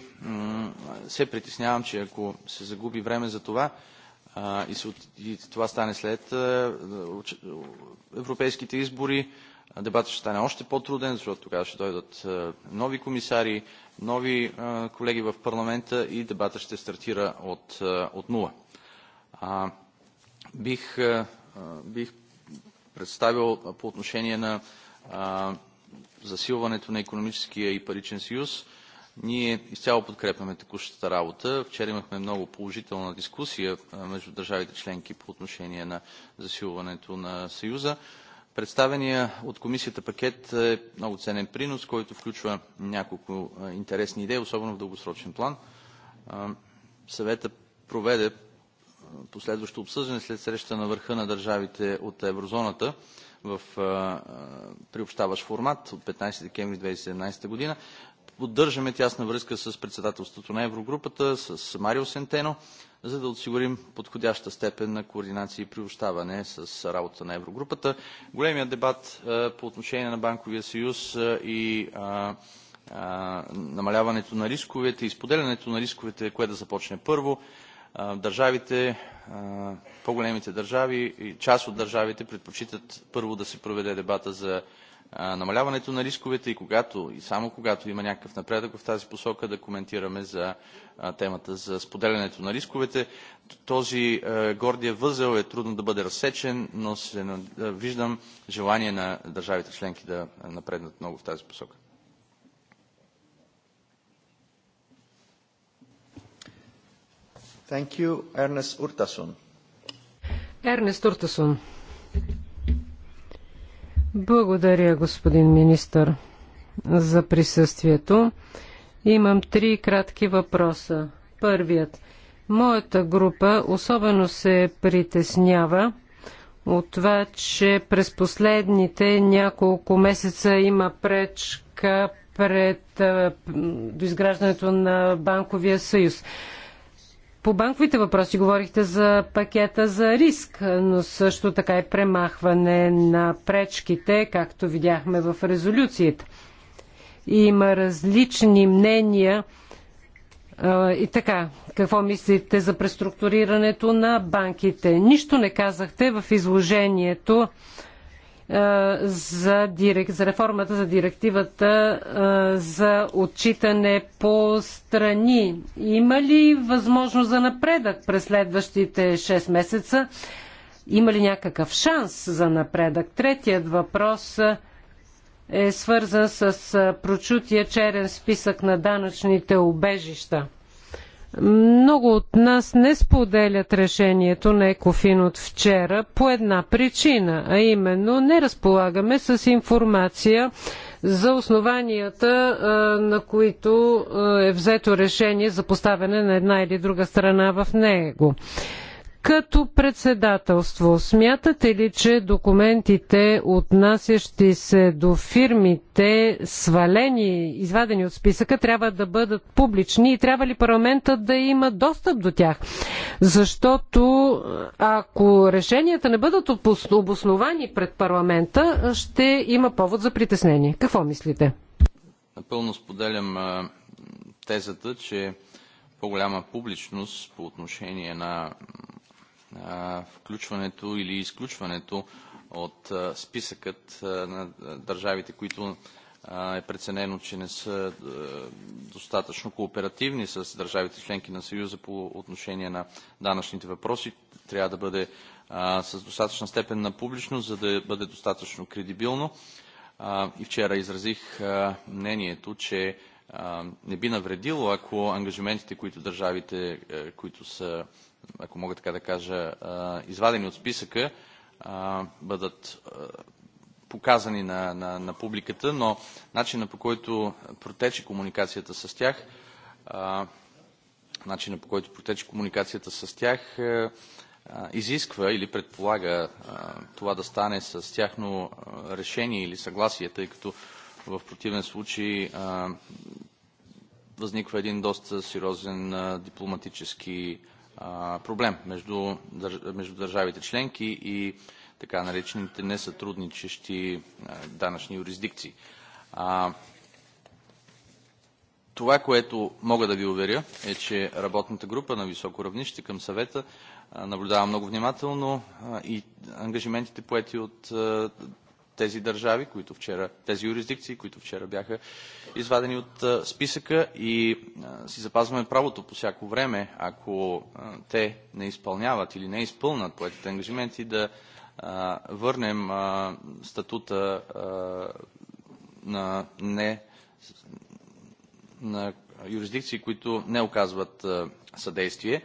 се притеснявам, че ако се загуби време за това и, се, и това стане след европейските избори, дебатът ще стане още по-труден, защото тогава ще дойдат нови комисари, нови колеги в парламента и дебатът ще стартира от, от нула. А, бих, бих представил по отношение на засилването на економическия и паричен съюз, ние изцяло подкрепяме текущата работа. Вчера имахме много положителна дискусия между държавите членки по отношение на засилването на Съюза. Представения от комисията пакет е много ценен принос, който включва няколко интересни идеи, особено в дългосрочен план. Съвета проведе последващо обсъждане след среща на върха на държавите от еврозоната – в приобщаващ формат от 15 декември 2017 година. Поддържаме тясна връзка с председателството на Еврогрупата, с Марио Сентено, за да осигурим подходяща степен на координация и приобщаване с работа на Еврогрупата. Големият дебат по отношение на Банковия съюз и намаляването на рисковете и споделянето на рисковете, кое да започне първо, Държавите, по-големите държави и част от държавите предпочитат първо да се проведе дебата за намаляването на рисковете и когато и само когато има някакъв напредък в тази посока да коментираме за темата за споделянето на рисковете. Този гордия възел е трудно да бъде разсечен, но се, виждам желание на държавите членки да напреднат много в тази посока. Thank you, Ernest Ернест Уртасун. Благодаря, господин министър, за присъствието. Имам три кратки въпроса. Първият. Моята група особено се притеснява от това, че през последните няколко месеца има пречка пред до изграждането на банковия съюз. По банковите въпроси говорихте за пакета за риск, но също така и премахване на пречките, както видяхме в резолюцията. Има различни мнения и така, какво мислите за преструктурирането на банките? Нищо не казахте в изложението е, за, директ, за реформата за директивата е, за отчитане по страни. Има ли възможност за напредък през следващите 6 месеца? Има ли някакъв шанс за напредък? Третият въпрос е свързан с е, прочутия черен списък на данъчните обежища – много от нас не споделят решението на Екофин от вчера по една причина, а именно не разполагаме с информация за основанията, на които е взето решение за поставяне на една или друга страна в него като председателство. Смятате ли, че документите, отнасящи се до фирмите, свалени, извадени от списъка, трябва да бъдат публични и трябва ли парламента да има достъп до тях? Защото ако решенията не бъдат обосновани пред парламента, ще има повод за притеснение. Какво мислите? Напълно споделям тезата, че по-голяма публичност по отношение на включването или изключването от списъкът на държавите, които е преценено, че не са достатъчно кооперативни с държавите членки на Съюза по отношение на данъчните въпроси, трябва да бъде с достатъчна степен на публичност, за да бъде достатъчно кредибилно. И вчера изразих мнението, че не би навредило, ако ангажиментите, които държавите, които са ако мога така да кажа, извадени от списъка, бъдат показани на, на, на публиката, но начина по който протече комуникацията с тях, начина по който протече комуникацията с тях е, изисква или предполага това да стане с тяхно решение или съгласие, тъй като в противен случай възниква един доста сериозен дипломатически проблем между, между държавите членки и така наречените несътрудничещи данъчни юрисдикции. А, това, което мога да ви уверя, е, че работната група на високо равнище към съвета наблюдава много внимателно и ангажиментите поети от тези държави, които вчера, тези юрисдикции, които вчера бяха извадени от списъка и си запазваме правото по всяко време, ако те не изпълняват или не изпълнат поетите ангажименти, да върнем статута на не на юрисдикции, които не оказват съдействие.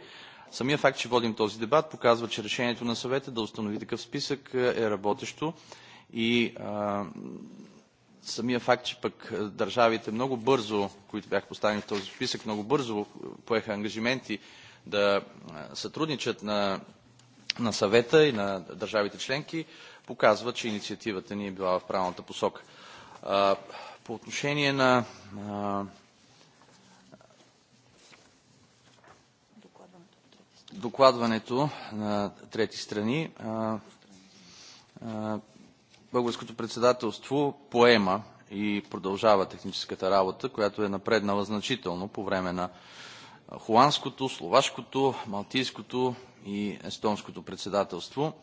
Самия факт, че водим този дебат, показва, че решението на съвета да установи такъв списък е работещо и а, самия факт, че пък държавите много бързо, които бях поставени в този списък, много бързо поеха ангажименти да сътрудничат на, на съвета и на държавите членки, показва, че инициативата ни е била в правилната посока. А, по отношение на а, докладването на трети страни, а, Българското председателство поема и продължава техническата работа, която е напреднала значително по време на холандското, словашкото, малтийското и естонското председателство.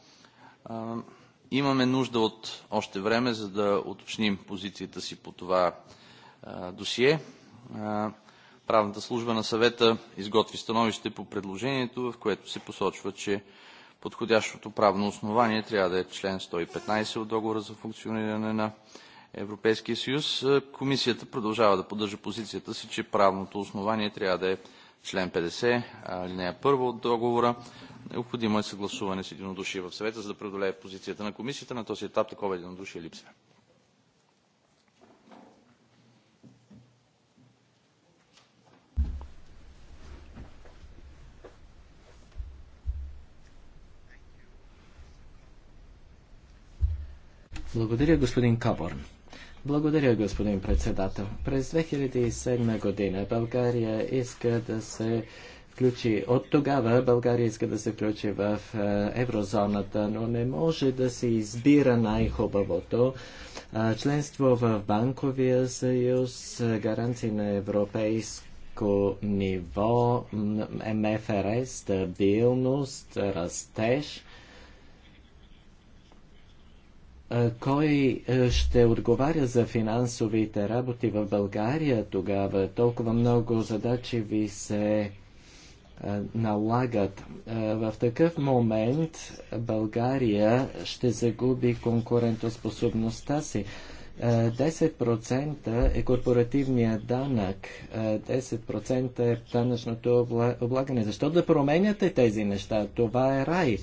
Имаме нужда от още време, за да уточним позицията си по това досие. Правната служба на съвета изготви становище по предложението, в което се посочва, че Подходящото правно основание трябва да е член 115 от договора за функциониране на Европейския съюз. Е, комисията продължава да поддържа позицията си, че правното основание трябва да е член 50, алинея 1 от договора. Необходимо е съгласуване с единодушие в съвета, за да преодолее позицията на комисията. На този етап такова единодушие липсва. Благодаря, господин Каборн. Благодаря, господин председател. През 2007 година България иска да се включи. От тогава България иска да се включи в е, еврозоната, но не може да се избира най-хубавото. Членство в Банковия съюз, гаранции на европейско ниво, МФР, стабилност, растеж кой ще отговаря за финансовите работи в България тогава? Толкова много задачи ви се налагат. В такъв момент България ще загуби конкурентоспособността си. 10% е корпоративния данък, 10% е данъчното облагане. Защо да променяте тези неща? Това е рай.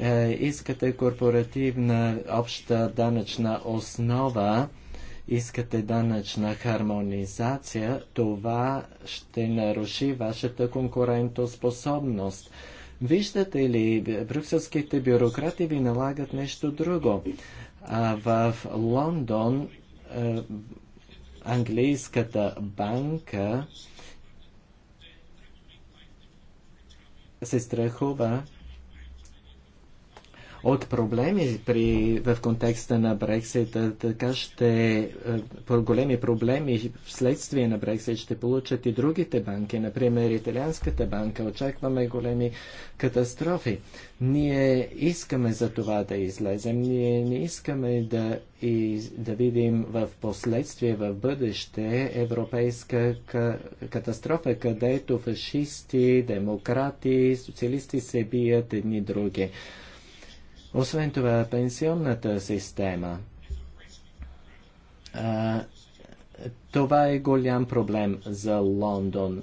Е, искате корпоративна обща данъчна основа, искате данъчна хармонизация, това ще наруши вашата конкурентоспособност. Виждате ли, брюкселските бюрократи ви налагат нещо друго. А в Лондон е, английската банка се страхува, от проблеми при, в контекста на Брексит, така ще е, големи проблеми вследствие на Брексит ще получат и другите банки, например Италианската банка. Очакваме големи катастрофи. Ние искаме за това да излезем, ние не искаме да, и, да видим в последствие, в бъдеще европейска катастрофа, където фашисти, демократи, социалисти се бият едни други. Освен това, пенсионната система. А, това е голям проблем за Лондон.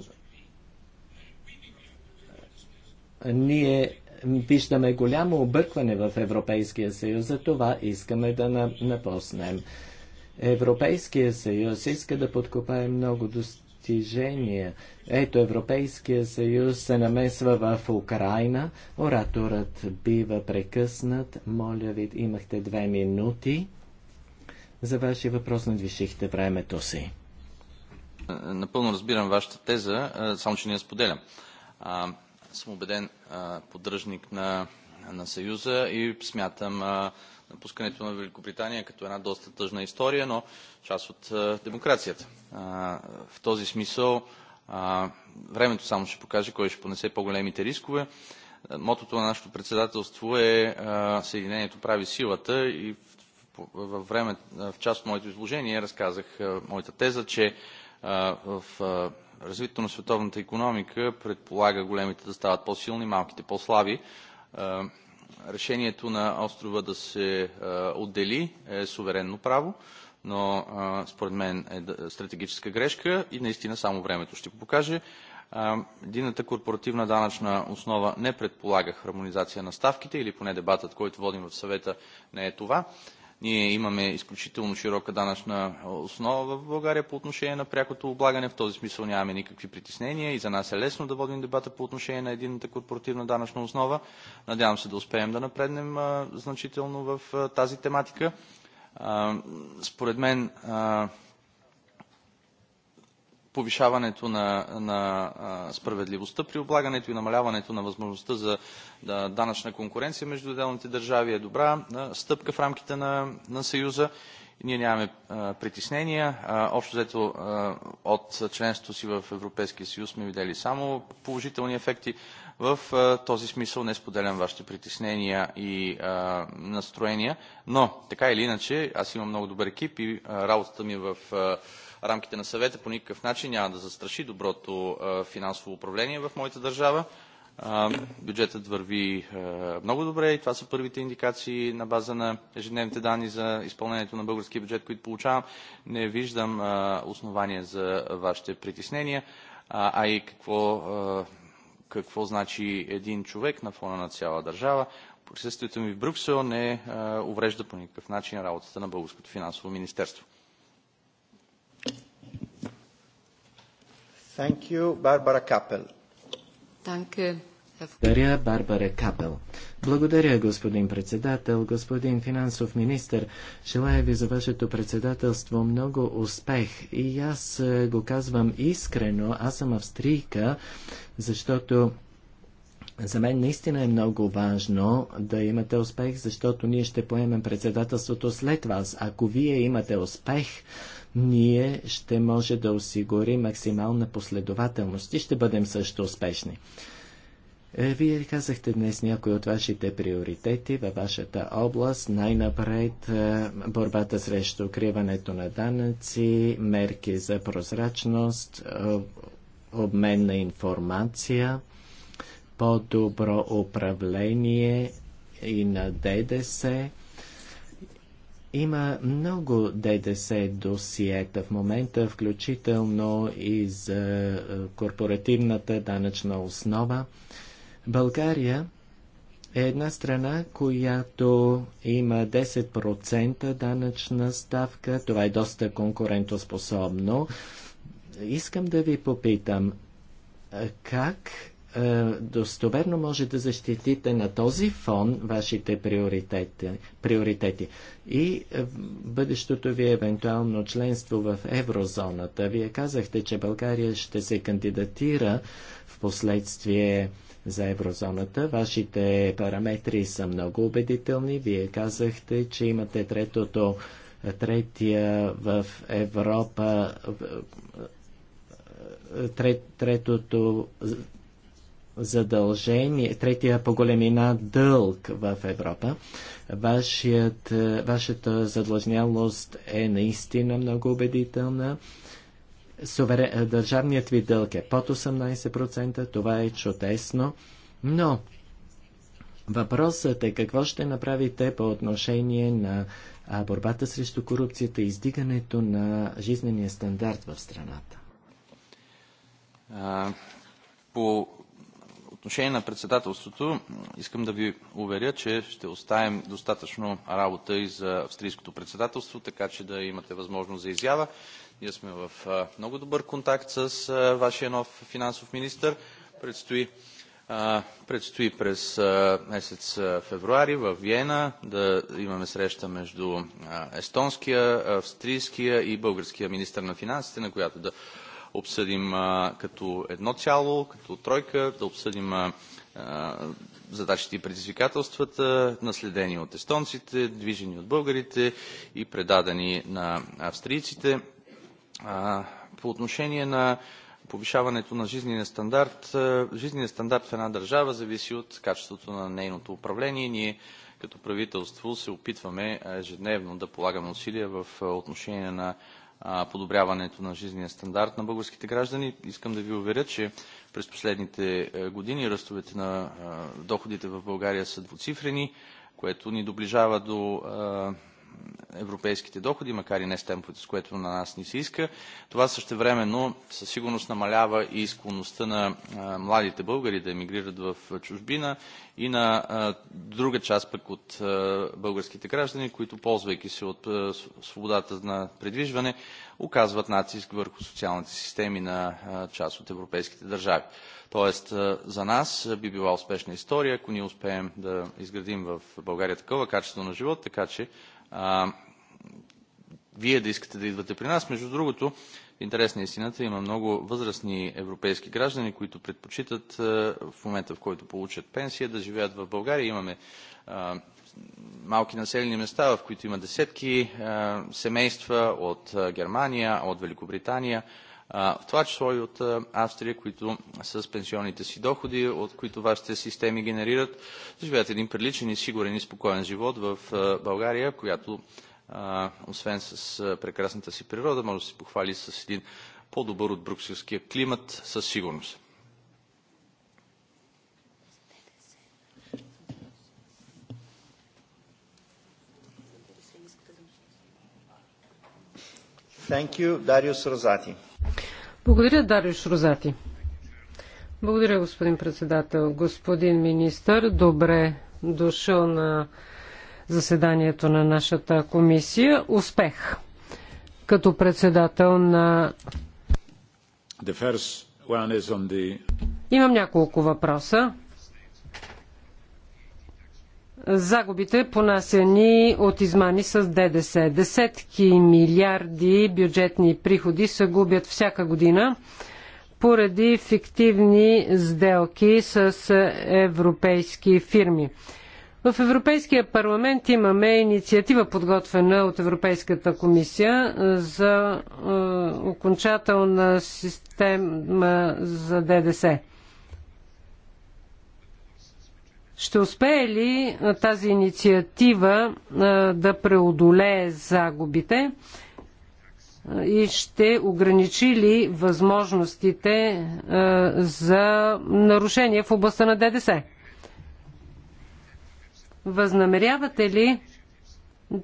Ние виждаме голямо объркване в Европейския съюз, за това искаме да напоснем. Европейския съюз иска да подкопае много постижения. Ето Европейския съюз се намесва в Украина. Ораторът бива прекъснат. Моля ви, имахте две минути. За вашия въпрос надвишихте времето си. Е, напълно разбирам вашата теза, е, само че не я споделям. А, съм убеден поддръжник на, на Съюза и смятам а, напускането на Великобритания като една доста тъжна история, но част от демокрацията. В този смисъл времето само ще покаже кой ще понесе по-големите рискове. Мотото на нашето председателство е Съединението прави силата и в, време, в част от моето изложение разказах моята теза, че в развитието на световната економика предполага големите да стават по-силни, малките по-слаби решението на острова да се отдели е суверенно право, но според мен е стратегическа грешка и наистина само времето ще го покаже. Единната корпоративна данъчна основа не предполага хармонизация на ставките или поне дебатът, който водим в съвета, не е това. Ние имаме изключително широка данъчна основа в България по отношение на прякото облагане. В този смисъл нямаме никакви притеснения и за нас е лесно да водим дебата по отношение на едината корпоративна данъчна основа. Надявам се да успеем да напреднем значително в тази тематика. Според мен повишаването на, на справедливостта при облагането и намаляването на възможността за данъчна конкуренция между отделните държави е добра стъпка в рамките на, на Съюза. Ние нямаме притеснения. Общо взето от членството си в Европейския съюз сме видели само положителни ефекти. В този смисъл не споделям вашите притеснения и а, настроения, но така или иначе аз имам много добър екип и а, работата ми е в а, рамките на съвета по никакъв начин няма да застраши доброто финансово управление в моята държава. Бюджетът върви много добре и това са първите индикации на база на ежедневните данни за изпълнението на българския бюджет, които получавам. Не виждам основания за вашите притеснения, а и какво, какво значи един човек на фона на цяла държава. Присъствието ми в Брюксел не уврежда по никакъв начин работата на Българското финансово министерство. Thank you, Барбара Капел. Благодаря, Барбара Капел. Благодаря, господин председател, господин финансов министр. Желая ви за вашето председателство много успех. И аз е, го казвам искрено. Аз съм австрийка, защото за мен наистина е много важно да имате успех, защото ние ще поемем председателството след вас. Ако вие имате успех, ние ще може да осигурим максимална последователност и ще бъдем също успешни. Е, вие казахте днес някои от вашите приоритети във вашата област. Най-напред е, борбата срещу укриването на данъци, мерки за прозрачност, е, обмен на информация, по-добро управление и на ДДС, има много ДДС досиета в момента, включително и за е, корпоративната данъчна основа. България е една страна, която има 10% данъчна ставка. Това е доста конкурентоспособно. Искам да ви попитам, е, как е, достоверно може да защитите на този фон вашите приоритети, приоритети. и е, бъдещото ви евентуално членство в еврозоната. Вие казахте, че България ще се кандидатира в последствие за еврозоната. Вашите параметри са много убедителни. Вие казахте, че имате третото, третия в Европа, е, трет, третото задължение, третия по големина дълг в Европа. Вашият, е, вашата задлъжнялост е наистина много убедителна. Суверен, е, държавният ви дълг е под 18%, това е чудесно, но въпросът е какво ще направите по отношение на борбата срещу корупцията и издигането на жизнения стандарт в страната. по отношение на председателството, искам да ви уверя, че ще оставим достатъчно работа и за австрийското председателство, така че да имате възможност за изява. Ние сме в много добър контакт с вашия нов финансов министр. Предстои, предстои през месец февруари в Виена да имаме среща между естонския, австрийския и българския министр на финансите, на която да обсъдим като едно цяло, като тройка, да обсъдим задачите и предизвикателствата, наследени от естонците, движени от българите и предадени на австрийците. По отношение на повишаването на жизнения стандарт, жизнения стандарт в една държава зависи от качеството на нейното управление. Ние като правителство се опитваме ежедневно да полагаме усилия в отношение на подобряването на жизнения стандарт на българските граждани. Искам да ви уверя, че през последните е, години ръстовете на е, доходите в България са двуцифрени, което ни доближава до е, европейските доходи, макар и не с темповете, с което на нас ни се иска. Това също същевременно със сигурност намалява и склонността на младите българи да емигрират в чужбина и на друга част пък от българските граждани, които ползвайки се от свободата на предвижване, оказват нацист върху социалните системи на част от европейските държави. Тоест, за нас би била успешна история, ако ние успеем да изградим в България такова качество на живот, така че а, вие да искате да идвате при нас. Между другото, в интерес на е истината има много възрастни европейски граждани, които предпочитат в момента, в който получат пенсия, да живеят в България. Имаме а, малки населени места, в които има десетки а, семейства от Германия, от Великобритания, в това число и от Австрия, които с пенсионните си доходи, от които вашите системи генерират, живеят един приличен и сигурен и спокоен живот в България, която освен с прекрасната си природа, може да се похвали с един по-добър от брукселския климат със сигурност. Thank you, Darius Rosati. Благодаря, Дариш Розати. Благодаря, господин председател. Господин министър, добре дошъл на заседанието на нашата комисия. Успех! Като председател на. The... Имам няколко въпроса загубите понасени от измами с ДДС. Десетки милиарди бюджетни приходи се губят всяка година поради фиктивни сделки с европейски фирми. В Европейския парламент имаме инициатива, подготвена от Европейската комисия за е, окончателна система за ДДС. Ще успее ли тази инициатива да преодолее загубите и ще ограничи ли възможностите за нарушения в областта на ДДС? Възнамерявате ли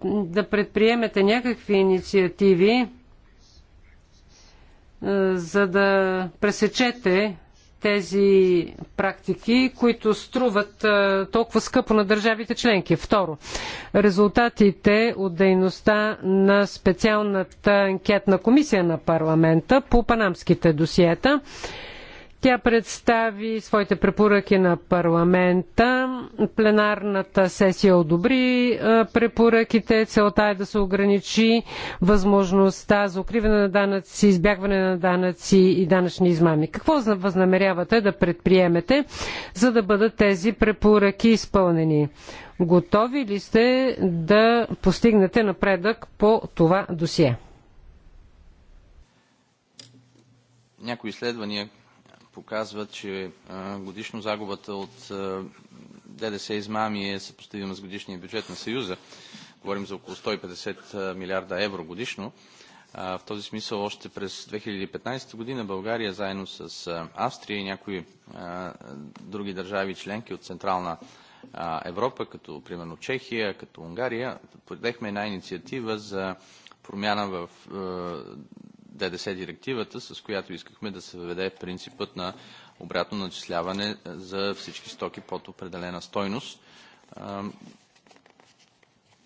да предприемете някакви инициативи, за да пресечете тези практики, които струват толкова скъпо на държавите членки. Второ, резултатите от дейността на специалната анкетна комисия на парламента по панамските досиета. Тя представи своите препоръки на парламента. Пленарната сесия одобри препоръките. Целта е да се ограничи възможността за укриване на данъци, избягване на данъци и данъчни измами. Какво възнамерявате да предприемете, за да бъдат тези препоръки изпълнени? Готови ли сте да постигнете напредък по това досие? Някои изследвания, показва, че годишно загубата от ДДС измами е съпоставима с годишния бюджет на Съюза. Говорим за около 150 милиарда евро годишно. В този смисъл още през 2015 година България заедно с Австрия и някои други държави членки от Централна Европа, като примерно Чехия, като Унгария, подехме една инициатива за промяна в ДДС директивата, с която искахме да се въведе принципът на обратно начисляване за всички стоки под определена стойност.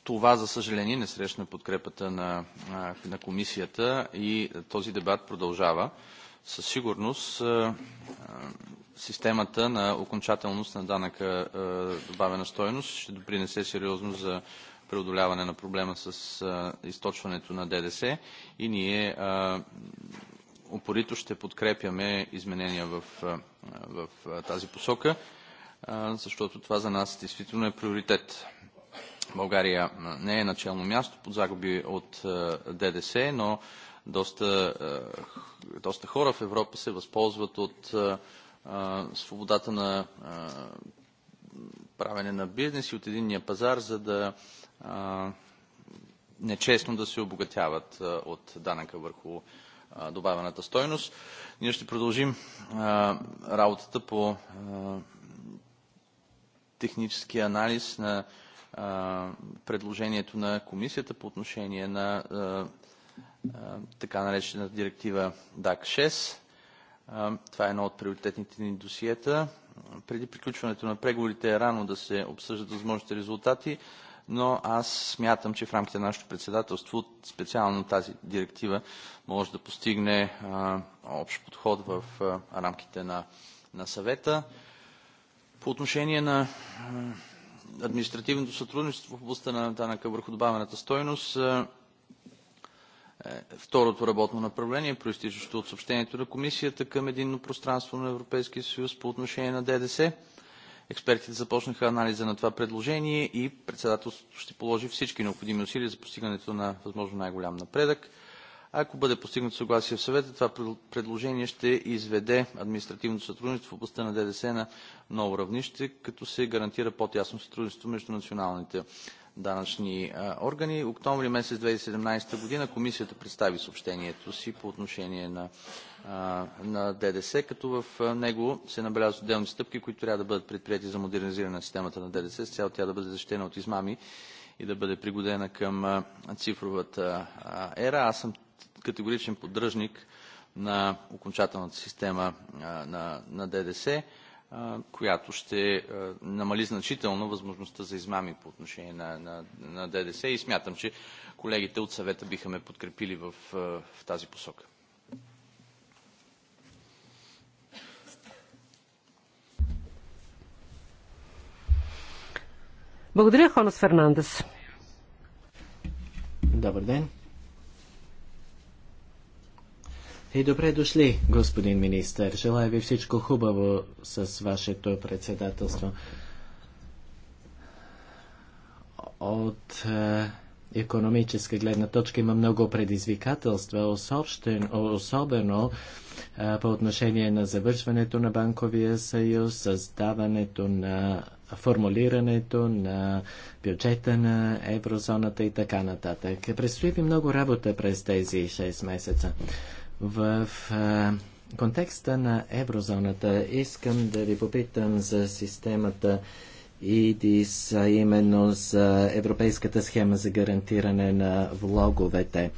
Това, за съжаление, не срещна подкрепата на, на комисията и този дебат продължава. Със сигурност системата на окончателност на данъка добавена стойност ще допринесе сериозно за преодоляване на проблема с а, източването на ДДС и ние а, упорито ще подкрепяме изменения в, в, тази посока, а, защото това за нас действително е приоритет. България не е начално място под загуби от ДДС, но доста, доста хора в Европа се възползват от свободата на правене на бизнес и от единния пазар, за да нечестно да се обогатяват от данъка върху добавената стойност. Ние ще продължим работата по технически анализ на предложението на комисията по отношение на така наречена директива DAC-6. Това е едно от приоритетните ни досиета. Преди приключването на преговорите е рано да се обсъждат възможните резултати, но аз смятам, че в рамките на нашето председателство специално тази директива може да постигне а, общ подход в а, рамките на, на съвета. По отношение на административното сътрудничество в областта на данъка върху добавената стойност, е, второто работно направление, проистичащо от съобщението на комисията към единно пространство на Европейския съюз по отношение на ДДС – Експертите започнаха анализа на това предложение и председателството ще положи всички необходими усилия за постигането на възможно най-голям напредък. Ако бъде постигнато съгласие в съвета, това предложение ще изведе административното сътрудничество в областта на ДДС на ново равнище, като се гарантира по-тясно сътрудничество между националните данъчни органи. Октомври месец 2017 година комисията представи съобщението си по отношение на, на ДДС, като в него се набелязват отделни стъпки, които трябва да бъдат предприяти за модернизиране на системата на ДДС, с цял тя да бъде защитена от измами и да бъде пригодена към цифровата ера. Аз съм категоричен поддръжник на окончателната система на, на ДДС която ще намали значително възможността за измами по отношение на, на, на ДДС и смятам, че колегите от съвета биха ме подкрепили в, в тази посока. Благодаря, Хонас Фернандес. Добър ден. И добре дошли, господин министър. Желая ви всичко хубаво с вашето председателство. От е, економическа гледна точка има много предизвикателства, особен, особено е, по отношение на завършването на банковия съюз, създаването на формулирането на бюджета на еврозоната и така нататък. Предстои ви много работа през тези 6 месеца. В е, контекста на еврозоната искам да ви попитам за системата ИДИС, а именно за Европейската схема за гарантиране на влоговете.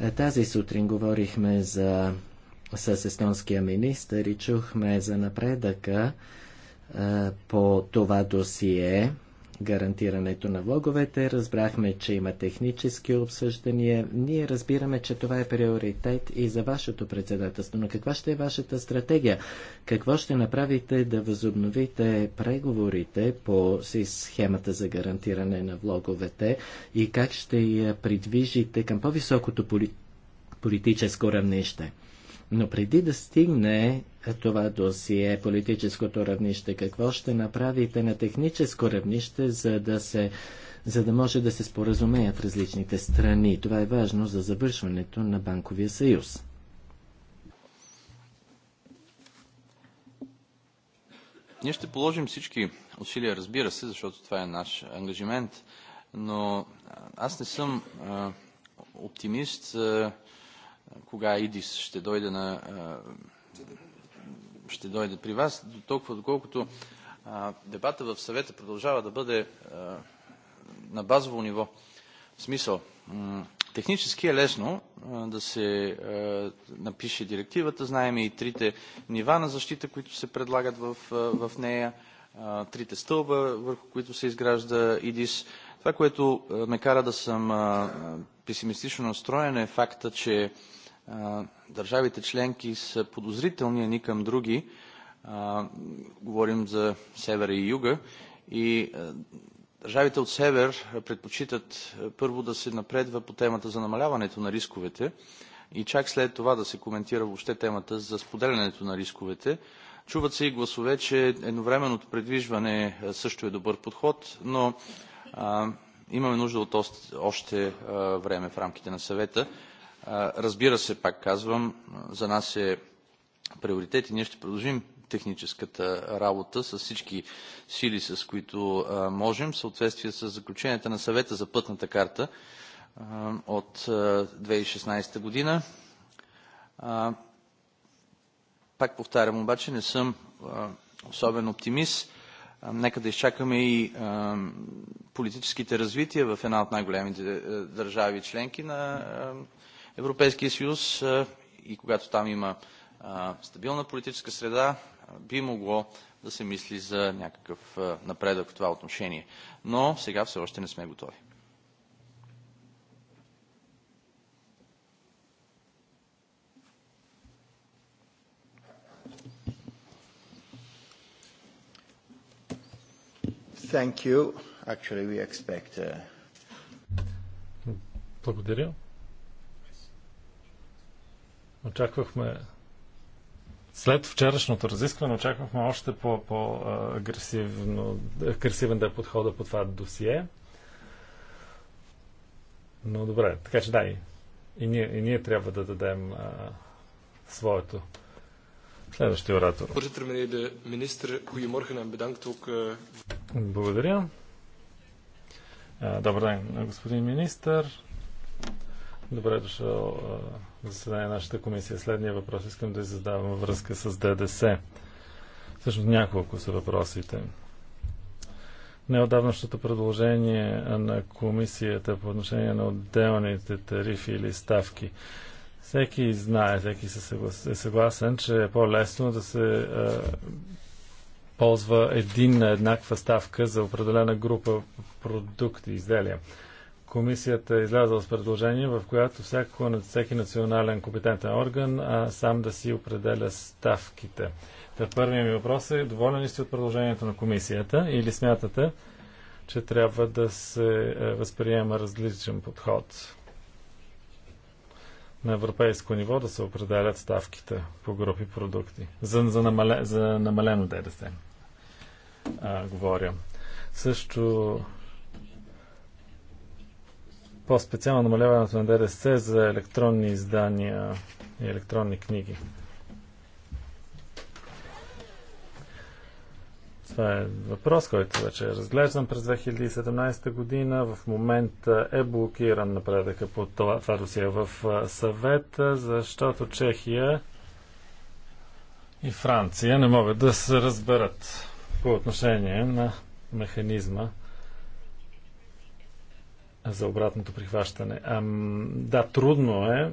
Е, тази сутрин говорихме за, с естонския министр и чухме за напредъка е, по това досие гарантирането на влоговете. Разбрахме, че има технически обсъждания. Ние разбираме, че това е приоритет и за вашето председателство. Но каква ще е вашата стратегия? Какво ще направите да възобновите преговорите по схемата за гарантиране на влоговете и как ще я придвижите към по-високото поли... политическо равнище? Но преди да стигне това досие, политическото равнище? Какво ще направите на техническо равнище, за да се за да може да се споразумеят различните страни. Това е важно за завършването на Банковия съюз. Ние ще положим всички усилия, разбира се, защото това е наш ангажимент, но аз не съм а, оптимист а, кога ИДИС ще дойде на а, ще дойде при вас, до толкова доколкото а, дебата в съвета продължава да бъде а, на базово ниво. В смисъл, технически е лесно а, да се напише директивата, знаем и трите нива на защита, които се предлагат в, в нея, трите стълба, върху които се изгражда ИДИС. Това, което ме кара да съм песимистично настроен е факта, че държавите членки са подозрителни ни към други. Говорим за севера и юга. И държавите от север предпочитат първо да се напредва по темата за намаляването на рисковете и чак след това да се коментира въобще темата за споделянето на рисковете. Чуват се и гласове, че едновременното предвижване също е добър подход, но а, имаме нужда от още, още а, време в рамките на съвета. Разбира се, пак казвам, за нас е приоритет и ние ще продължим техническата работа с всички сили, с които можем, в съответствие с заключенията на съвета за пътната карта от 2016 година. Пак повтарям, обаче не съм особен оптимист. Нека да изчакаме и политическите развития в една от най-големите държави членки на Европейския съюз и когато там има стабилна политическа среда, би могло да се мисли за някакъв напредък в това отношение. Но сега все още не сме готови. Thank you. Actually, we expect, uh... Благодаря. Очаквахме след вчерашното разискване очаквахме още по-агресивен по да е подхода по това досие. Но добре, така че да, и, и, ние, и ние трябва да дадем а, своето. Следващия оратор. Eh, Благодаря. Е, добър ден, господин министър. Добре е дошъл. А е, за нашата комисия. Следния въпрос искам да задавам във връзка с ДДС. Всъщност няколко са въпросите. Неодавнащото предложение на комисията по отношение на отделните тарифи или ставки. Всеки знае, всеки е съгласен, че е по-лесно да се е, ползва един на еднаква ставка за определена група продукти, изделия комисията е излязла с предложение, в която всяко, всеки национален компетентен орган а, сам да си определя ставките. Та първият ми въпрос е, доволен ли сте от предложението на комисията или смятате, че трябва да се е, възприема различен подход на европейско ниво да се определят ставките по групи продукти за, за, намале, за намалено ДДС. А, говоря. Също по-специално намаляването на ДДС за електронни издания и електронни книги. Това е въпрос, който вече е разглеждан през 2017 година. В момента е блокиран напредъка по това, това досие в съвета, защото Чехия и Франция не могат да се разберат по отношение на механизма за обратното прихващане. Ам, да, трудно е.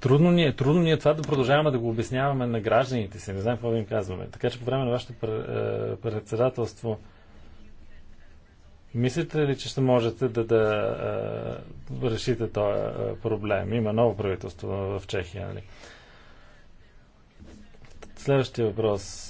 Трудно ни е, трудно ни е това да продължаваме да го обясняваме на гражданите си. Не знам какво да им казваме. Така че по време на вашето е, председателство мислите ли, че ще можете да, да е, решите този е, проблем? Има ново правителство в Чехия, нали? Следващия въпрос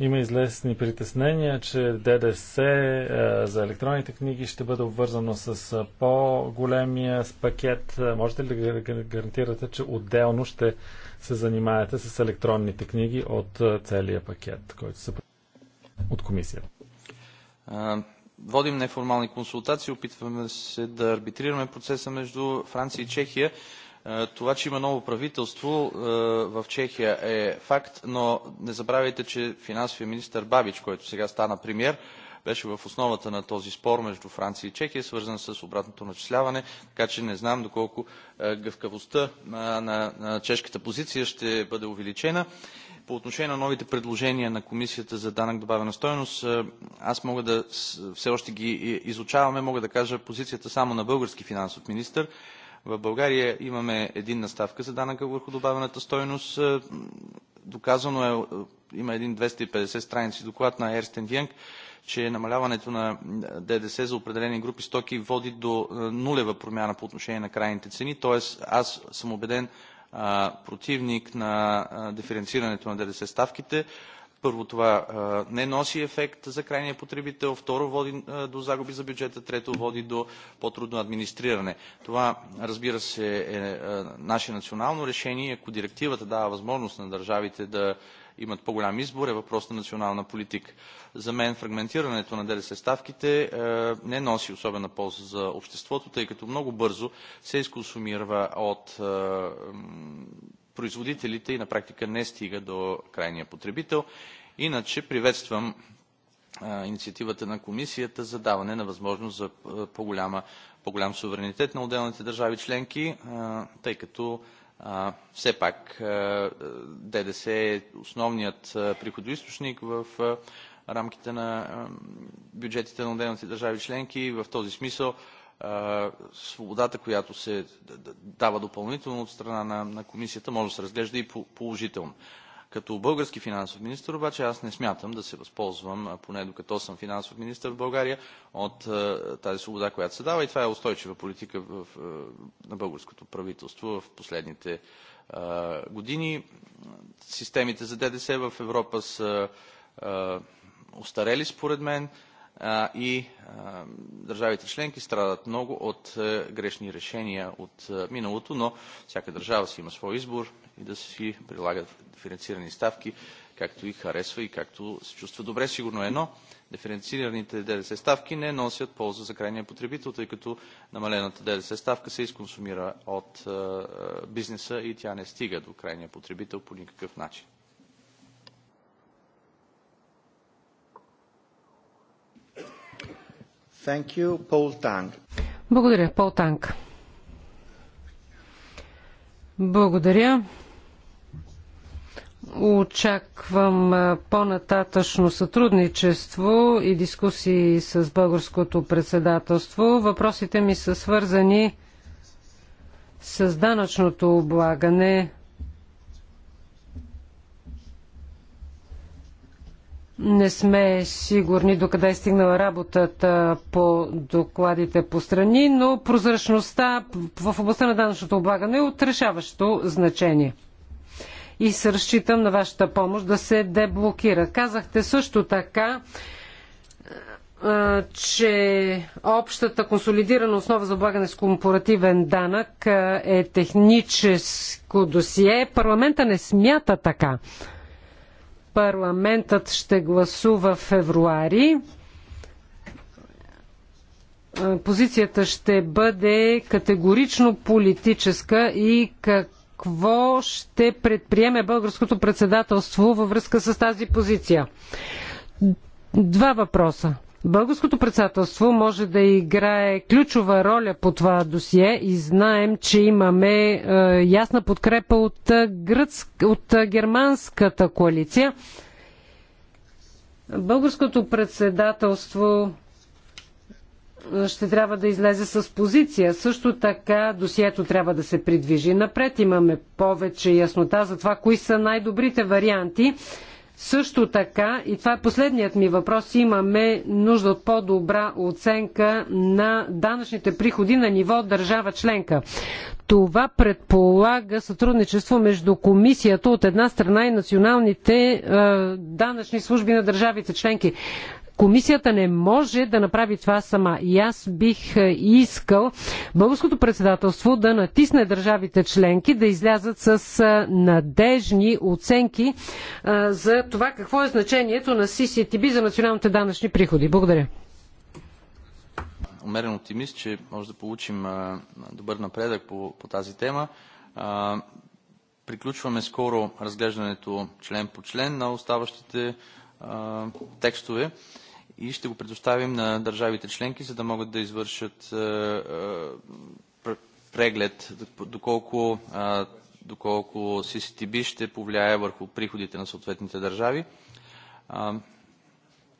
има излезни притеснения, че ДДС е, за електронните книги ще бъде обвързано с е, по-големия пакет. Можете ли да гарантирате, че отделно ще се занимаете с електронните книги от е, целия пакет, който се от комисията? Водим неформални консултации, опитваме се да арбитрираме процеса между Франция и Чехия. Е, това, че има ново правителство е, в Чехия е факт, но не забравяйте, че финансовият министр Бабич, който сега стана премьер, беше в основата на този спор между Франция и Чехия, свързан с обратното начисляване, така че не знам доколко е, гъвкавостта на, на чешката позиция ще бъде увеличена. По отношение на новите предложения на Комисията за данък добавена стоеност, аз мога да все още ги изучаваме, мога да кажа позицията само на български финансов министр в България имаме един ставка за данъка върху добавената стойност. Е, доказано е, е, има един 250 страници доклад на Ерстен Янг, че намаляването на е, ДДС за определени групи стоки води до нулева промяна по отношение на крайните цени. Тоест, аз съм убеден противник на диференцирането на ДДС ставките. Първо, това не носи ефект за крайния потребител, второ, води до загуби за бюджета, трето, води до по-трудно администриране. Това, разбира се, е, е наше национално решение. Ако директивата дава възможност на държавите да имат по-голям избор, е въпрос на национална политика. За мен фрагментирането на ДДС ставките е, не носи особена полза за обществото, тъй като много бързо се изконсумира от е, производителите и на практика не стига до крайния потребител. Иначе приветствам инициативата на комисията за даване на възможност за по по-голям суверенитет на отделните държави членки, тъй като все пак ДДС е основният приходоисточник в рамките на бюджетите на отделните държави членки. В този смисъл свободата, която се дава допълнително от страна на, на комисията, може да се разглежда и положително. Като български финансов министр обаче аз не смятам да се възползвам, поне докато съм финансов министр в България, от тази свобода, която се дава и това е устойчива политика в, на българското правителство в последните а, години. Системите за ДДС в Европа са а, устарели, според мен и държавите членки страдат много от е, грешни решения от е, миналото, но всяка държава си има свой избор и да си прилагат диференцирани ставки, както и харесва и както се чувства добре. Сигурно е, но диференцираните ДДС ставки не носят полза за крайния потребител, тъй като намалената ДДС ставка се изконсумира от е, бизнеса и тя не стига до крайния потребител по никакъв начин. You, Paul Благодаря, Пол Танк. Благодаря. Очаквам по-нататъчно сътрудничество и дискусии с българското председателство. Въпросите ми са свързани с данъчното облагане Не сме сигурни докъде е стигнала работата по докладите по страни, но прозрачността в областта на данъчното облагане е от решаващо значение. И се разчитам на вашата помощ да се деблокира. Казахте също така, че общата консолидирана основа за облагане с корпоративен данък е техническо досие. Парламента не смята така. Парламентът ще гласува в февруари. Позицията ще бъде категорично политическа и какво ще предприеме българското председателство във връзка с тази позиция. Два въпроса. Българското председателство може да играе ключова роля по това досие и знаем, че имаме е, ясна подкрепа от, е, гръцк, от е, германската коалиция. Българското председателство е, ще трябва да излезе с позиция. Също така досието трябва да се придвижи напред. Имаме повече яснота за това, кои са най-добрите варианти също така, и това е последният ми въпрос, имаме нужда от по-добра оценка на данъчните приходи на ниво държава членка. Това предполага сътрудничество между комисията от една страна и националните е, данъчни служби на държавите членки. Комисията не може да направи това сама. И аз бих е, искал българското председателство да натисне държавите членки да излязат с е, надежни оценки е, за това какво е значението на CCTB за националните данъчни приходи. Благодаря. Умерен оптимист, че може да получим добър напредък по, по тази тема. Приключваме скоро разглеждането член по член на оставащите текстове и ще го предоставим на държавите членки, за да могат да извършат е, е, преглед, доколко, е, доколко CCTB ще повлияе върху приходите на съответните държави.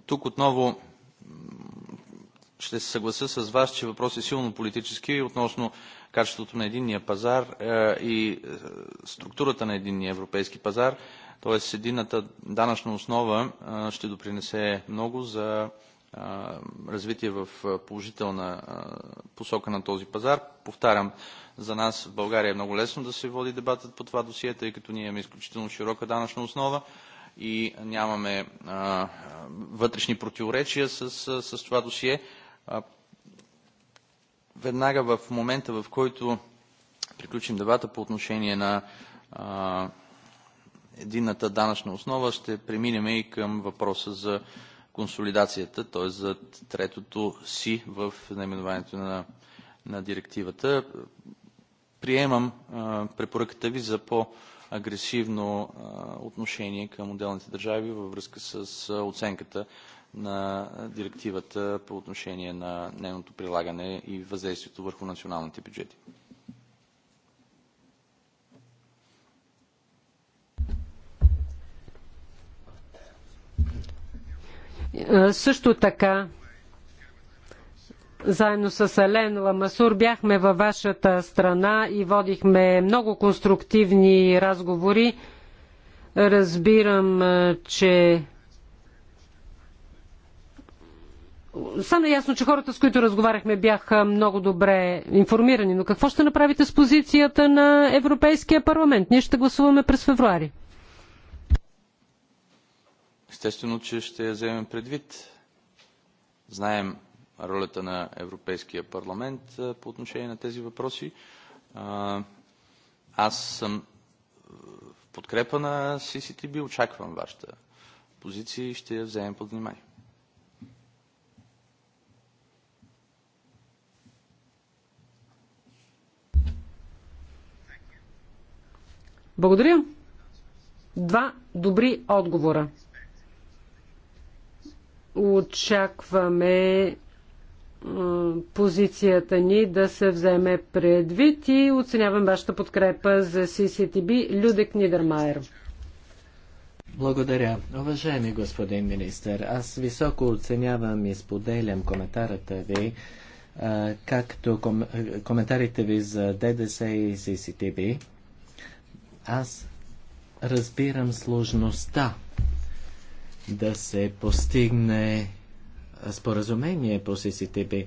Тук отново ще се съглася с вас, че въпрос е силно политически относно качеството на единния пазар и структурата на единния европейски пазар. Тоест, едината данъчна основа ще допринесе много за развитие в положителна посока на този пазар. Повтарям, за нас в България е много лесно да се води дебатът по това досие, тъй като ние имаме изключително широка данъчна основа и нямаме вътрешни противоречия с, с, с това досие. веднага в момента, в който приключим дебата по отношение на а, единната данъчна основа, ще преминем и към въпроса за консолидацията, т.е. за третото си в наименованието на, на директивата. Приемам а, препоръката ви за по-агресивно отношение към отделните държави във връзка с а, оценката на директивата по отношение на нейното прилагане и въздействието върху националните бюджети. Е, също така, заедно с Елен Ламасур бяхме във вашата страна и водихме много конструктивни разговори. Разбирам, е, че стана ясно, че хората, с които разговаряхме, бяха много добре информирани. Но какво ще направите с позицията на Европейския парламент? Ние ще гласуваме през февруари. Естествено, че ще я вземем предвид. Знаем ролята на Европейския парламент по отношение на тези въпроси. Аз съм в подкрепа на CCTB, очаквам вашата позиция и ще я вземем под внимание. Благодаря. Два добри отговора очакваме позицията ни да се вземе предвид и оценявам вашата подкрепа за CCTB. Людек Нидермайер. Благодаря. Уважаеми господин министр, аз високо оценявам и споделям коментарата ви, както ком, коментарите ви за ДДС и CCTB, Аз разбирам сложността да се постигне споразумение по CCTP.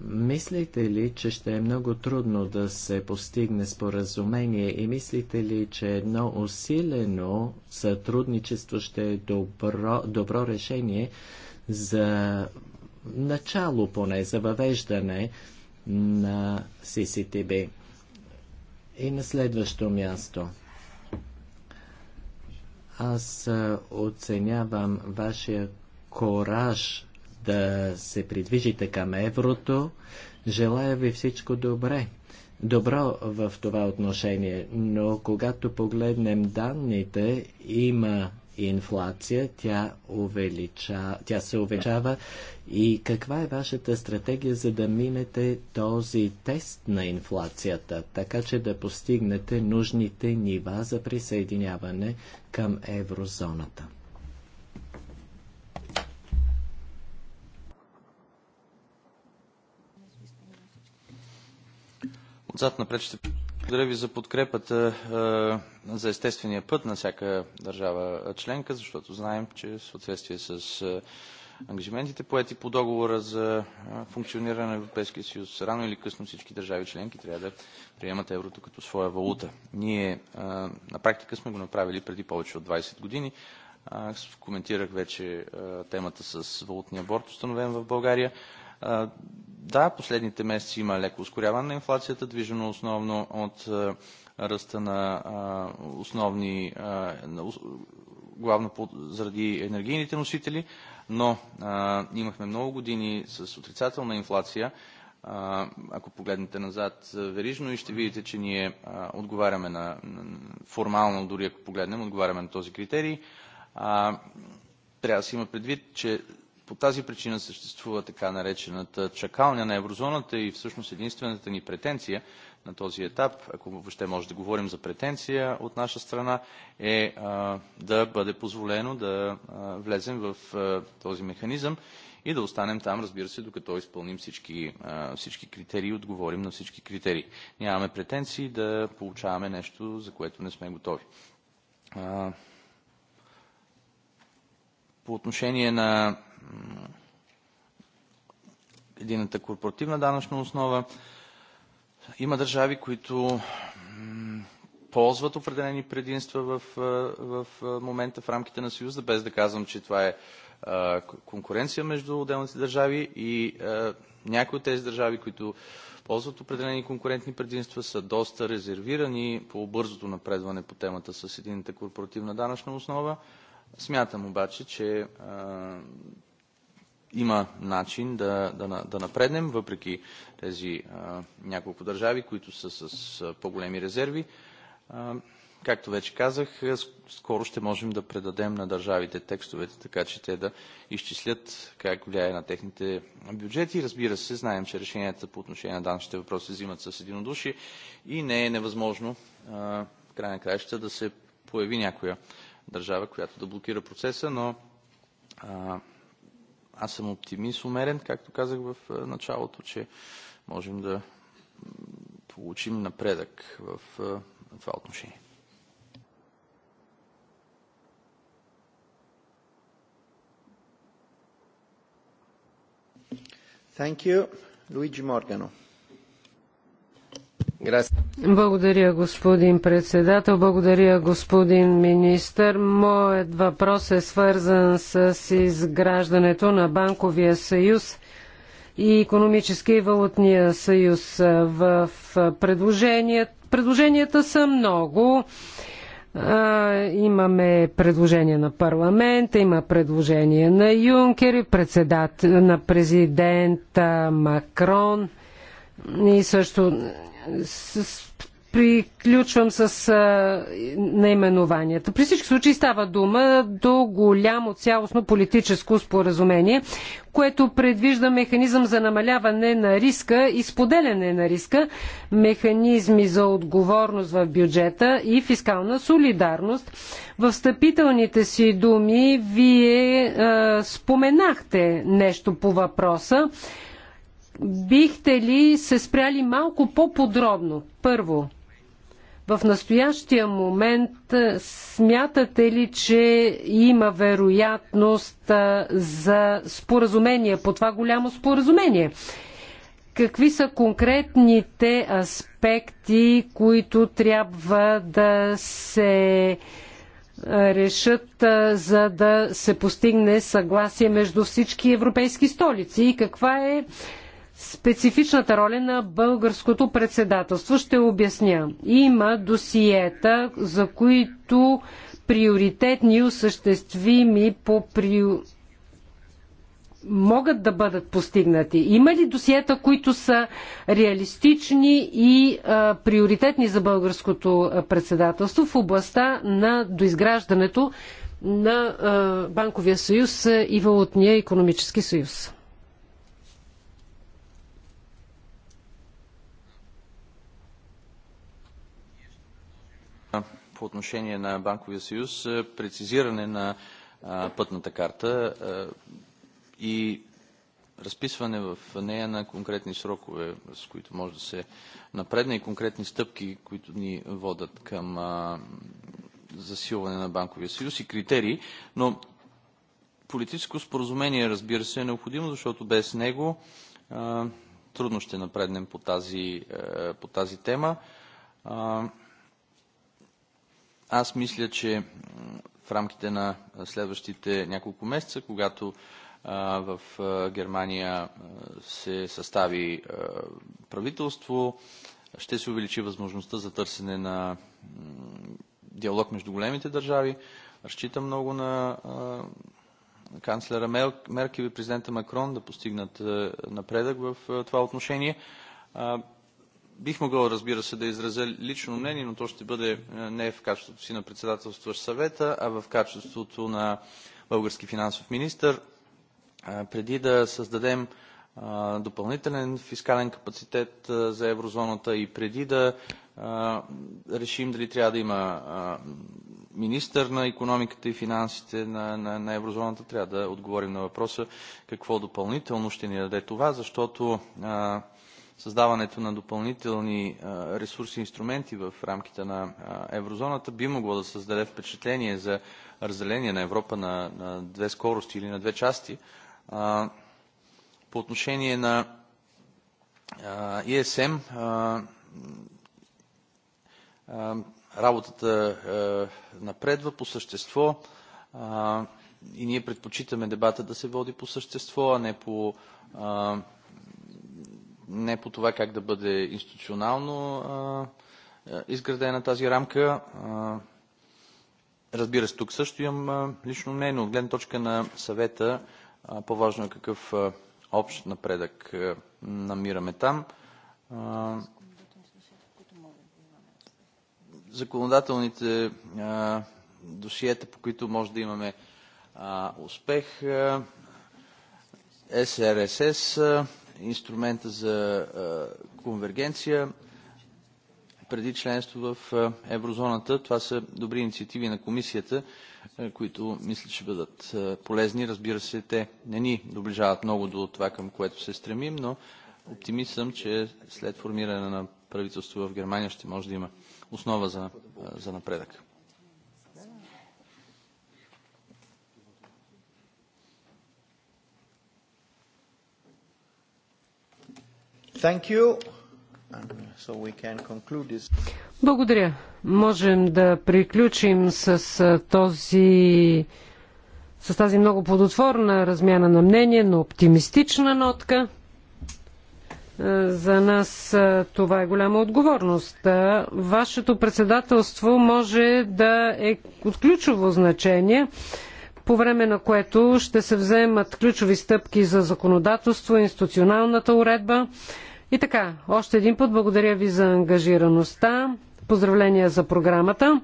Мислите ли, че ще е много трудно да се постигне споразумение и мислите ли, че едно усилено сътрудничество ще е добро, добро решение за начало поне, за въвеждане на CCTB? И на следващо място – аз оценявам вашия кораж да се придвижите към еврото. Желая ви всичко добре. Добро в това отношение, но когато погледнем данните, има инфлация, тя, увелича, тя се увеличава. И каква е вашата стратегия, за да минете този тест на инфлацията, така че да постигнете нужните нива за присъединяване към еврозоната? Отзад напред ще благодаря ви за подкрепата за естествения път на всяка държава членка, защото знаем, че в съответствие с ангажиментите поети по договора за функциониране на Европейския съюз, рано или късно всички държави членки трябва да приемат еврото като своя валута. Ние на практика сме го направили преди повече от 20 години. Коментирах вече темата с валутния борт, установен в България. Да, последните месеци има леко ускоряване на инфлацията, движено основно от ръста на основни, главно заради енергийните носители, но имахме много години с отрицателна инфлация. ако погледнете назад верижно и ще видите, че ние отговаряме на, формално дори ако погледнем, отговаряме на този критерий. трябва да се има предвид, че по тази причина съществува така наречената чакалня на еврозоната и всъщност единствената ни претенция на този етап, ако въобще може да говорим за претенция от наша страна, е а, да бъде позволено да а, влезем в а, този механизъм и да останем там, разбира се, докато изпълним всички, всички критерии, отговорим на всички критерии. Нямаме претенции да получаваме нещо, за което не сме готови. По отношение на едината корпоративна данъчна основа. Има държави, които ползват определени предимства в, в момента в рамките на Съюза, без да казвам, че това е конкуренция между отделните държави и някои от тези държави, които ползват определени конкурентни предимства, са доста резервирани по бързото напредване по темата с едината корпоративна данъчна основа. Смятам обаче, че има начин да, да, да напреднем, въпреки тези а, няколко държави, които са с по-големи резерви. А, както вече казах, скоро ще можем да предадем на държавите текстовете, така че те да изчислят как влияе на техните бюджети. Разбира се, знаем, че решенията по отношение на данъчните въпроси се взимат с единодушие и не е невъзможно а, в край на краища да се появи някоя държава, която да блокира процеса, но а, аз съм оптимист, умерен, както казах в началото, че можем да получим напредък в това отношение. Thank you. Luigi Morgano. Благодаря, господин председател. Благодаря, господин министър. Моят въпрос е свързан с изграждането на Банковия съюз и економически и валутния съюз. В предложения... предложенията са много. А, имаме предложение на парламента, има предложение на Юнкер, и председател на президента Макрон и също с, приключвам с а, наименованията. При всички случаи става дума до голямо цялостно политическо споразумение, което предвижда механизъм за намаляване на риска и споделяне на риска, механизми за отговорност в бюджета и фискална солидарност. В стъпителните си думи вие а, споменахте нещо по въпроса бихте ли се спряли малко по-подробно? Първо, в настоящия момент смятате ли, че има вероятност за споразумение по това голямо споразумение? Какви са конкретните аспекти, които трябва да се решат, за да се постигне съгласие между всички европейски столици? И каква е специфичната роля на българското председателство. Ще обясня. Има досиета, за които приоритетни осъществими по при... могат да бъдат постигнати? Има ли досиета, които са реалистични и а, приоритетни за българското председателство в областта на доизграждането на а, Банковия съюз и Валутния економически съюз? по отношение на Банковия съюз, е, прецизиране на пътната карта е, и разписване в нея на конкретни срокове, с които може да се напредне и конкретни стъпки, които ни водат към засилване на Банковия съюз и критерии. Но политическо споразумение, разбира се, е необходимо, защото без него трудно ще напреднем по тази, е, по тази тема. Аз мисля, че в рамките на следващите няколко месеца, когато в Германия се състави правителство, ще се увеличи възможността за търсене на диалог между големите държави. Разчитам много на канцлера Меркел и президента Макрон да постигнат напредък в това отношение. Бих могъл, разбира се, да изразя лично мнение, но то ще бъде е, не в качеството си на председателстващ съвета, а в качеството на български финансов министр. Е, преди да създадем е, допълнителен фискален капацитет за еврозоната и преди да решим дали трябва да има министър на економиката и финансите на, на, на еврозоната, трябва да отговорим на въпроса какво допълнително ще ни даде това, защото а, създаването на допълнителни ресурси и инструменти в рамките на еврозоната би могло да създаде впечатление за разделение на Европа на, на две скорости или на две части. По отношение на ESM, работата напредва по същество и ние предпочитаме дебата да се води по същество, а не по не по това как да бъде институционално а, изградена тази рамка. А, разбира се, тук също имам а, лично мнение. От гледна точка на съвета, а, по-важно е какъв а, общ напредък а, намираме там. А, законодателните а, досиета, по които може да имаме а, успех, а, СРСС, а, инструмента за конвергенция преди членство в еврозоната. Това са добри инициативи на комисията, които мисля, че бъдат полезни. Разбира се, те не ни доближават много до това, към което се стремим, но оптимист съм, че след формиране на правителство в Германия ще може да има основа за, за напредък. Благодаря. Можем да приключим с, този, с тази много плодотворна размяна на мнение, но оптимистична нотка. За нас това е голяма отговорност. Вашето председателство може да е от ключово значение, по време на което ще се вземат ключови стъпки за законодателство, институционалната уредба, и така, още един път благодаря ви за ангажираността. Поздравления за програмата.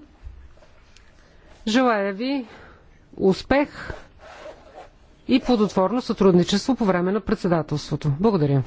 Желая ви успех и плодотворно сътрудничество по време на председателството. Благодаря.